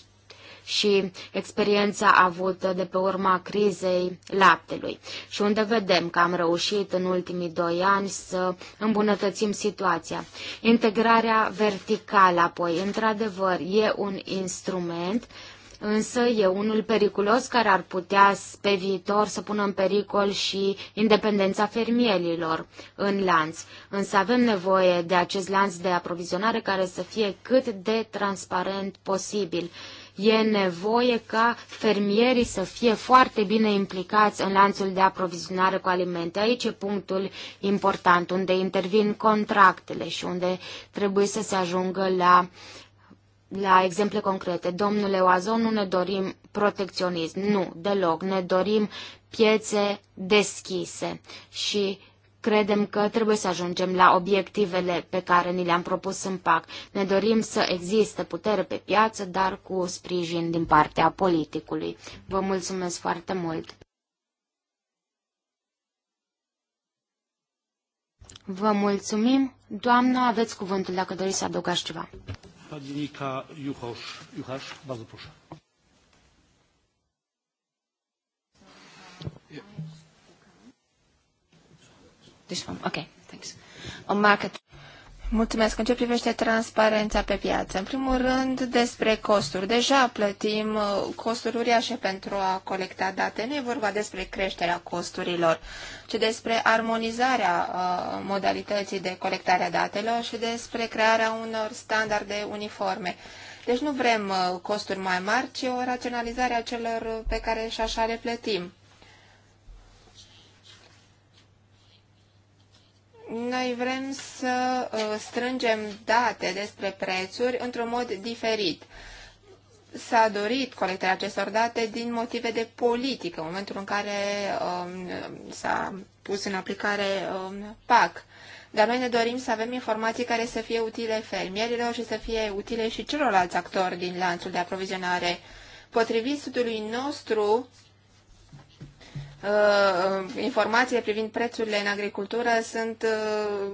și experiența avută de pe urma crizei laptelui și unde vedem că am reușit în ultimii doi ani să îmbunătățim situația. Integrarea verticală, apoi, într-adevăr, e un instrument însă e unul periculos care ar putea pe viitor să pună în pericol și independența fermierilor în lanț. Însă avem nevoie de acest lanț de aprovizionare care să fie cât de transparent posibil e nevoie ca fermierii să fie foarte bine implicați în lanțul de aprovizionare cu alimente. Aici e punctul important, unde intervin contractele și unde trebuie să se ajungă la la exemple concrete. Domnule Oazon, nu ne dorim protecționism, nu, deloc. Ne dorim piețe deschise și credem că trebuie să ajungem la obiectivele pe care ni le-am propus în PAC. Ne dorim să existe putere pe piață, dar cu sprijin din partea politicului. Vă mulțumesc foarte mult! Vă mulțumim. Doamna, aveți cuvântul dacă doriți să adăugați ceva. Października Juchosz. Juchasz, bardzo proszę. This one, okay, thanks. On market. Mulțumesc. În ce privește transparența pe piață? În primul rând, despre costuri. Deja plătim uh, costuri uriașe pentru a colecta date. Nu e vorba despre creșterea costurilor, ci despre armonizarea uh, modalității de colectare a datelor și despre crearea unor standarde uniforme. Deci nu vrem uh, costuri mai mari, ci o raționalizare a celor pe care și așa le plătim. Noi vrem să uh, strângem date despre prețuri într-un mod diferit. S-a dorit colectarea acestor date din motive de politică, în momentul în care um, s-a pus în aplicare um, PAC. Dar noi ne dorim să avem informații care să fie utile fermierilor și să fie utile și celorlalți actori din lanțul de aprovizionare. Potrivit studiului nostru, Uh, informațiile privind prețurile în agricultură sunt uh,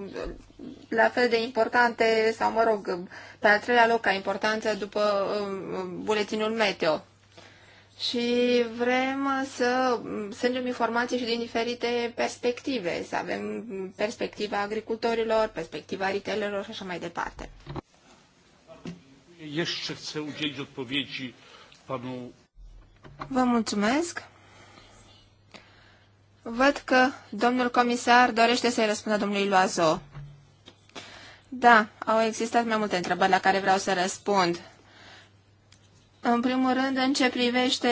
la fel de importante, sau mă rog, pe al treilea loc ca importanță după uh, buletinul meteo. Și vrem să strângem informații și din diferite perspective, să avem perspectiva agricultorilor, perspectiva ritelelor și așa mai departe. Vă mulțumesc. Văd că domnul comisar dorește să-i răspundă domnului Loazo. Da, au existat mai multe întrebări la care vreau să răspund. În primul rând, în ce privește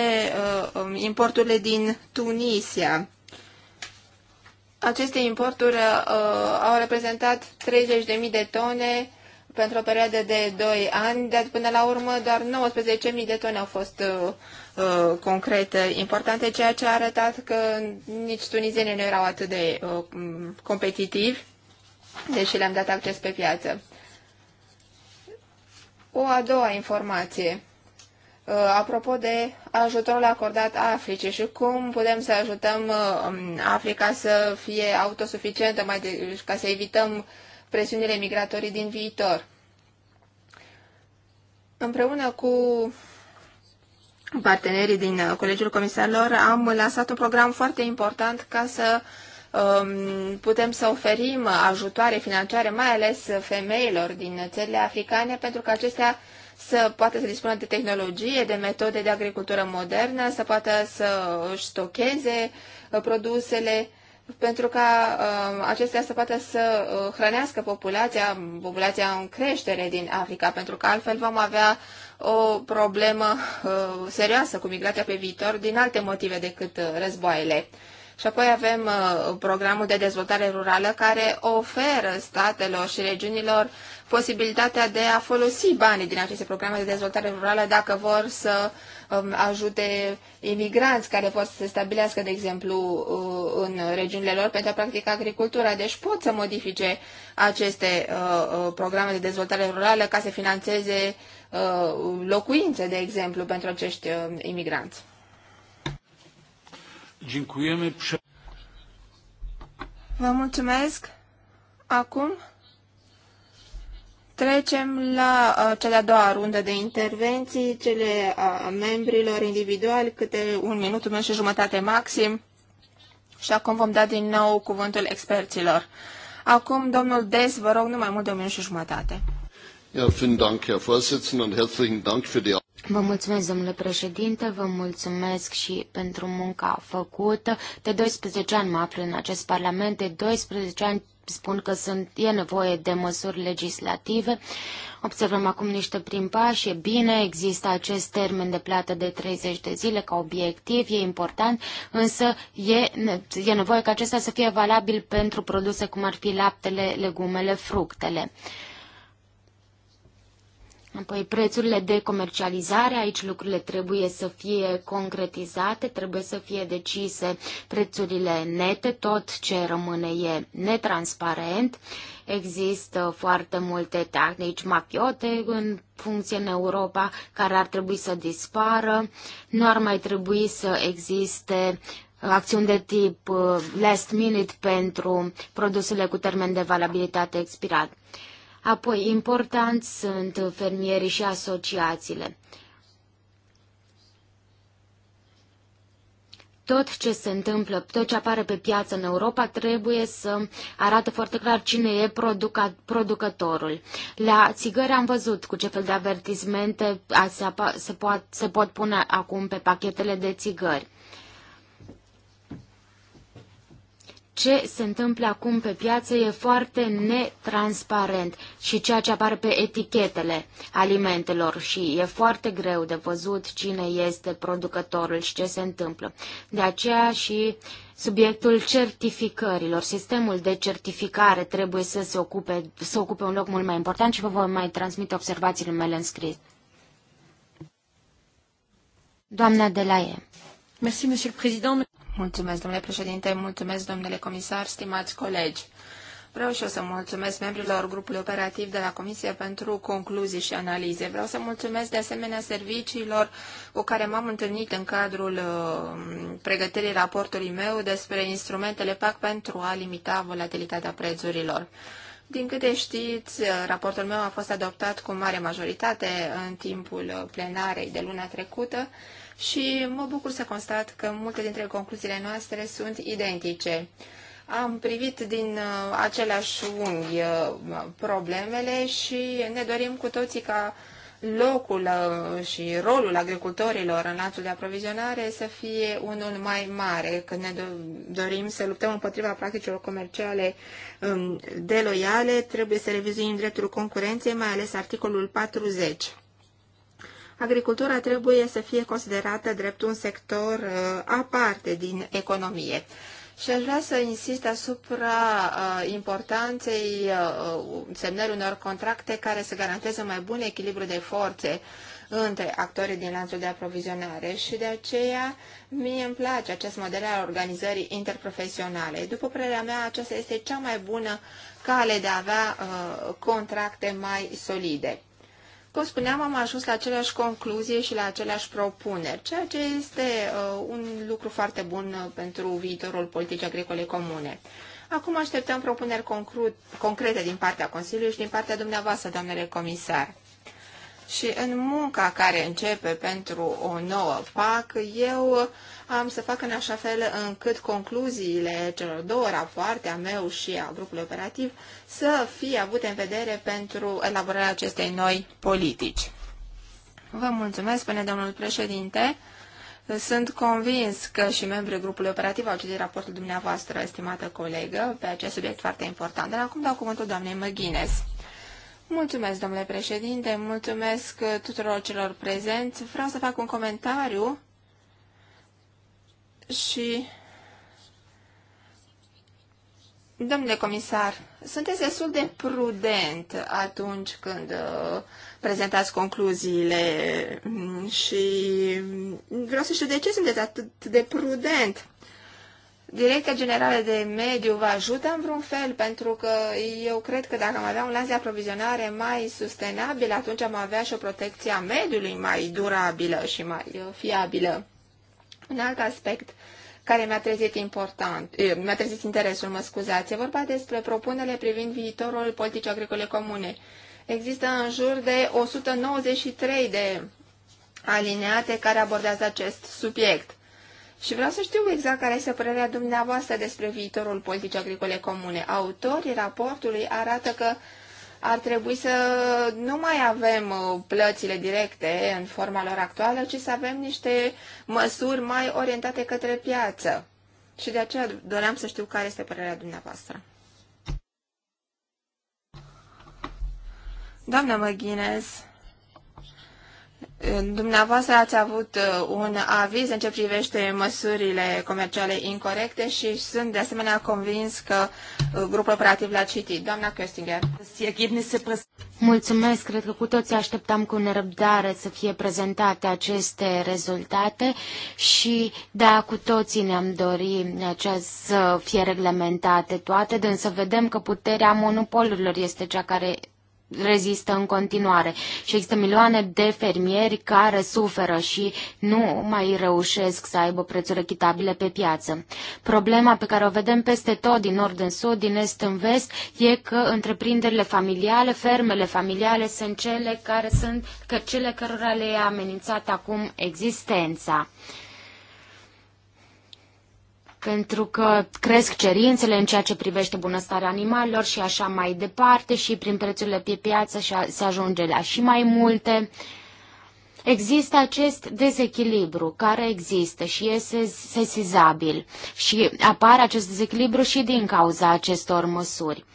uh, um, importurile din Tunisia. Aceste importuri uh, au reprezentat 30.000 de tone pentru o perioadă de 2 ani, dar până la urmă doar 19.000 de tone au fost uh, uh, concrete importante, ceea ce a arătat că nici tunizienii nu erau atât de uh, competitivi, deși le-am dat acces pe piață. O a doua informație uh, apropo de ajutorul acordat Africii și cum putem să ajutăm uh, Africa să fie autosuficientă, mai de, ca să evităm presiunile migratorii din viitor. Împreună cu partenerii din uh, Colegiul Comisarilor am lansat un program foarte important ca să um, putem să oferim ajutoare financiare, mai ales femeilor din țările africane, pentru că acestea să poată să dispună de tehnologie, de metode de agricultură modernă, să poată să își stocheze uh, produsele pentru ca uh, acestea să poată să uh, hrănească populația, populația în creștere din Africa, pentru că altfel vom avea o problemă uh, serioasă cu migrația pe viitor din alte motive decât uh, războaiele. Și apoi avem uh, programul de dezvoltare rurală care oferă statelor și regiunilor posibilitatea de a folosi banii din aceste programe de dezvoltare rurală dacă vor să um, ajute imigranți care pot să se stabilească, de exemplu, uh, în regiunile lor pentru a practica agricultura. Deci pot să modifice aceste uh, programe de dezvoltare rurală ca să financeze locuințe, de exemplu, pentru acești imigranți. Vă mulțumesc. Acum trecem la uh, cea de-a doua rundă de intervenții, cele a membrilor individuali, câte un minut, un minut și jumătate maxim. Și acum vom da din nou cuvântul experților. Acum, domnul Des, vă rog, nu mai mult de un minut și jumătate. Ja, vielen Dank, Herr Vorsitzender, und herzlichen Dank für die Vă mulțumesc, domnule președinte, vă mulțumesc și pentru munca făcută. De 12 ani mă aflu în acest parlament, de 12 ani spun că sunt, e nevoie de măsuri legislative. Observăm acum niște prim pași, e bine, există acest termen de plată de 30 de zile ca obiectiv, e important, însă e, e nevoie ca acesta să fie valabil pentru produse cum ar fi laptele, legumele, fructele. Apoi prețurile de comercializare, aici lucrurile trebuie să fie concretizate, trebuie să fie decise prețurile nete, tot ce rămâne e netransparent. Există foarte multe tehnici mafiote în funcție în Europa care ar trebui să dispară. Nu ar mai trebui să existe acțiuni de tip uh, last minute pentru produsele cu termen de valabilitate expirat. Apoi, importanți sunt fermierii și asociațiile. tot ce se întâmplă, tot ce apare pe piață în Europa, trebuie să arate foarte clar cine e produca, producătorul. La țigări am văzut cu ce fel de avertismente se, se, pot, se pot pune acum pe pachetele de țigări. ce se întâmplă acum pe piață e foarte netransparent și ceea ce apare pe etichetele alimentelor și e foarte greu de văzut cine este producătorul și ce se întâmplă. De aceea și subiectul certificărilor, sistemul de certificare trebuie să se ocupe, să ocupe un loc mult mai important și vă voi mai transmite observațiile mele în scris. Doamna Delaie. Merci, Monsieur le Président. Mulțumesc, domnule președinte, mulțumesc, domnule comisar, stimați colegi. Vreau și eu să mulțumesc membrilor grupului operativ de la Comisie pentru concluzii și analize. Vreau să mulțumesc de asemenea serviciilor cu care m-am întâlnit în cadrul uh, pregătirii raportului meu despre instrumentele PAC pentru a limita volatilitatea prețurilor. Din câte știți, uh, raportul meu a fost adoptat cu mare majoritate în timpul plenarei de luna trecută și mă bucur să constat că multe dintre concluziile noastre sunt identice. Am privit din uh, același unghi uh, problemele și ne dorim cu toții ca locul uh, și rolul agricultorilor în lanțul de aprovizionare să fie unul mai mare, când ne dorim să luptăm împotriva practicilor comerciale um, deloiale, trebuie să revizuim dreptul concurenței, mai ales articolul 40 agricultura trebuie să fie considerată drept un sector uh, aparte din economie. Și aș vrea să insist asupra uh, importanței uh, semnării unor contracte care să garanteze mai bun echilibru de forțe între actorii din lanțul de aprovizionare și de aceea mie îmi place acest model al organizării interprofesionale. După părerea mea, aceasta este cea mai bună cale de a avea uh, contracte mai solide. Cum spuneam, am ajuns la aceleași concluzie și la aceleași propuneri, ceea ce este uh, un lucru foarte bun uh, pentru viitorul politicii agricole comune. Acum așteptăm propuneri concrete din partea Consiliului și din partea dumneavoastră, doamnele comisar. Și în munca care începe pentru o nouă PAC, eu am să fac în așa fel încât concluziile celor două rapoarte, a meu și a grupului operativ, să fie avute în vedere pentru elaborarea acestei noi politici. Vă mulțumesc, spune domnul președinte. Sunt convins că și membrii grupului operativ au citit raportul dumneavoastră, estimată colegă, pe acest subiect foarte important. Dar acum dau cuvântul doamnei McGuinness. Mulțumesc, domnule președinte, mulțumesc tuturor celor prezenți. Vreau să fac un comentariu și... Domnule comisar, sunteți destul de prudent atunci când uh, prezentați concluziile și vreau să știu de ce sunteți atât de prudent Direcția Generală de Mediu vă ajută în vreun fel? Pentru că eu cred că dacă am avea un lanț de aprovizionare mai sustenabil, atunci am avea și o protecție a mediului mai durabilă și mai uh, fiabilă. Un alt aspect care mi-a trezit important, eh, mi-a trezit interesul, mă scuzați, e vorba despre propunerile privind viitorul politicii agricole comune. Există în jur de 193 de alineate care abordează acest subiect. Și vreau să știu exact care este părerea dumneavoastră despre viitorul politicii agricole comune. Autorii raportului arată că ar trebui să nu mai avem uh, plățile directe în forma lor actuală, ci să avem niște măsuri mai orientate către piață. Și de aceea doream să știu care este părerea dumneavoastră. Doamna McGuinness. Dumneavoastră ați avut uh, un aviz în ce privește măsurile comerciale incorrecte și sunt de asemenea convins că uh, grupul operativ l-a citit. Doamna Köstinger. Mulțumesc, cred că cu toții așteptam cu nerăbdare să fie prezentate aceste rezultate și da, cu toții ne-am dorit acest, să fie reglementate toate, însă vedem că puterea monopolurilor este cea care rezistă în continuare și există milioane de fermieri care suferă și nu mai reușesc să aibă prețuri echitabile pe piață. Problema pe care o vedem peste tot, din nord în sud, din est în vest, e că întreprinderile familiale, fermele familiale sunt cele care sunt că cele cărora le e amenințat acum existența pentru că cresc cerințele în ceea ce privește bunăstarea animalelor și așa mai departe și prin prețurile pe piață se ajunge la și mai multe. Există acest dezechilibru care există și este sesizabil și apare acest dezechilibru și din cauza acestor măsuri.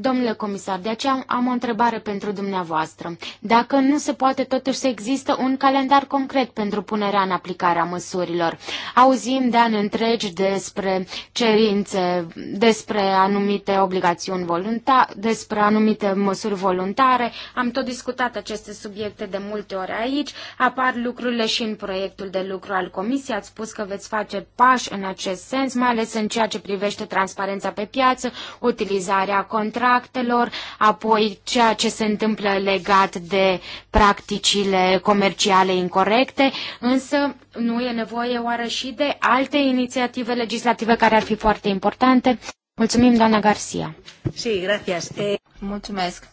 Domnule comisar, de aceea am o întrebare pentru dumneavoastră. Dacă nu se poate totuși să există un calendar concret pentru punerea în aplicare a măsurilor, auzim de ani întregi despre cerințe, despre anumite obligațiuni voluntare, despre anumite măsuri voluntare, am tot discutat aceste subiecte de multe ori aici, apar lucrurile și în proiectul de lucru al comisiei, ați spus că veți face pași în acest sens, mai ales în ceea ce privește transparența pe piață, utilizarea contractelor, contractelor, apoi ceea ce se întâmplă legat de practicile comerciale incorrecte, însă nu e nevoie oare și de alte inițiative legislative care ar fi foarte importante? Mulțumim, doamna Garcia. Sí, gracias. Eh, Mulțumesc.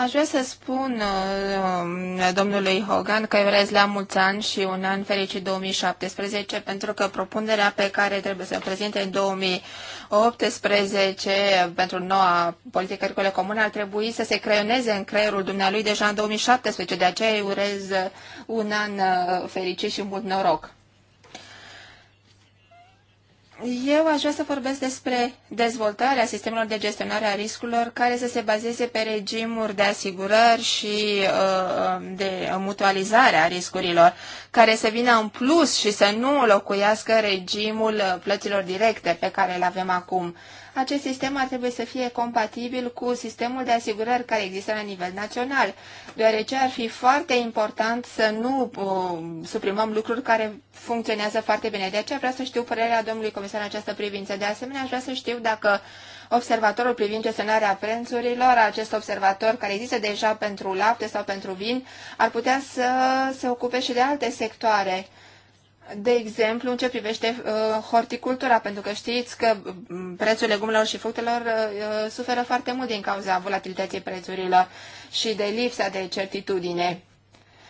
Aș vrea să spun uh, domnului Hogan că îi urez la mulți ani și un an fericit 2017, pentru că propunerea pe care trebuie să o prezinte în 2018 pentru noua politică agricolă comună ar trebui să se creioneze în creierul dumnealui deja în 2017. De aceea îi urez un an uh, fericit și mult noroc. Eu aș vrea să vorbesc despre dezvoltarea sistemelor de gestionare a riscurilor care să se bazeze pe regimuri de asigurări și uh, de mutualizare a riscurilor, care să vină în plus și să nu locuiască regimul plăților directe pe care îl avem acum. Acest sistem ar trebui să fie compatibil cu sistemul de asigurări care există la nivel național, deoarece ar fi foarte important să nu uh, suprimăm lucruri care funcționează foarte bine. De aceea vreau să știu părerea domnului comisar în această privință. De asemenea, aș vrea să știu dacă observatorul privind gestionarea prețurilor, acest observator care există deja pentru lapte sau pentru vin, ar putea să se ocupe și de alte sectoare de exemplu, în ce privește uh, horticultura, pentru că știți că mm, prețul legumelor și fructelor uh, uh, suferă foarte mult din cauza volatilității prețurilor și de lipsa de certitudine.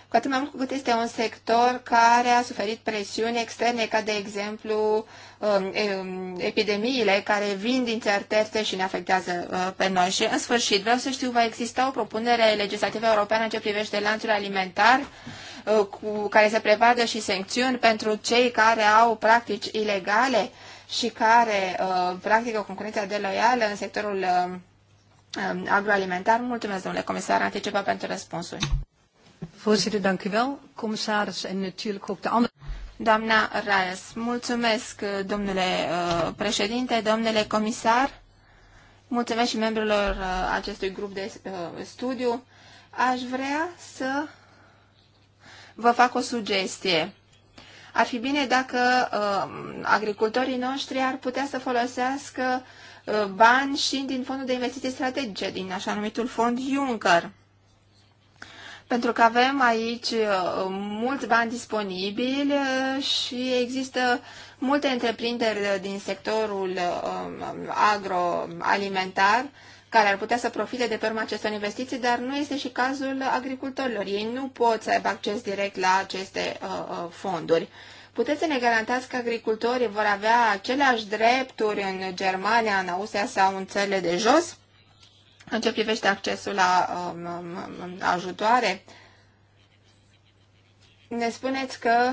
Cu atât mai mult cu cât este un sector care a suferit presiuni externe, ca de exemplu um, um, epidemiile care vin din țări terțe și ne afectează uh, pe noi. Și în sfârșit, vreau să știu, va exista o propunere legislativă europeană în ce privește lanțul alimentar? Uh, cu care se prevadă și sancțiuni pentru cei care au practici ilegale și care uh, practică concurența deloială în sectorul uh, um, agroalimentar. Mulțumesc, domnule comisar, anticipa pentru răspunsuri. Voorzitter, dank u wel. Commissaris en natuurlijk ook de andere... Doamna Raes, mulțumesc, uh, domnule uh, președinte, domnule comisar. Mulțumesc și membrilor uh, acestui grup de studiu. Aș vrea să vă fac o sugestie. Ar fi bine dacă uh, agricultorii noștri ar putea să folosească uh, bani și din fondul de investiții strategice, din așa numitul fond Juncker. Pentru că avem aici uh, mulți bani disponibili uh, și există multe întreprinderi din sectorul uh, um, agroalimentar care ar putea să profite de pe urma acestor investiții, dar nu este și cazul agricultorilor. Ei nu pot să aibă acces direct la aceste uh, uh, fonduri. Puteți să ne garantați că agricultorii vor avea aceleași drepturi în Germania, în Austria sau în țările de jos în ce privește accesul la um, um, um ajutoare? Ne spuneți că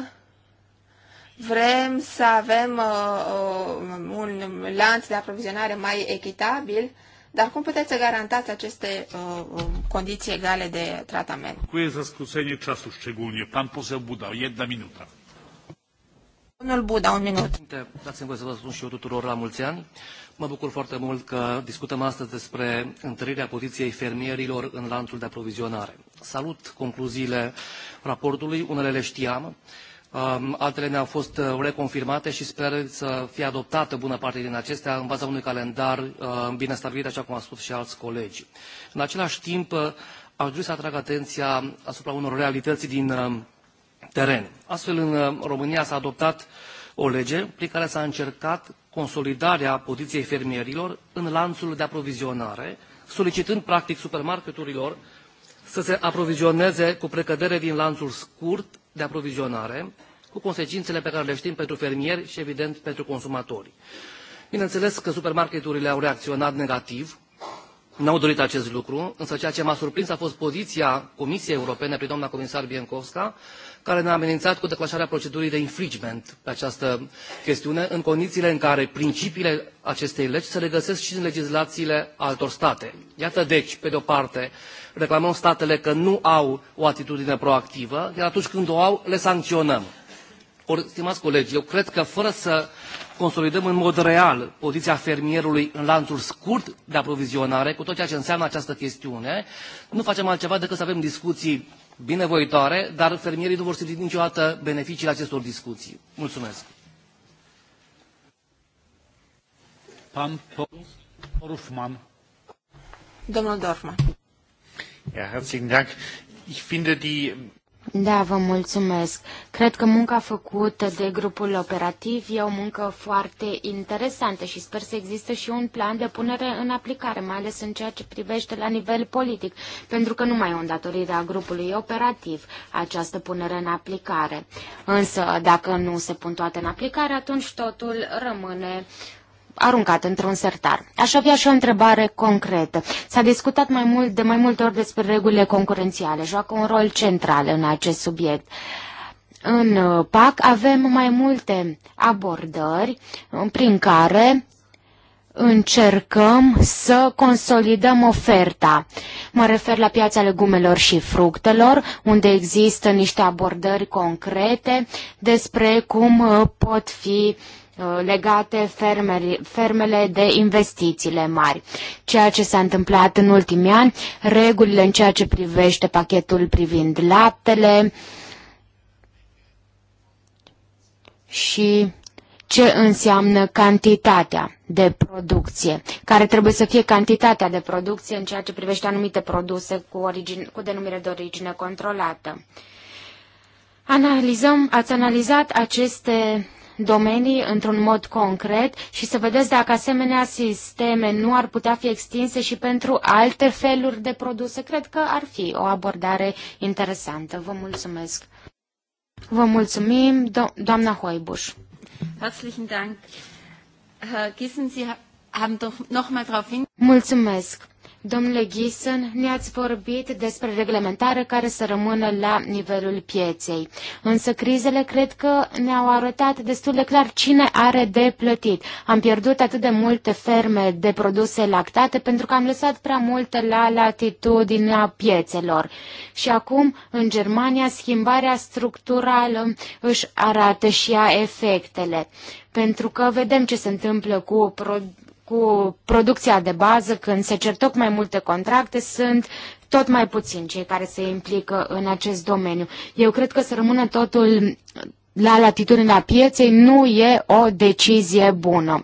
vrem să avem uh, uh un lanț de aprovizionare mai echitabil, dar cum puteți să garantați aceste uh, um, condiții egale de tratament? Cu e za skrócenie ceasul, șegulnie. Pan poseu Buda, jedna minuta. Domnul Buda, un minut. Dați-mi voie să vă spun și eu tuturor la mulți ani. Mă bucur foarte mult că discutăm astăzi despre întărirea poziției fermierilor în lanțul de aprovizionare. Salut concluziile raportului, unele le știam, Um, altele ne-au fost uh, reconfirmate și sper să fie adoptată bună parte din acestea în baza unui calendar uh, bine stabilit, așa cum au spus și alți colegi. În același timp, uh, aș vrea să atrag atenția asupra unor realități din teren. Astfel, în România s-a adoptat o lege prin care s-a încercat consolidarea poziției fermierilor în lanțul de aprovizionare, solicitând practic supermarketurilor să se aprovizioneze cu precădere din lanțul scurt de aprovizionare, cu consecințele pe care le știm pentru fermieri și, evident, pentru consumatori. Bineînțeles că supermarketurile au reacționat negativ, n-au dorit acest lucru, însă ceea ce m-a surprins a fost poziția Comisiei Europene, prin doamna comisar Biencovska, care ne-a amenințat cu declanșarea procedurii de infringement pe această chestiune, în condițiile în care principiile acestei legi se regăsesc și în legislațiile altor state. Iată deci, pe de o parte, reclamăm statele că nu au o atitudine proactivă, iar atunci când o au, le sancționăm. Ori, stimați colegi, eu cred că fără să consolidăm în mod real poziția fermierului în lanțul scurt de aprovizionare, cu tot ceea ce înseamnă această chestiune, nu facem altceva decât să avem discuții binevoitoare, dar fermierii nu vor simți niciodată beneficiile acestor discuții. Mulțumesc. Dorfman. Domnul Dorfman. Ja, herzlichen Dank. Ich finde die da, vă mulțumesc. Cred că munca făcută de grupul operativ e o muncă foarte interesantă și sper să existe și un plan de punere în aplicare, mai ales în ceea ce privește la nivel politic, pentru că nu mai e o datorire a grupului operativ această punere în aplicare. Însă, dacă nu se pun toate în aplicare, atunci totul rămâne uh, aruncat într-un sertar. Aș avea și o întrebare concretă. S-a discutat mai mult, de mai multe ori despre regulile concurențiale. Joacă un rol central în acest subiect. În uh, PAC avem mai multe abordări uh, prin care încercăm să consolidăm oferta. Mă refer la piața legumelor și fructelor, unde există niște abordări concrete despre cum uh, pot fi uh, Uh, legate fermele, fermele de investițiile mari. Ceea ce s-a întâmplat în ultimii ani, regulile în ceea ce privește pachetul privind laptele și ce înseamnă cantitatea de producție, care trebuie să fie cantitatea de producție în ceea ce privește anumite produse cu, origine, cu denumire de origine controlată. Analizăm, ați analizat aceste domenii într-un mod concret și să vedeți dacă asemenea sisteme nu ar putea fi extinse și pentru alte feluri de produse. Cred că ar fi o abordare interesantă. Vă mulțumesc. Vă mulțumim, do- doamna Hoibuș. Herzlichen Dank. Herr Gissen, Sie haben doch noch mal darauf hin... Mulțumesc. Domnule Gison, ne-ați vorbit despre reglementare care să rămână la nivelul pieței. Însă crizele cred că ne-au arătat destul de clar cine are de plătit. Am pierdut atât de multe ferme de produse lactate pentru că am lăsat prea multe la latitudinea piețelor. Și acum, în Germania, schimbarea structurală își arată și ea efectele pentru că vedem ce se întâmplă cu cu producția de bază, când se cer tot mai multe contracte, sunt tot mai puțin cei care se implică în acest domeniu. Eu cred că să rămână totul la latitudinea pieței nu e o decizie bună.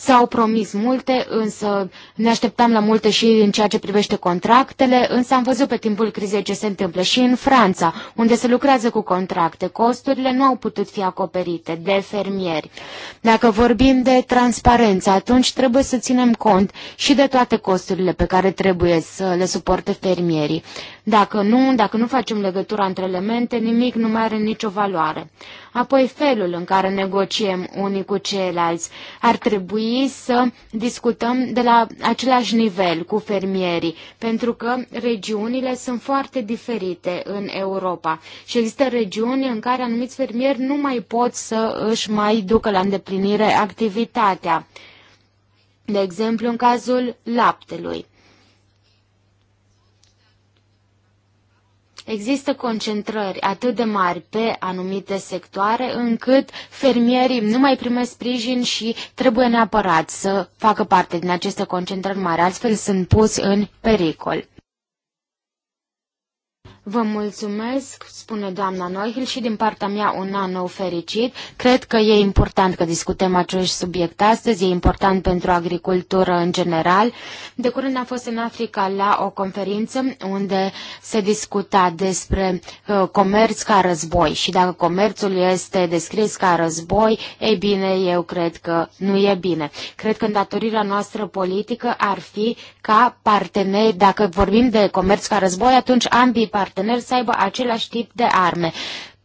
S-au promis multe, însă ne așteptam la multe și în ceea ce privește contractele, însă am văzut pe timpul crizei ce se întâmplă și în Franța, unde se lucrează cu contracte. Costurile nu au putut fi acoperite de fermieri. Dacă vorbim de transparență, atunci trebuie să ținem cont și de toate costurile pe care trebuie să le suporte fermierii. Dacă nu, dacă nu facem legătura între elemente, nimic nu mai are nicio valoare. Apoi felul în care negociem unii cu ceilalți. Ar trebui să discutăm de la același nivel cu fermierii, pentru că regiunile sunt foarte diferite în Europa și există regiuni în care anumiți fermieri nu mai pot să își mai ducă la îndeplinire activitatea de exemplu în cazul laptelui. Există concentrări atât de mari pe anumite sectoare încât fermierii nu mai primesc sprijin și trebuie neapărat să facă parte din aceste concentrări mari, altfel sunt puși în pericol. Vă mulțumesc, spune doamna Noihil și din partea mea un an nou fericit. Cred că e important că discutăm acest subiect astăzi, e important pentru agricultură în general. De curând am fost în Africa la o conferință unde se discuta despre uh, comerț ca război și dacă comerțul este descris ca război, ei bine, eu cred că nu e bine. Cred că îndatorirea noastră politică ar fi ca parteneri, dacă vorbim de comerț ca război, atunci ambii parteneri parteneri să aibă același tip de arme.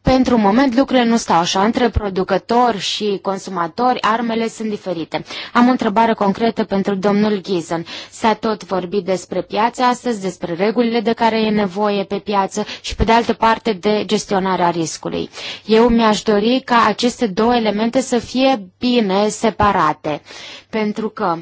Pentru moment lucrurile nu stau așa. Între producători și consumatori, armele sunt diferite. Am o întrebare concretă pentru domnul Ghizan. S-a tot vorbit despre piață astăzi, despre regulile de care e nevoie pe piață și, pe de altă parte, de gestionarea riscului. Eu mi-aș dori ca aceste două elemente să fie bine separate, pentru că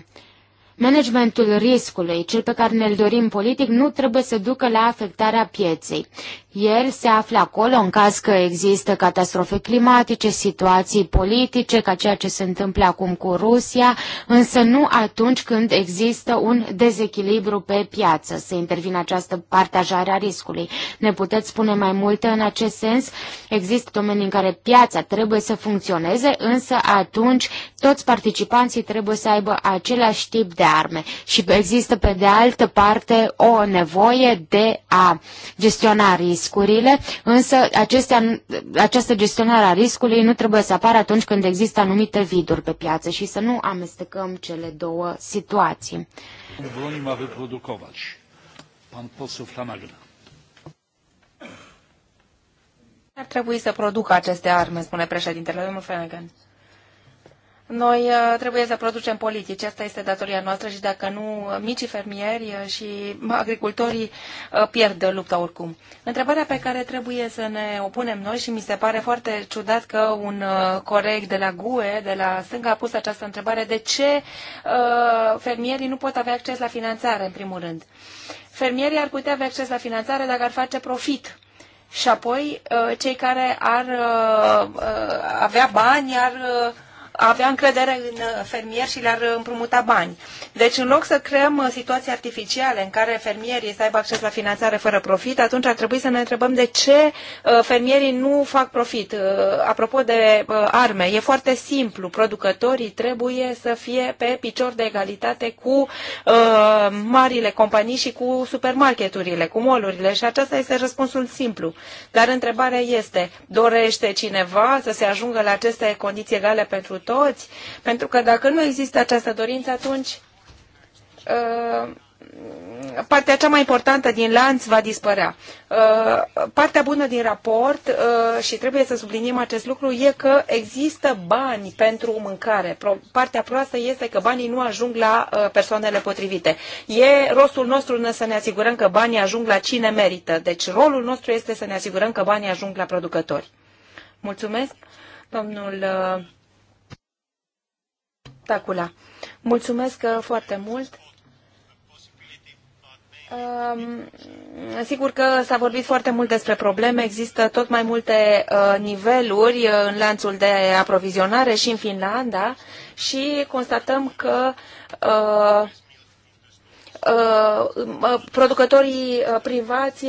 Managementul riscului, cel pe care ne-l dorim politic, nu trebuie să ducă la afectarea pieței. El se află acolo în caz că există catastrofe climatice, situații politice, ca ceea ce se întâmplă acum cu Rusia, însă nu atunci când există un dezechilibru pe piață, să intervine această partajare a riscului. Ne puteți spune mai multe în acest sens? Există domenii în care piața trebuie să funcționeze, însă atunci toți participanții trebuie să aibă același tip de arme și există pe de altă parte o nevoie de a gestiona riscul riscurile, însă acestea, această gestionare a riscului nu trebuie să apară atunci când există anumite viduri pe piață și să nu amestecăm cele două situații. Pan Ar trebui să producă aceste arme, spune președintele, domnul Flanagan. Noi uh, trebuie să producem politici, asta este datoria noastră și dacă nu, micii fermieri uh, și agricultorii uh, pierd lupta oricum. Întrebarea pe care trebuie să ne opunem noi și mi se pare foarte ciudat că un coreg de la GUE, de la stânga, a pus această întrebare de ce fermierii nu pot avea acces la finanțare, în primul rând. Fermierii ar putea avea acces la finanțare dacă ar face profit și apoi cei care ar avea bani ar avea încredere în uh, fermier și le-ar împrumuta bani. Deci, în loc să creăm uh, situații artificiale în care fermierii să aibă acces la finanțare fără profit, atunci ar trebui să ne întrebăm de ce uh, fermierii nu fac profit. Apropo de arme, e foarte simplu. Producătorii trebuie să fie pe picior de egalitate cu uh, marile companii și cu supermarketurile, cu molurile și acesta este răspunsul simplu. Dar întrebarea este, dorește cineva să se ajungă la aceste condiții egale pentru toți? toți, pentru că dacă nu există această dorință, atunci uh, partea cea mai importantă din lanț va dispărea. Uh, partea bună din raport, uh, și trebuie să subliniem acest lucru, e că există bani pentru mâncare. Partea proastă este că banii nu ajung la persoanele potrivite. E rostul nostru să ne asigurăm că banii ajung la cine merită. Deci rolul nostru este să ne asigurăm că banii ajung la producători. Mulțumesc, domnul spectacula. Mulțumesc uh, foarte mult! Um, sigur că s-a vorbit foarte mult despre probleme, există tot mai multe uh, niveluri uh, în lanțul de aprovizionare și în Finlanda și constatăm că producătorii privați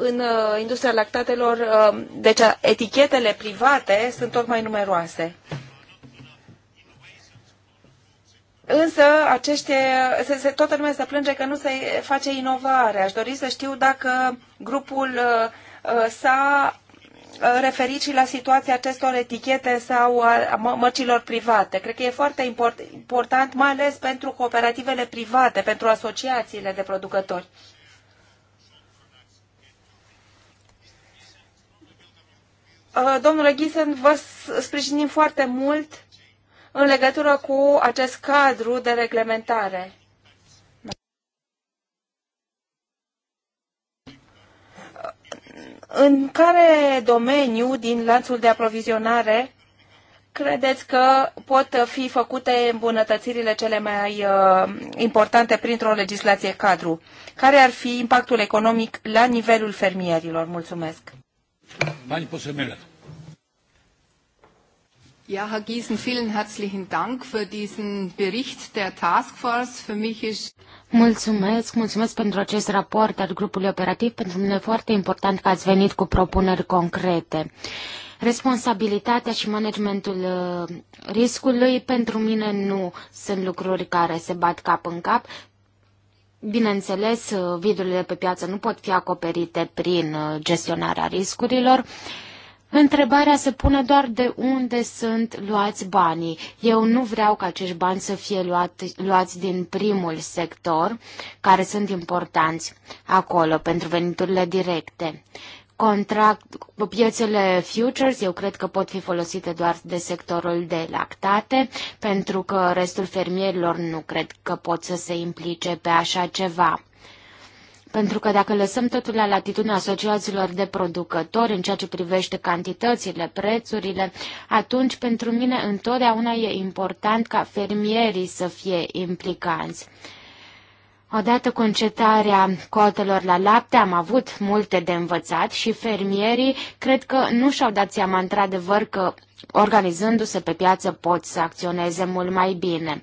în industria lactatelor, deci etichetele private sunt tot mai numeroase. Însă, acește, se, se, toată lumea se plânge că nu se face inovare. Aș dori să știu dacă grupul uh, uh s-a uh, referit și la situația acestor etichete sau a mărcilor private. Cred că e foarte import, important, mai ales pentru cooperativele private, pentru asociațiile de producători. Uh, domnule Ghisen, vă sprijinim foarte mult în legătură cu acest cadru de reglementare. În care domeniu din lanțul de aprovizionare credeți că pot fi făcute îmbunătățirile cele mai uh, importante printr-o legislație cadru? Care ar fi impactul economic la nivelul fermierilor? Mulțumesc. Bani posemele. Ja, Herr Giesen, vielen herzlichen Dank für diesen Bericht der Taskforce. Für mich ist Mulțumesc, mulțumesc pentru acest raport al grupului operativ. Pentru mine e foarte important că ați venit cu propuneri concrete. Responsabilitatea și managementul uh, riscului pentru mine nu sunt lucruri care se bat cap în cap. Bineînțeles, uh, vidurile pe piață nu pot fi acoperite prin uh, gestionarea riscurilor. Întrebarea se pune doar de unde sunt luați banii. Eu nu vreau ca acești bani să fie luați, luați din primul sector, care sunt importanți acolo pentru veniturile directe contract, piețele futures, eu cred că pot fi folosite doar de sectorul de lactate, pentru că restul fermierilor nu cred că pot să se implice pe așa ceva. Pentru că dacă lăsăm totul la latitudinea asociațiilor de producători în ceea ce privește cantitățile, prețurile, atunci pentru mine întotdeauna e important ca fermierii să fie implicați. Odată cu încetarea cotelor la lapte am avut multe de învățat și fermierii cred că nu și-au dat seama într-adevăr că organizându-se pe piață pot să acționeze mult mai bine.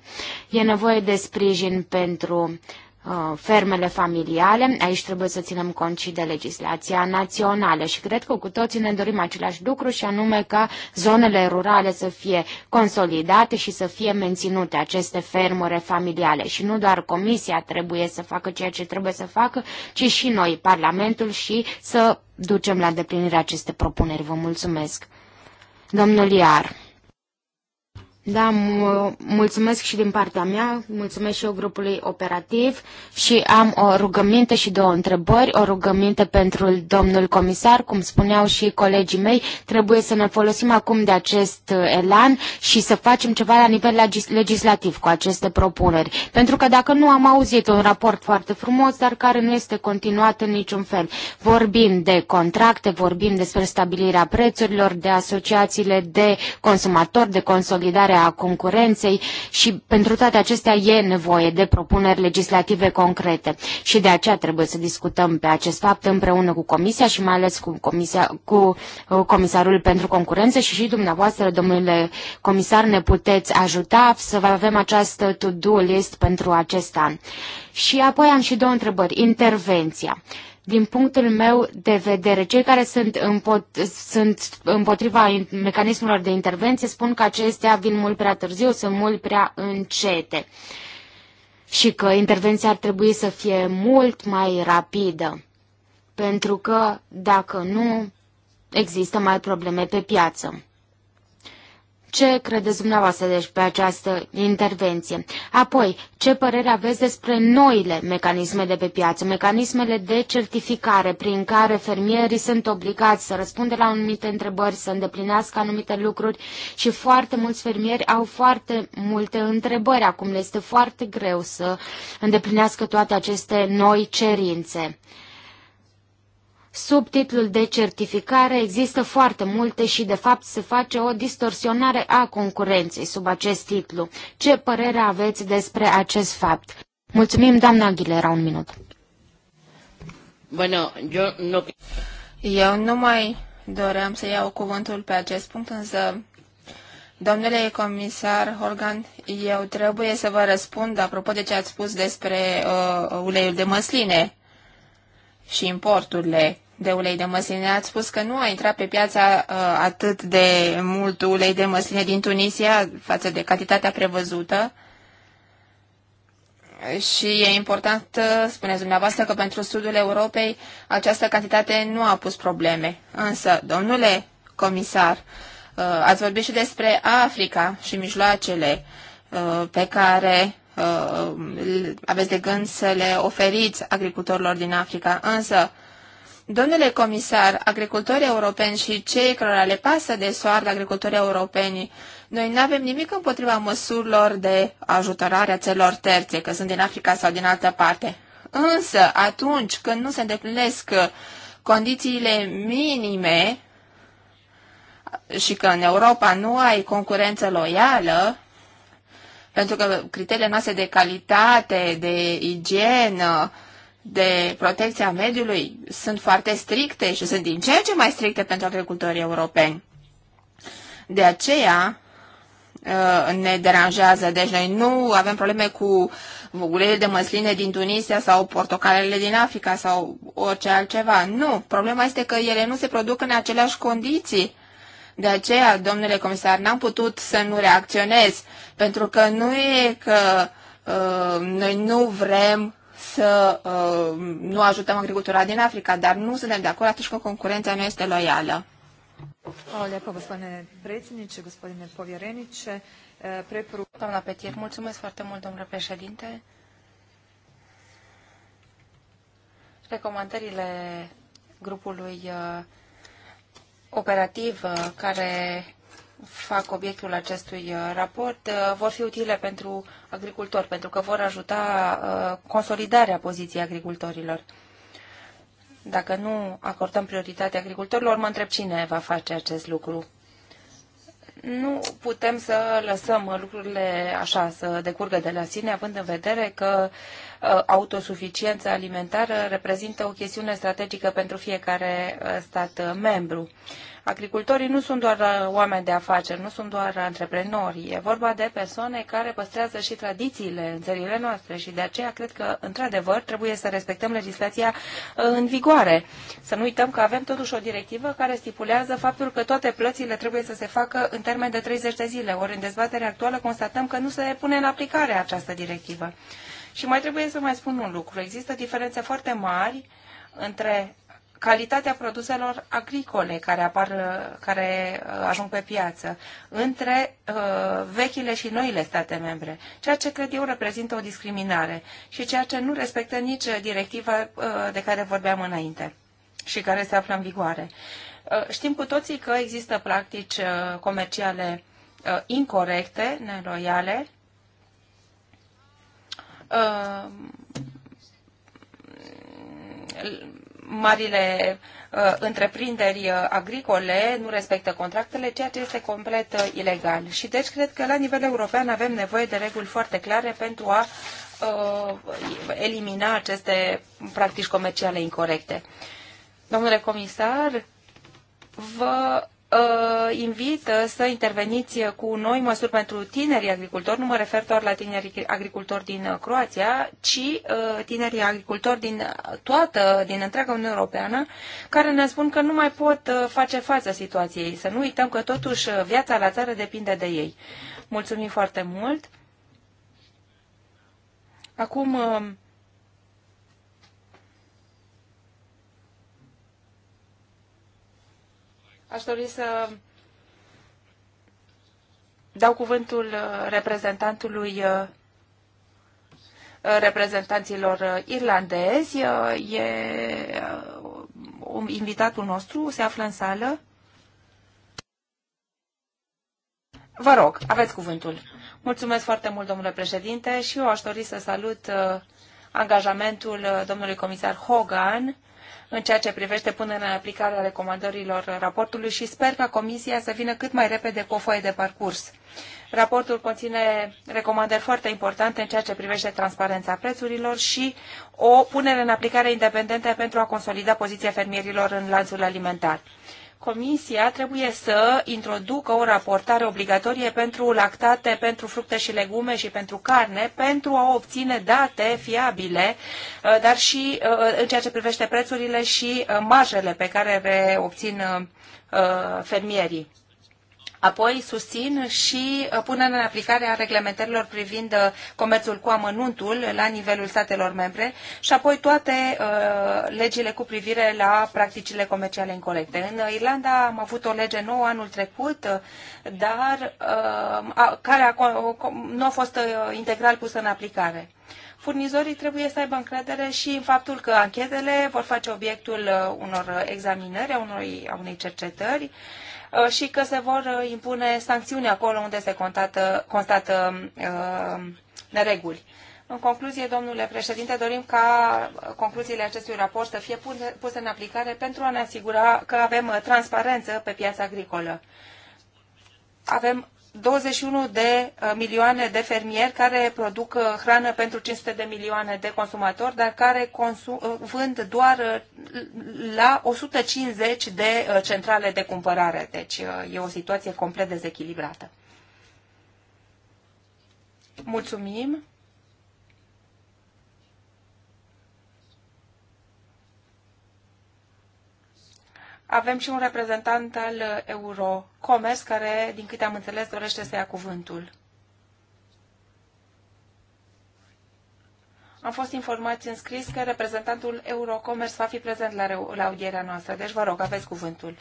E nevoie de sprijin pentru Uh, fermele familiale. Aici trebuie să ținem cont și de legislația națională și cred că cu toții ne dorim același lucru și anume ca zonele rurale să fie consolidate și să fie menținute aceste fermure familiale. Și nu doar Comisia trebuie să facă ceea ce trebuie să facă, ci și noi, Parlamentul, și să ducem la deplinire aceste propuneri. Vă mulțumesc. Domnul Iar. Da, mulțumesc și din partea mea, mulțumesc și eu grupului operativ și am o rugăminte și două întrebări, o rugăminte pentru domnul comisar, cum spuneau și colegii mei, trebuie să ne folosim acum de acest elan și să facem ceva la nivel legislativ cu aceste propuneri. Pentru că dacă nu am auzit un raport foarte frumos, dar care nu este continuat în niciun fel. Vorbim de contracte, vorbim despre stabilirea prețurilor, de asociațiile de consumatori, de consolidare reglementare a concurenței și pentru toate acestea e nevoie de propuneri legislative concrete și de aceea trebuie să discutăm pe acest fapt împreună cu Comisia și mai ales cu, comisia, cu uh, Comisarul pentru Concurență și și dumneavoastră, domnule comisar, ne puteți ajuta să avem această to-do list pentru acest an. Și apoi am și două întrebări. Intervenția. Uh, din punctul meu de vedere, cei care sunt, împot- sunt împotriva mecanismelor de intervenție spun că acestea vin mult prea târziu, sunt mult prea încete și că intervenția ar trebui să fie mult mai rapidă, pentru că, dacă nu, există mai probleme pe piață. Ce credeți dumneavoastră deci pe această intervenție? Apoi, ce părere aveți despre noile mecanisme de pe piață, mecanismele de certificare prin care fermierii sunt obligați să răspundă la anumite întrebări, să îndeplinească anumite lucruri și foarte mulți fermieri au foarte multe întrebări. Acum le este foarte greu să îndeplinească toate aceste noi cerințe. Sub titlul de certificare există foarte multe și de fapt se face o distorsionare a concurenței sub acest titlu. Ce părere aveți despre acest fapt? Mulțumim, doamna Aguilera, un minut. Bueno, yo no... Eu nu mai doream să iau cuvântul pe acest punct, însă, domnule comisar Holgan, eu trebuie să vă răspund apropo de ce ați spus despre uh, uleiul de măsline și importurile de ulei de măsline. Ați spus că nu a intrat pe piața uh, atât de mult ulei de măsline din Tunisia față de cantitatea prevăzută. Și e important, uh, spuneți dumneavoastră, că pentru sudul Europei această cantitate nu a pus probleme. Însă, domnule comisar, uh, ați vorbit și despre Africa și mijloacele uh, pe care Uh, aveți de gând să le oferiți agricultorilor din Africa, însă, domnule comisar, agricultorii europeni și cei care le pasă de soarta agricultorii europeni, noi nu avem nimic împotriva măsurilor de ajutorare a țelor terțe, că sunt din Africa sau din altă parte. Însă, atunci când nu se îndeplinesc condițiile minime și că în Europa nu ai concurență loială, pentru că criteriile noastre de calitate, de igienă, de protecția mediului sunt foarte stricte și sunt din ce în ce mai stricte pentru agricultorii europeni. De aceea uh, ne deranjează. Deci noi nu avem probleme cu uleiul de măsline din Tunisia sau portocalele din Africa sau orice altceva. Nu. Problema este că ele nu se produc în aceleași condiții de aceea, domnule comisar, n-am putut să nu reacționez, pentru că nu e că uh, noi nu vrem să uh, nu ajutăm agricultura din Africa, dar nu suntem de acord atunci când concurența nu este loială. Hvala gospodine predsjedniče, gospodine povjereniče. Preporu... Doamna Petir, mulțumesc foarte mult, domnule președinte. Recomandările grupului uh, operativ care fac obiectul acestui uh, raport uh, vor fi utile pentru agricultori, pentru că vor ajuta uh, consolidarea poziției agricultorilor. Dacă nu acordăm prioritate agricultorilor, mă întreb cine va face acest lucru. Nu putem să lăsăm lucrurile așa, să decurgă de la sine, având în vedere că uh, Uh, autosuficiență alimentară reprezintă o chestiune strategică pentru fiecare uh, stat uh, membru. Agricultorii nu sunt doar oameni de afaceri, nu sunt doar antreprenori, e vorba de persoane care păstrează și tradițiile în țările noastre și de aceea cred că, într-adevăr, trebuie să respectăm legislația în vigoare. Să nu uităm că avem totuși o directivă care stipulează faptul că toate plățile trebuie să se facă în termen de 30 de zile, ori în dezbaterea actuală constatăm că nu se pune în aplicare această directivă. Și mai trebuie să mai spun un lucru. Există diferențe foarte mari între calitatea produselor agricole care, apar, care uh, ajung pe piață între uh, vechile și noile state membre, ceea ce cred eu reprezintă o discriminare și ceea ce nu respectă nici directiva uh, de care vorbeam înainte și care se află în vigoare. Uh, știm cu toții că există practici uh, comerciale uh, incorrecte, neloiale, Uh, marile uh, întreprinderi uh, agricole nu respectă contractele, ceea ce este complet uh, ilegal. Și deci cred că la nivel european avem nevoie de reguli foarte clare pentru a uh, elimina aceste practici comerciale incorrecte. Domnule comisar, vă uh, invit uh, să interveniți cu noi măsuri pentru tinerii agricultori. Nu mă refer doar la tinerii agricultori din uh, Croația, ci uh, tinerii agricultori din uh, toată, din întreaga Uniune Europeană, care ne spun că nu mai pot face față situației. Să nu uităm că totuși viața la țară depinde de ei. Mulțumim foarte mult! Acum Aș dori să dau cuvântul uh, reprezentantului uh, reprezentanților uh, irlandezi. E invitatul nostru, se află în sală. Vă rog, aveți cuvântul. Mulțumesc foarte mult, domnule președinte, și eu aș dori să salut angajamentul domnului comisar Hogan în ceea ce privește punerea în aplicare a recomandărilor raportului și sper ca Comisia să vină cât mai repede cu o foaie de parcurs. Raportul conține recomandări foarte importante în ceea ce privește transparența prețurilor și o punere în aplicare independentă pentru a consolida poziția fermierilor în lanțul alimentar. Comisia trebuie să introducă o raportare obligatorie pentru lactate, pentru fructe și legume și pentru carne, pentru a obține date fiabile, uh, dar și uh, în ceea ce privește prețurile și uh, marjele pe care le obțin fermierii. Apoi susțin și uh, punerea în aplicare a reglementărilor privind uh, comerțul cu amănuntul la nivelul statelor membre și apoi toate uh, legile cu privire la practicile comerciale incorrecte. În Irlanda am avut o lege nouă anul trecut, dar care nu a fost integral pusă în aplicare furnizorii trebuie să aibă încredere și în faptul că anchetele vor face obiectul unor examinări, a, unor, a unei cercetări Uh, și că se vor uh, impune sancțiuni acolo unde se contată, constată uh, nereguli. În concluzie, domnule președinte, dorim ca concluziile acestui raport să fie puse în aplicare pentru a ne asigura că avem transparență pe piața agricolă. Avem 21 de uh, milioane de fermieri care produc uh, hrană pentru 500 de milioane de consumatori, dar care consum, uh, vând doar la 150 de centrale de cumpărare. Deci e o situație complet dezechilibrată. Mulțumim. avem și un reprezentant al Eurocomes care, din câte am înțeles, dorește să ia cuvântul. Am fost informați în scris că reprezentantul Eurocomers va fi prezent la, la audierea noastră, deci vă rog, aveți cuvântul.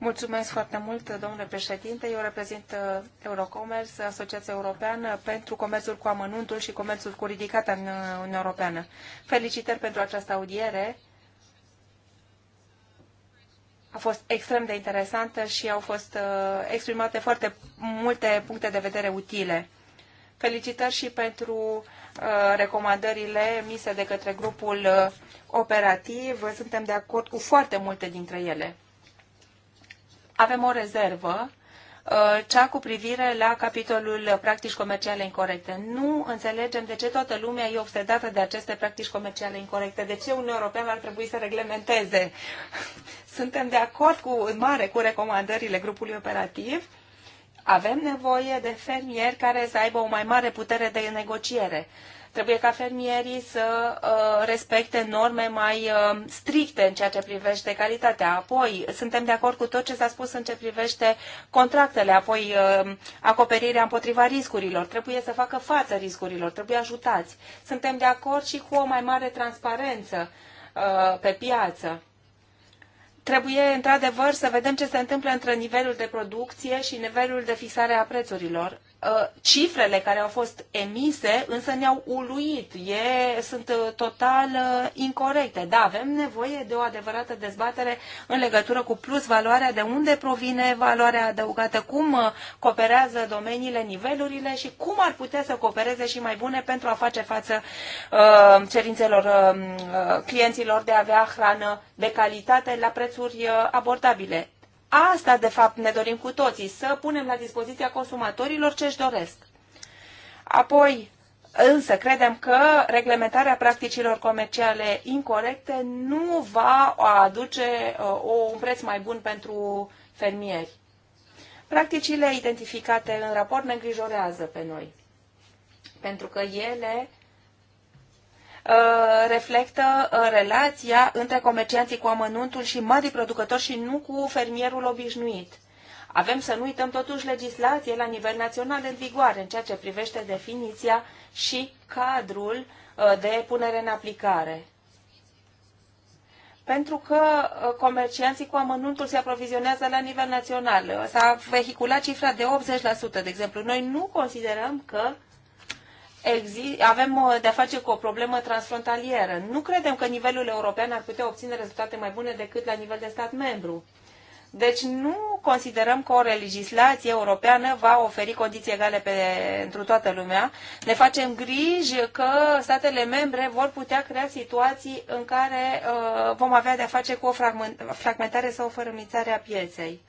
Mulțumesc foarte mult, domnule președinte. Eu reprezint uh, Eurocommerce, Asociația Europeană pentru Comerțul cu Amănuntul și Comerțul cu Ridicata în uh, Uniunea Europeană. Felicitări pentru această audiere. A fost extrem de interesantă și au fost uh, exprimate foarte multe puncte de vedere utile. Felicitări și pentru recomandările mise de către grupul operativ. Suntem de acord cu foarte multe dintre ele avem o rezervă, uh, cea cu privire la capitolul practici comerciale incorrecte. Nu înțelegem de ce toată lumea e obsedată de aceste practici comerciale incorrecte. De ce Uniunea Europeană ar trebui să reglementeze? Suntem de acord cu, în mare cu recomandările grupului operativ. Avem nevoie de fermieri care să aibă o mai mare putere de negociere Trebuie ca fermierii să uh, respecte norme mai uh, stricte în ceea ce privește calitatea. Apoi, suntem de acord cu tot ce s-a spus în ce privește contractele, apoi uh, acoperirea împotriva riscurilor. Trebuie să facă față riscurilor, trebuie ajutați. Suntem de acord și cu o mai mare transparență pe piață trebuie într-adevăr să vedem ce se întâmplă între nivelul de producție și nivelul de fixare a prețurilor. Uh, cifrele care au fost emise însă ne-au uluit, e, sunt uh, total incorecte. Uh, incorrecte. Da, avem nevoie de o adevărată dezbatere în legătură cu plus valoarea, de unde provine valoarea adăugată, cum cooperează domeniile, nivelurile și cum ar putea să coopereze și mai bune pentru a face față cerințelor clienților de a avea hrană de calitate la prețuri abordabile asta, de fapt, ne dorim cu toții, să punem la dispoziția consumatorilor ce își doresc. Apoi, însă, credem că reglementarea practicilor comerciale incorrecte nu va aduce uh, un preț mai bun pentru fermieri. Practicile identificate în raport ne îngrijorează pe noi, pentru că ele Uh, reflectă uh, relația între comercianții cu amănuntul și marii producători și nu cu fermierul obișnuit. Avem să nu uităm totuși legislație la nivel național în vigoare în ceea ce privește definiția și cadrul uh, de punere în aplicare pentru că comercianții cu amănuntul se aprovizionează la nivel național. S-a vehiculat cifra de 80%, de exemplu. Noi nu considerăm că avem uh, de-a face cu o problemă transfrontalieră. Nu credem că nivelul european ar putea obține rezultate mai bune decât la nivel de stat membru. Deci nu considerăm că o legislație europeană va oferi condiții egale pentru toată lumea. Ne facem griji că statele membre vor putea crea situații în care uh, vom avea de-a face cu o fragmentare sau o fărâmițare a pieței.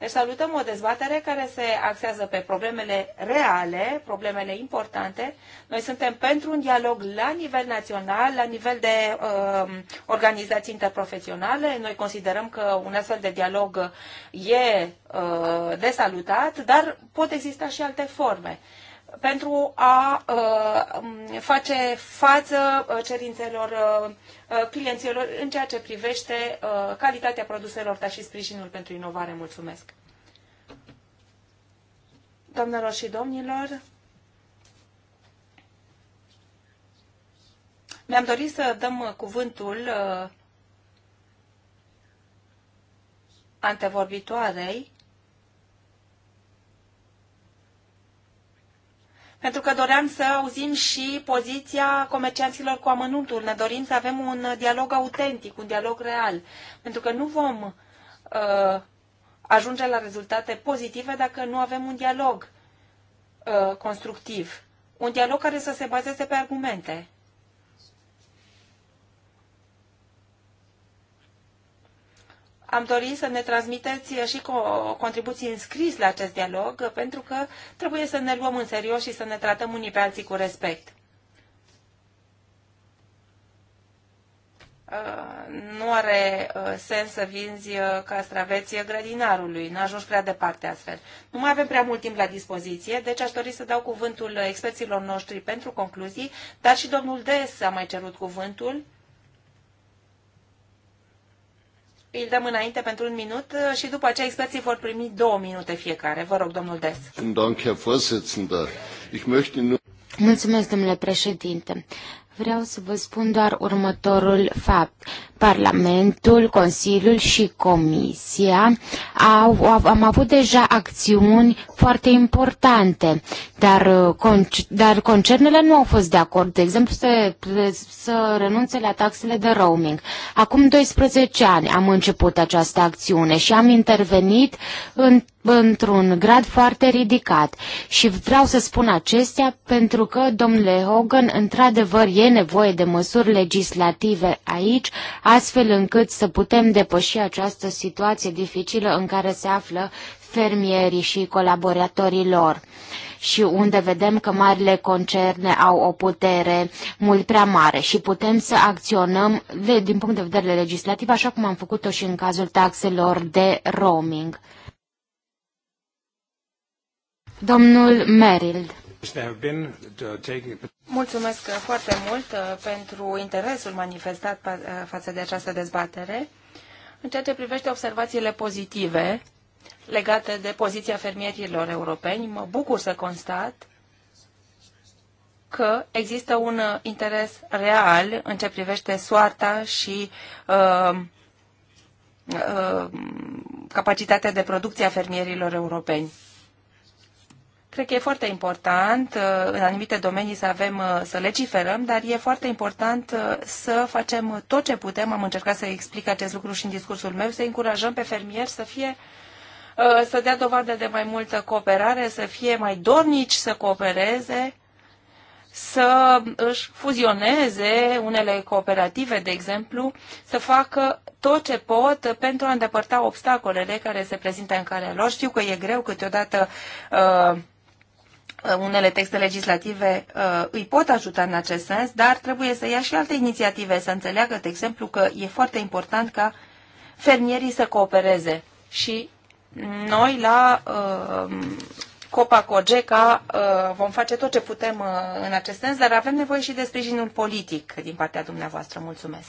Deci salutăm o dezbatere care se axează pe problemele reale, problemele importante. Noi suntem pentru un dialog la nivel național, la nivel de uh, organizații interprofesionale. Noi considerăm că un astfel de dialog e uh, de salutat, dar pot exista și alte forme. Uh, pentru a uh, face față uh, cerințelor uh, clienților în ceea ce privește calitatea produselor, dar și sprijinul pentru inovare. Mulțumesc! Doamnelor și domnilor, mi-am dorit să dăm cuvântul antevorbitoarei pentru că doream să auzim și poziția comercianților cu amănunturi. Ne dorim să avem un dialog autentic, un dialog real, pentru că nu vom uh, ajunge la rezultate pozitive dacă nu avem un dialog uh, constructiv, un dialog care să se bazeze pe argumente. am dorit să ne transmiteți și cu o contribuție în scris la acest dialog, pentru că trebuie să ne luăm în serios și să ne tratăm unii pe alții cu respect. Uh, nu are uh, sens să vinzi uh, castraveți grădinarului, nu ajungi prea departe astfel. Nu mai avem prea mult timp la dispoziție, deci aș dori să dau cuvântul experților noștri pentru concluzii, dar și domnul Des a mai cerut cuvântul. îl dăm înainte pentru un minut uh, și după aceea experții vor primi două minute fiecare. Vă rog, domnul Des. Mulțumesc, domnule președinte. Vreau să vă spun doar următorul fapt. Parlamentul, Consiliul și Comisia au, am avut deja acțiuni foarte importante, dar, uh, dar concernele nu au fost de acord, de exemplu, să, să renunțe la taxele de roaming. Acum 12 ani am început această acțiune și am intervenit în, într-un grad foarte ridicat. Și vreau să spun acestea pentru că, domnule Hogan, într-adevăr e nevoie de măsuri legislative aici, astfel încât să putem depăși această situație dificilă în care se află fermierii și colaboratorii lor și unde vedem că marile concerne au o putere mult prea mare și putem să acționăm din punct de vedere legislativ așa cum am făcut-o și în cazul taxelor de roaming. Domnul Merrill Uh, Mulțumesc uh, foarte mult uh, pentru interesul manifestat față de această dezbatere. În ceea ce privește observațiile pozitive legate de poziția fermierilor europeni, mă bucur să constat că există un interes real în ce privește soarta și uh, uh, capacitatea de producție a fermierilor europeni. Cred că e foarte important uh, în anumite domenii să avem, uh, să legiferăm, dar e foarte important uh, să facem tot ce putem. Am încercat să explic acest lucru și în discursul meu, să încurajăm pe fermieri să fie să dea dovadă de mai multă cooperare, să fie mai dornici să coopereze, să își fuzioneze unele cooperative, de exemplu, să facă tot ce pot pentru a îndepărta obstacolele care se prezintă în calea lor. Știu că e greu câteodată uh, Uh, unele texte legislative uh, îi pot ajuta în acest sens, dar trebuie să ia și alte inițiative, să înțeleagă, de exemplu, că e foarte important ca fermierii să coopereze. Și noi la uh, Copa Cogeca uh, vom face tot ce putem uh, în acest sens, dar avem nevoie și de sprijinul politic din partea dumneavoastră. Mulțumesc!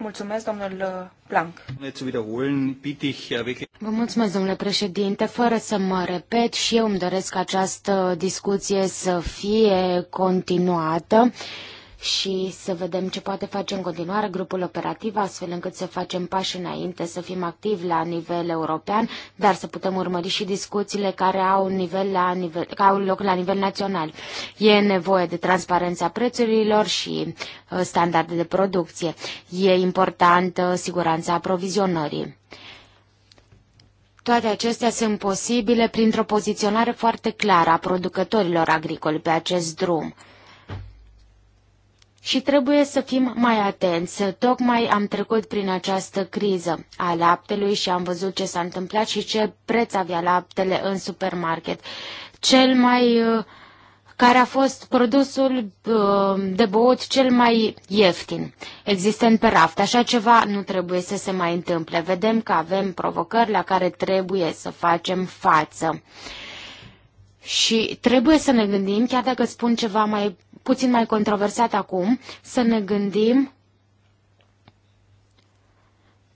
Mulțumesc, domnul Planck. Uh, Vă mulțumesc, domnule președinte. Fără să mă repet, și eu îmi doresc această discuție să fie continuată și să vedem ce poate face în continuare grupul operativ, astfel încât să facem pași înainte, să fim activi la nivel european, dar să putem urmări și discuțiile care au, nivel la nivel, care au loc la nivel național. E nevoie de transparența prețurilor și uh, standarde de producție. E importantă siguranța aprovizionării. Toate acestea sunt posibile printr-o poziționare foarte clară a producătorilor agricoli pe acest drum. Și trebuie să fim mai atenți. Tocmai am trecut prin această criză a laptelui și am văzut ce s-a întâmplat și ce preț avea laptele în supermarket. Cel mai uh, care a fost produsul uh, de băut cel mai ieftin existent pe raft. Așa ceva nu trebuie să se mai întâmple. Vedem că avem provocări la care trebuie să facem față. Și trebuie să ne gândim, chiar dacă spun ceva mai puțin mai controversat acum, să ne gândim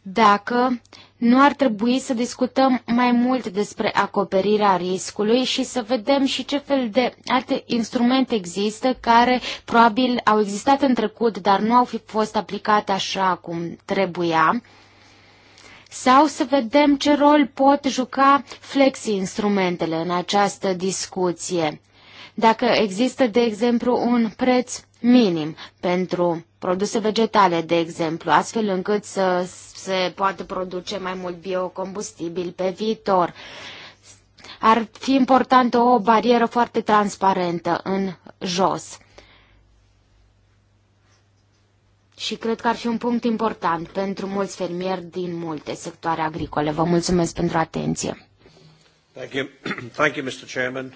dacă nu ar trebui să discutăm mai mult despre acoperirea riscului și să vedem și ce fel de alte instrumente există care probabil au existat în trecut, dar nu au fi fost aplicate așa cum trebuia. Sau să vedem ce rol pot juca flexi-instrumentele în această discuție dacă există, de exemplu, un preț minim pentru produse vegetale, de exemplu, astfel încât să se poată produce mai mult biocombustibil pe viitor. Ar fi importantă o barieră foarte transparentă în jos. Și cred că ar fi un punct important pentru mulți fermieri din multe sectoare agricole. Vă mulțumesc pentru atenție. Thank you. Thank you, Mr.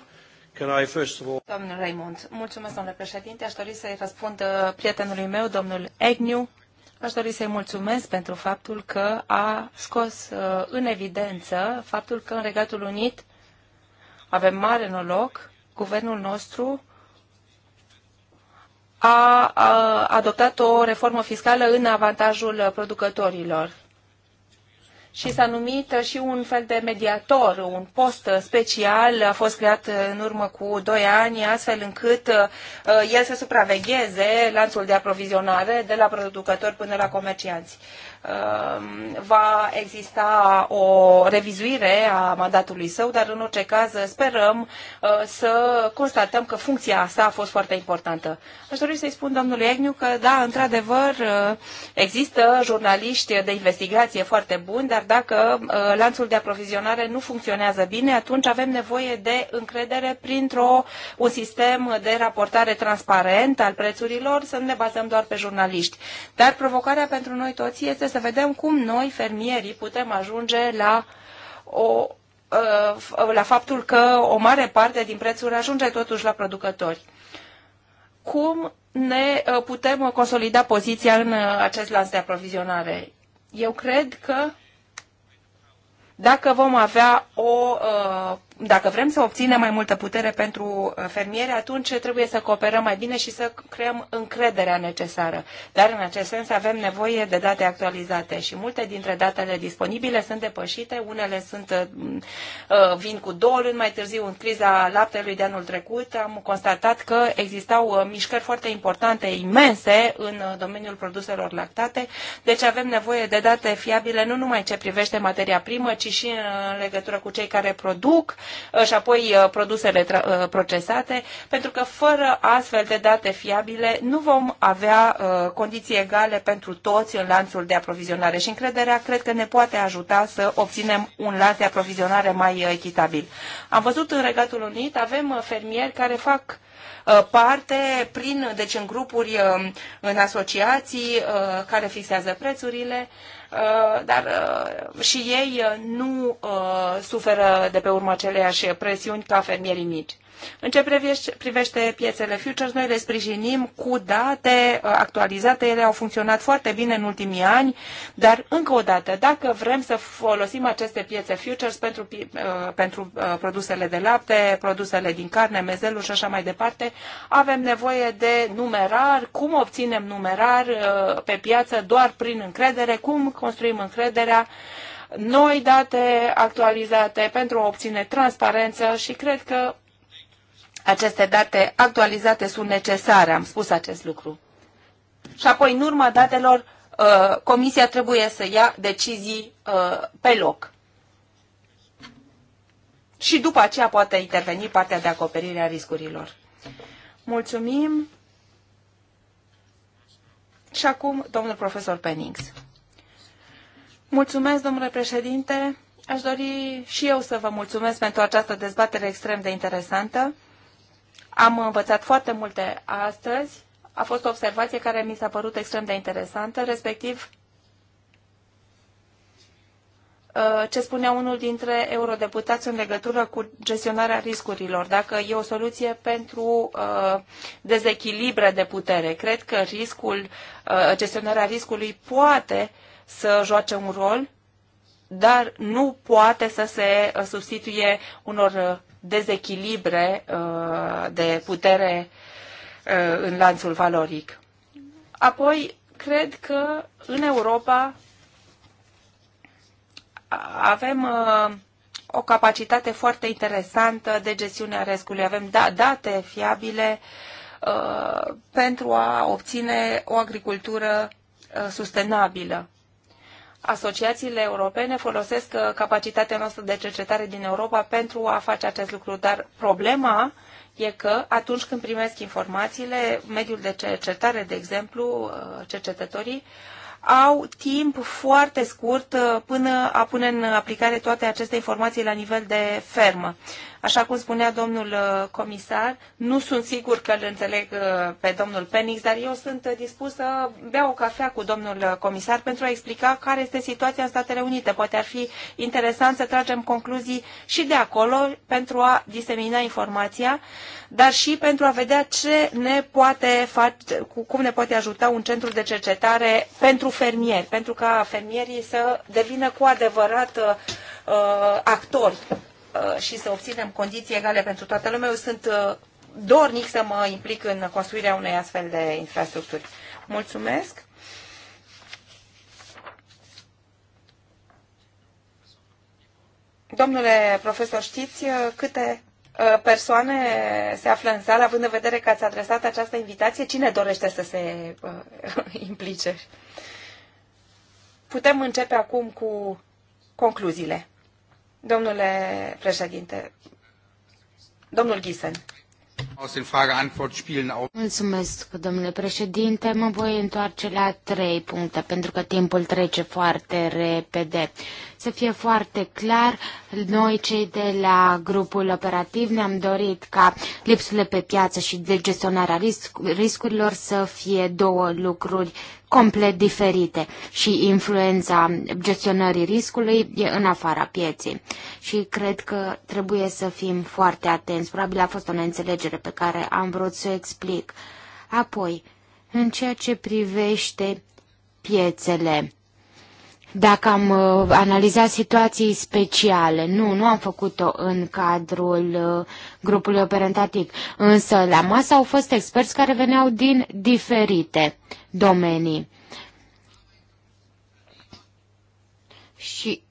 Domnul Raymond, mulțumesc, domnule președinte. Aș dori să-i răspund uh, prietenului meu, domnul Egniu. Aș dori să-i mulțumesc pentru faptul că a scos uh, în evidență faptul că în Regatul Unit avem mare noroc, guvernul nostru a, adoptat o reformă fiscală în avantajul producătorilor și s-a numit și un fel de mediator, un post special a fost creat în urmă cu doi ani, astfel încât uh, el să supravegheze lanțul de aprovizionare de la producători până la comercianți. Um, va exista o revizuire a mandatului său, dar în orice caz sperăm uh, să constatăm că funcția sa a fost foarte importantă. Aș dori să-i spun domnului Egniu că, da, într-adevăr, uh, există jurnaliști de investigație foarte buni, dar dacă uh, lanțul de aprovizionare nu funcționează bine, atunci avem nevoie de încredere printr-o un sistem de raportare transparent al prețurilor, să nu ne bazăm doar pe jurnaliști. Dar provocarea pentru noi toți este să vedem cum noi, fermierii, putem ajunge la o uh, la faptul că o mare parte din prețuri ajunge totuși la producători. Cum ne uh, putem consolida poziția în uh, acest lanț de aprovizionare? Eu cred că dacă vom avea o uh, dacă vrem să obținem mai multă putere pentru uh, fermieri, atunci trebuie să cooperăm mai bine și să creăm încrederea necesară. Dar în acest sens avem nevoie de date actualizate și multe dintre datele disponibile sunt depășite, unele sunt, uh, uh, vin cu două luni mai târziu în criza laptelui de anul trecut. Am constatat că existau mișcări foarte importante, imense în domeniul produselor lactate, deci avem nevoie de date fiabile nu numai ce privește materia primă, ci și în legătură cu cei care produc și apoi uh, produsele uh, procesate, pentru că fără astfel de date fiabile nu vom avea uh, condiții egale pentru toți în lanțul de aprovizionare și încrederea cred că ne poate ajuta să obținem un lanț de aprovizionare mai echitabil. Am văzut în Regatul Unit, avem fermieri care fac parte prin, deci în grupuri, în asociații care fixează prețurile. Uh, dar uh, și ei uh, nu suferă de pe urma aceleași presiuni ca fermierii mici. În ce privește piețele futures, noi le sprijinim cu date uh, actualizate. Ele au funcționat foarte bine în ultimii ani, dar încă o dată, dacă vrem să folosim aceste piețe futures pentru, uh, pentru uh, produsele de lapte, produsele din carne, mezeluri și așa mai departe, avem nevoie de numerar, cum obținem numerar pe piață doar prin încredere, cum construim încrederea noi date actualizate pentru a obține transparență și cred că aceste date actualizate sunt necesare, am spus acest lucru. Și apoi, în urma datelor, uh, comisia trebuie să ia decizii uh, pe loc. Și după aceea poate interveni partea de acoperire a riscurilor. Mulțumim. Și acum, domnul profesor Pennings. Mulțumesc, domnule președinte. Aș dori și eu să vă mulțumesc pentru această dezbatere extrem de interesantă. Am învățat foarte multe astăzi. A fost o observație care mi s-a părut extrem de interesantă, respectiv uh, ce spunea unul dintre eurodeputați în legătură cu gestionarea riscurilor, dacă e o soluție pentru uh, dezechilibre de putere. Cred că riscul, uh, gestionarea riscului poate să joace un rol, dar nu poate să se substituie unor dezechilibre uh, de putere uh, în lanțul valoric. Apoi, cred că în Europa avem uh, o capacitate foarte interesantă de gestiune a riscului. Avem da, date fiabile pentru a obține o agricultură sustenabilă asociațiile europene folosesc uh, capacitatea noastră de cercetare din Europa pentru a face acest lucru, dar problema e că atunci când primesc informațiile, mediul de cercetare, de exemplu, uh, cercetătorii, au timp foarte scurt uh, până a pune în aplicare toate aceste informații la nivel de fermă. Așa cum spunea domnul uh, comisar, nu sunt sigur că îl înțeleg uh, pe domnul Penix, dar eu sunt uh, dispus să bea o cafea cu domnul comisar pentru a explica care este situația în Statele Unite. Poate ar fi interesant să tragem concluzii și de acolo pentru a disemina informația, dar și pentru a vedea ce ne poate face, cum ne poate ajuta un centru de cercetare pentru fermieri, pentru ca fermierii să devină cu adevărat uh, actori Uh, și să obținem condiții egale pentru toată lumea, eu sunt uh, dornic să mă implic în construirea unei astfel de infrastructuri. Mulțumesc! Domnule profesor, știți uh, câte persoane se află în sală, având în vedere că ați adresat această invitație? Cine dorește să se implice? Putem începe acum cu concluziile. Domnule președinte, domnul Ghisen. Mulțumesc, domnule președinte. Mă voi întoarce la trei puncte, pentru că timpul trece foarte repede. Să fie foarte clar, noi cei de la grupul operativ ne-am dorit ca lipsurile pe piață și de gestionarea risc riscurilor să fie două lucruri complet diferite și influența gestionării riscului e în afara pieței. Și cred că trebuie să fim foarte atenți. Probabil a fost o neînțelegere pe care am vrut să o explic. Apoi, în ceea ce privește piețele dacă am uh, analizat situații speciale. Nu, nu am făcut-o în cadrul uh, grupului operantatic, însă la masă au fost experți care veneau din diferite domenii. Și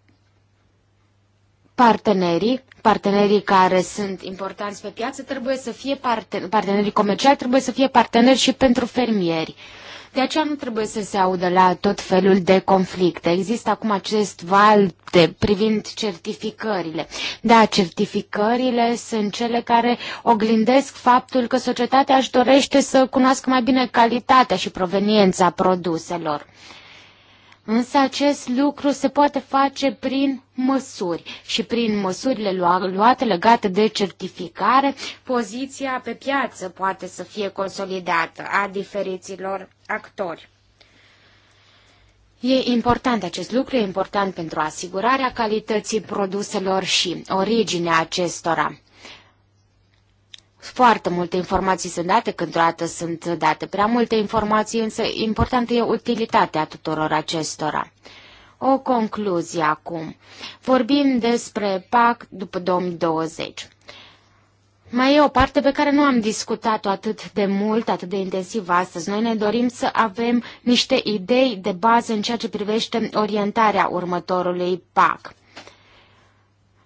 partenerii, partenerii care sunt importanți pe piață, trebuie să fie parte, partenerii comerciali, trebuie să fie parteneri și pentru fermieri. Uh, de aceea nu trebuie să se audă la tot felul de conflicte. Există acum acest val de, privind certificările. Da, certificările sunt cele care oglindesc faptul că societatea își dorește să cunoască mai bine calitatea și proveniența produselor. Însă acest lucru se poate face prin măsuri și prin măsurile luate legate de certificare, poziția pe piață poate să fie consolidată a diferiților actori. E important acest lucru, e important pentru asigurarea calității produselor și originea acestora. Foarte multe informații sunt date, când dată sunt date prea multe informații, însă importantă e utilitatea tuturor acestora. O concluzie acum. Vorbim despre PAC după 2020. Mai e o parte pe care nu am discutat-o atât de mult, atât de intensiv astăzi. Noi ne dorim să avem niște idei de bază în ceea ce privește orientarea următorului PAC.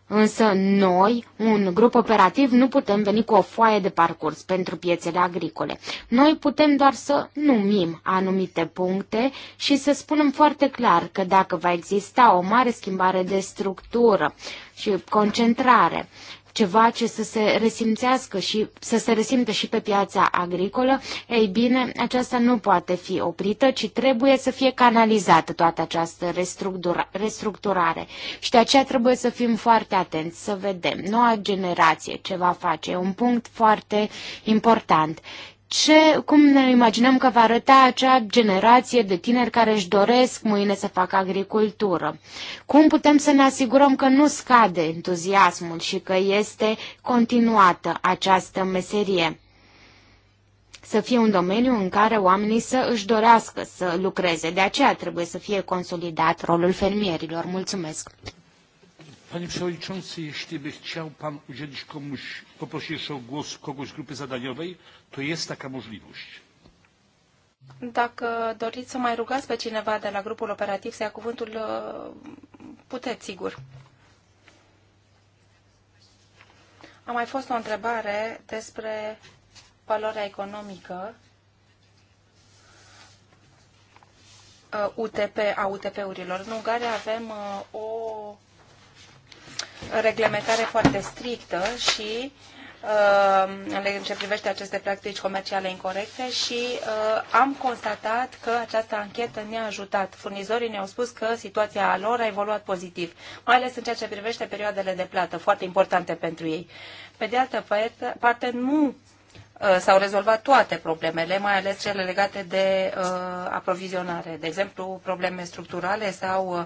Însă noi, un grup operativ, nu putem veni cu o foaie de parcurs pentru piețele agricole. Noi putem doar să numim anumite puncte și să spunem foarte clar că dacă va exista o mare schimbare de structură și concentrare, ceva ce să se resimțească și să se resimte și pe piața agricolă, ei bine, aceasta nu poate fi oprită, ci trebuie să fie canalizată toată această restructura, restructurare. Și de aceea trebuie să fim foarte atenți, să vedem noua generație ce va face. E un punct foarte important ce, cum ne imaginăm că va arăta acea generație de tineri care își doresc mâine să facă agricultură? Cum putem să ne asigurăm că nu scade entuziasmul și că este continuată această meserie? Să fie un domeniu în care oamenii să își dorească să lucreze. De aceea trebuie să fie consolidat rolul fermierilor. Mulțumesc! Panie Przewodniczący, jeśli by chciał Pan udzielić komuś, poprosić jeszcze o głos kogoś z grupy zadaniowej, to jest taka możliwość. Dacă doriți să mai rugați pe cineva de la grupul operativ să ia cuvântul, uh, puteți, sigur. A mai fost o întrebare despre valoarea economică UTP uh, a UTP-urilor. În Ungaria avem uh, o reglementare foarte strictă și uh, în ce privește aceste practici comerciale incorrecte și uh, am constatat că această anchetă ne-a ajutat. Furnizorii ne-au spus că situația lor a evoluat pozitiv, mai ales în ceea ce privește perioadele de plată, foarte importante pentru ei. Pe de altă parte, nu Uh, s-au rezolvat toate problemele, mai ales cele legate de uh, aprovizionare, de exemplu probleme structurale sau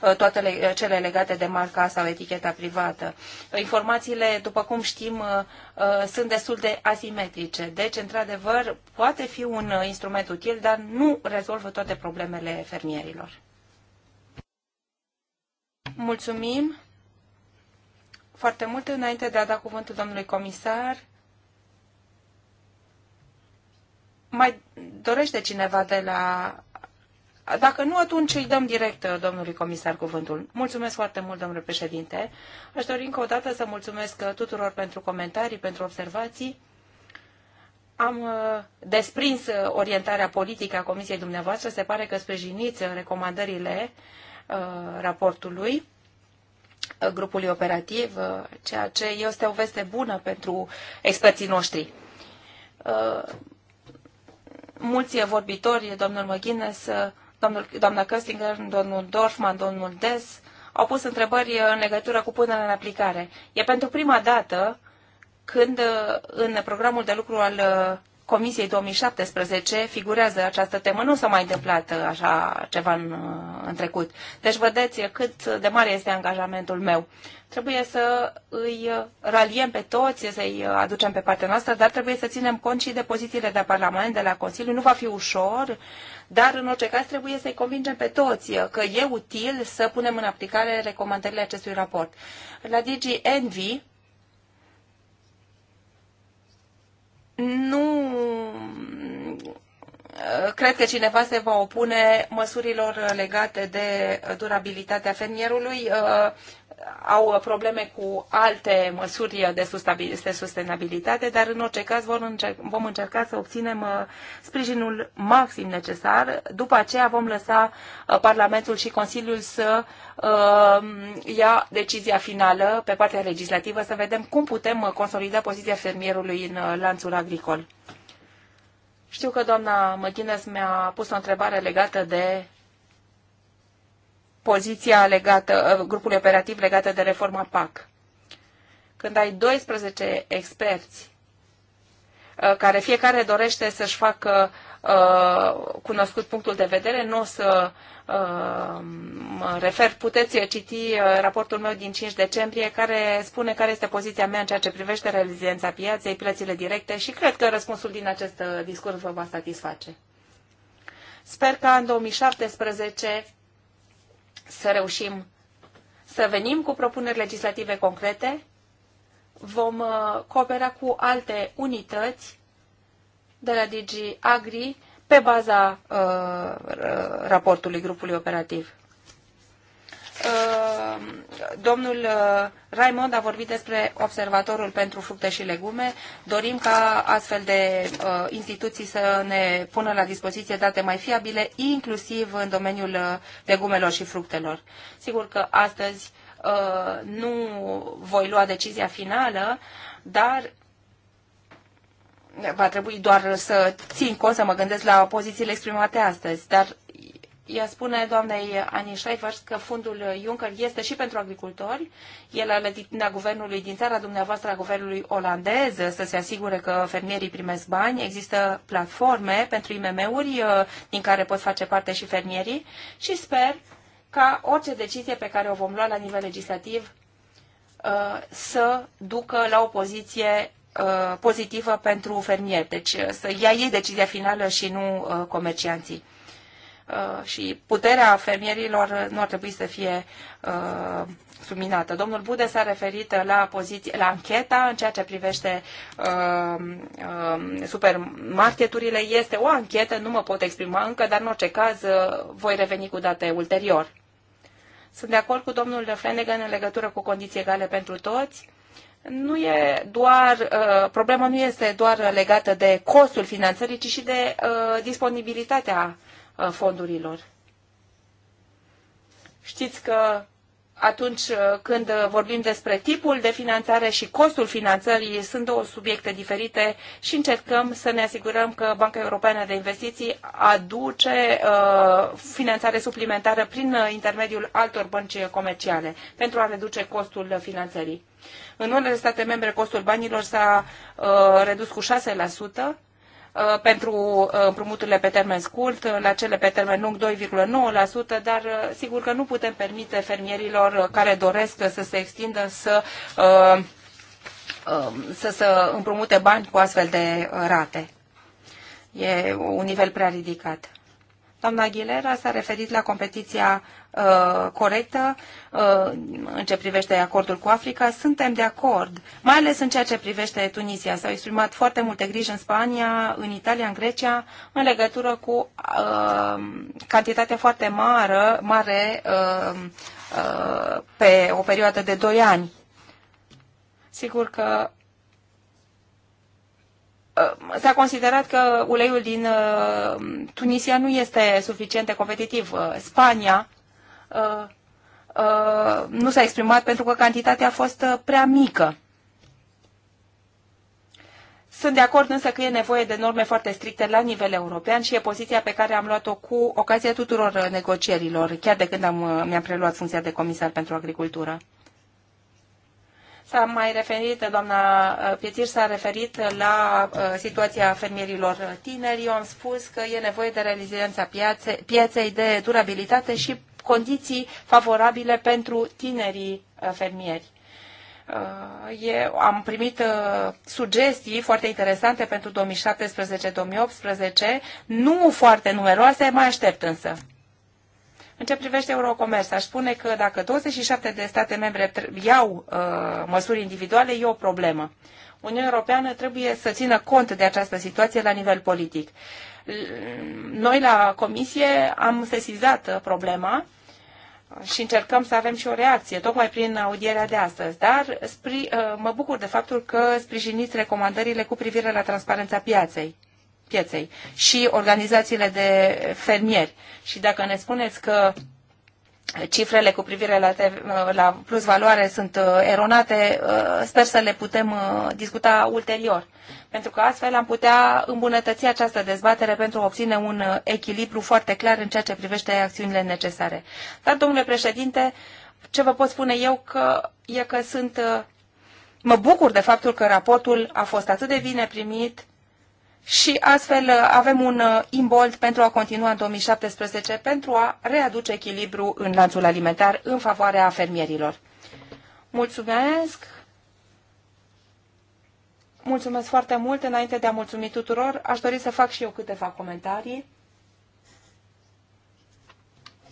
uh, toate le cele legate de marca sau eticheta privată. Informațiile, după cum știm, uh, uh sunt destul de asimetrice, deci, într-adevăr, poate fi un uh, instrument util, dar nu rezolvă toate problemele fermierilor. Mulțumim foarte mult înainte de a da cuvântul domnului comisar. mai dorește cineva de la... Dacă nu, atunci îi dăm direct uh, domnului comisar cuvântul. Mulțumesc foarte mult, domnule președinte. Aș dori încă o dată să mulțumesc uh, tuturor pentru comentarii, pentru observații. Am uh, desprins orientarea politică a comisiei dumneavoastră. Se pare că sprijiniți recomandările raportului grupului operativ, ceea ce este o veste bună pentru experții noștri mulți vorbitori, domnul McGuinness, domnul, doamna Köstinger, domnul Dorfman, domnul Des, au pus întrebări în legătură cu punerea în aplicare. E pentru prima dată când în programul de lucru al Comisiei 2017 figurează această temă. Nu s-a mai întâmplat uh, așa ceva în, uh, în trecut. Deci vedeți cât de mare este angajamentul meu. Trebuie să îi uh, raliem pe toți, să-i aducem pe partea noastră, dar trebuie să ținem cont și de pozițiile de Parlament, de la Consiliu. Nu va fi ușor, dar în orice caz trebuie să-i convingem pe toți că e util să punem în aplicare recomandările acestui raport. La DG Envy, nu Uh, cred că cineva se va opune măsurilor legate de durabilitatea fermierului. Uh, au probleme cu alte măsuri de sustenabilitate, dar în orice caz vom încerca să obținem uh, sprijinul maxim necesar. După aceea vom lăsa Parlamentul și Consiliul să ia decizia finală pe partea legislativă, să vedem cum putem consolida poziția fermierului în lanțul agricol. Știu că doamna Măghines mi-a pus o întrebare legată de poziția legată, uh, grupului operativ legată de reforma PAC. Când ai 12 experți uh, care fiecare dorește să-și facă Uh, cunoscut punctul de vedere, nu o să uh, mă refer, puteți citi uh, raportul meu din 5 decembrie care spune care este poziția mea în ceea ce privește reziliența piaței, plățile directe și cred că răspunsul din acest discurs vă va satisface. Sper că în 2017 să reușim să venim cu propuneri legislative concrete. Vom coopera cu alte unități de la DG Agri pe baza uh, raportului grupului operativ. Uh, domnul uh, Raimond a vorbit despre Observatorul pentru fructe și legume. Dorim ca astfel de uh, instituții să ne pună la dispoziție date mai fiabile, inclusiv în domeniul uh, legumelor și fructelor. Sigur că astăzi uh, nu voi lua decizia finală, dar va trebui doar să țin cont să mă gândesc la pozițiile exprimate astăzi, dar ea spune doamnei Ani Schreifers că fundul Juncker este și pentru agricultori. El la latitudinea guvernului din țara dumneavoastră, a guvernului olandez, să se asigure că fermierii primesc bani. Există platforme pentru IMM-uri uh, din care pot face parte și fermierii și sper ca orice decizie pe care o vom lua la nivel legislativ uh, să ducă la o poziție Uh, pozitivă pentru fermier. Deci uh, să ia ei decizia finală și nu uh, comercianții. Și puterea fermierilor nu ar trebui să fie subminată. Domnul Bude s-a referit la, poziție, la ancheta în ceea ce privește supermarketurile. Este o anchetă, nu mă pot exprima încă, dar în orice caz voi reveni cu date ulterior. Sunt de acord cu domnul Flanagan în legătură cu condiții egale pentru toți nu e doar, uh, problema nu este doar legată de costul finanțării, ci și de uh, disponibilitatea uh, fondurilor. Știți că atunci uh, când vorbim despre tipul de finanțare și costul finanțării, sunt două subiecte diferite și încercăm să ne asigurăm că Banca Europeană de Investiții aduce uh, finanțare suplimentară prin uh, intermediul altor bănci comerciale pentru a reduce costul finanțării. În unele state membre, costul banilor s-a uh, redus cu 6%, Uh, pentru uh, împrumuturile pe termen scurt, uh, la cele pe termen lung 2,9%, dar sigur că nu putem permite fermierilor care doresc să se extindă să um, să, să împrumute bani cu astfel de rate. E un nivel prea ridicat. Doamna Aguilera s-a referit la competiția Uh, corectă uh, în ce privește acordul cu Africa. Suntem de acord, mai ales în ceea ce privește Tunisia. S-au exprimat foarte multe griji în Spania, în Italia, în Grecia, în legătură cu uh, cantitatea foarte mare, mare uh, uh, pe o perioadă de 2 ani. Sigur că uh, s-a considerat că uleiul din Tunisia nu este suficient de competitiv. Spania Uh, nu s-a exprimat pentru că cantitatea a fost uh, prea mică. Sunt de acord însă că e nevoie de norme foarte stricte la nivel european și e poziția pe care am luat-o cu ocazia tuturor uh, negocierilor, chiar de când am, mi-am preluat funcția de comisar pentru agricultură. S-a mai referit, doamna Pietir s-a referit la situația fermierilor tineri. Eu am spus că e nevoie de reziliența pieței, de durabilitate și condiții favorabile pentru tinerii uh, fermieri. Uh, Eu am primit uh, sugestii foarte interesante pentru 2017-2018, nu foarte numeroase, mai aștept însă. În ce privește Eurocomers, aș spune că dacă 27 de state membre iau măsuri individuale, e o problemă. Uniunea Europeană trebuie să țină cont de această situație la nivel politic. Noi la comisie am sesizat problema și încercăm să avem și o reacție, tocmai prin audierea de astăzi. Dar spri, uh, mă bucur de faptul că sprijiniți recomandările cu privire la transparența piaței pieței și organizațiile de fermieri. Și dacă ne spuneți că cifrele cu privire la, TV, la plus valoare sunt uh, eronate, uh, sper să le putem uh, discuta ulterior. Pentru că astfel am putea îmbunătăți această dezbatere pentru a obține un echilibru foarte clar în ceea ce privește acțiunile necesare. Dar, domnule președinte, ce vă pot spune eu că e că sunt... Mă bucur de faptul că raportul a fost atât de bine primit, și astfel uh, avem un uh, imbold pentru a continua în 2017 pentru a readuce echilibru în lanțul alimentar în favoarea fermierilor. Mulțumesc! Mulțumesc foarte mult! Înainte de a mulțumi tuturor, aș dori să fac și eu câteva comentarii.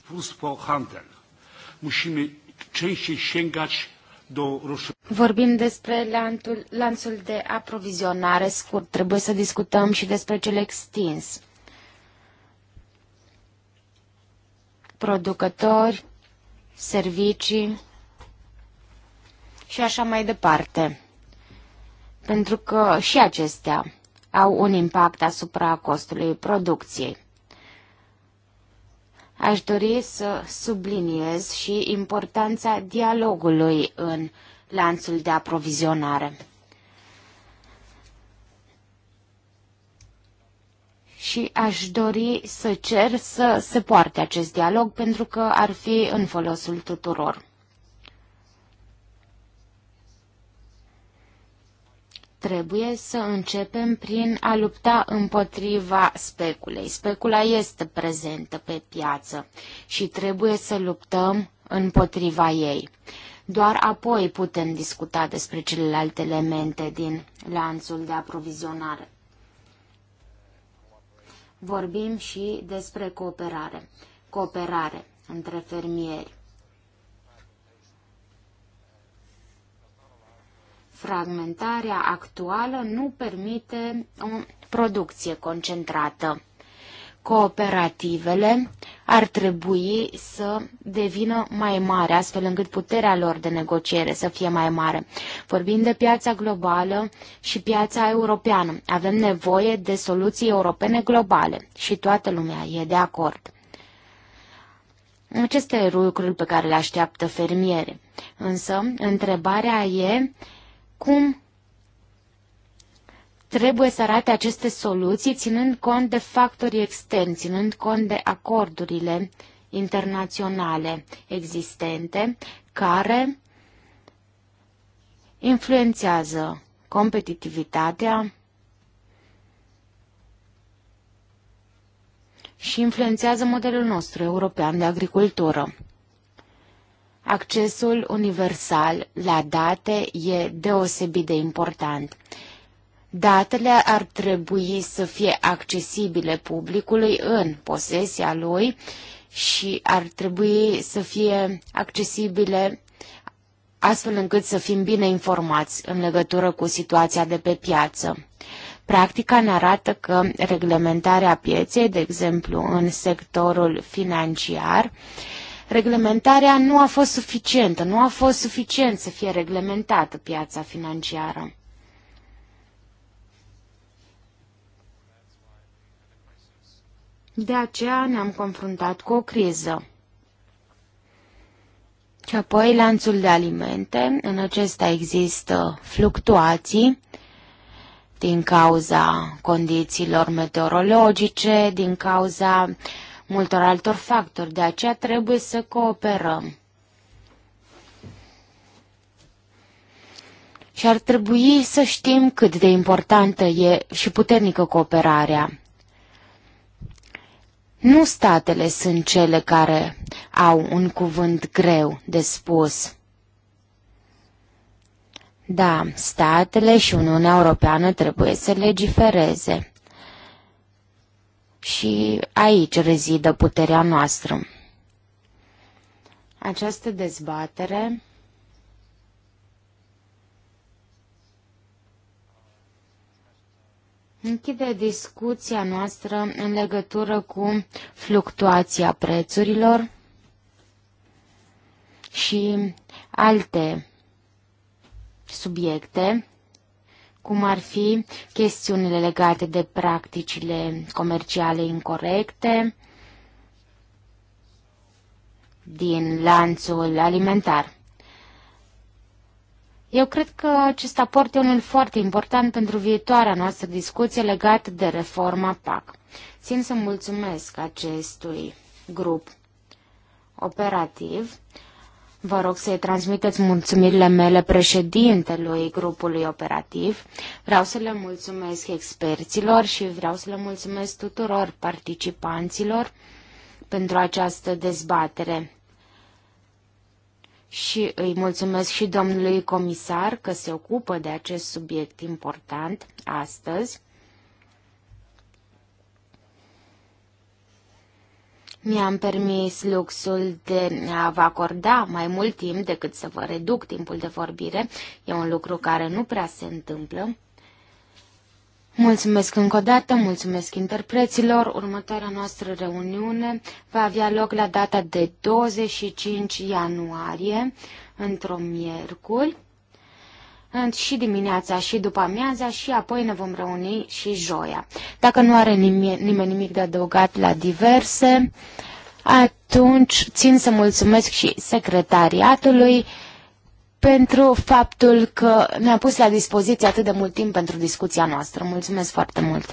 Plus handel. Musimy częściej sięgać Vorbim despre lanțul, lanțul de aprovizionare scurt. Trebuie să discutăm și despre cel extins. Producători, servicii și așa mai departe. Pentru că și acestea au un impact asupra costului producției. Aș dori să subliniez și importanța dialogului în lanțul de aprovizionare. și aș dori să cer să se poarte acest dialog pentru că ar fi în folosul tuturor. Trebuie să începem prin a lupta împotriva speculei. Specula este prezentă pe piață și trebuie să luptăm împotriva ei. Doar apoi putem discuta despre celelalte elemente din lanțul de aprovizionare. Vorbim și despre cooperare. Cooperare între fermieri. fragmentarea actuală nu permite o producție concentrată. Cooperativele ar trebui să devină mai mari, astfel încât puterea lor de negociere să fie mai mare. Vorbim de piața globală și piața europeană. Avem nevoie de soluții europene globale și toată lumea e de acord. Aceste e pe care le așteaptă fermiere. Însă, întrebarea e cum trebuie să arate aceste soluții ținând cont de factorii externi, ținând cont de acordurile internaționale existente care influențează competitivitatea și influențează modelul nostru european de agricultură. Accesul universal la date e deosebit de important. Datele ar trebui să fie accesibile publicului în posesia lui și ar trebui să fie accesibile astfel încât să fim bine informați în legătură cu situația de pe piață. Practica ne arată că reglementarea pieței, de exemplu în sectorul financiar, uh, Reglementarea nu a fost suficientă, nu a fost suficient să fie reglementată piața financiară. De aceea ne-am confruntat cu o criză. Și apoi lanțul de alimente, în acesta există fluctuații din cauza condițiilor meteorologice, din cauza uh, multor altor factori, de aceea trebuie să cooperăm. Și ar trebui să știm cât de importantă e și puternică cooperarea. Nu statele sunt cele care au un cuvânt greu de spus. Da, statele și Uniunea Europeană trebuie să legifereze. Și aici rezidă puterea noastră. Această dezbatere închide discuția noastră în legătură cu fluctuația prețurilor și alte subiecte cum ar fi chestiunile legate de practicile comerciale incorrecte din lanțul alimentar. Eu cred că acest aport e unul foarte important pentru viitoarea noastră discuție legată de reforma PAC. Țin să mulțumesc acestui grup operativ Vă rog să-i transmiteți mulțumirile mele președintelui grupului operativ. Vreau să le mulțumesc experților și vreau să le mulțumesc tuturor participanților pentru această dezbatere. Și îi mulțumesc și domnului comisar că se ocupă de acest subiect important astăzi. Mi-am permis luxul de a vă acorda mai mult timp decât să vă reduc timpul de vorbire. E un lucru care nu prea se întâmplă. Mulțumesc încă o dată, mulțumesc interpreților. Următoarea noastră reuniune va avea loc la data de 25 ianuarie, într-o miercuri și dimineața și după amiaza și apoi ne vom reuni și joia. Dacă nu are nimeni, nimeni nimic de adăugat la diverse, atunci țin să mulțumesc și secretariatului pentru faptul că ne-a pus la dispoziție atât de mult timp pentru discuția noastră. Mulțumesc foarte mult!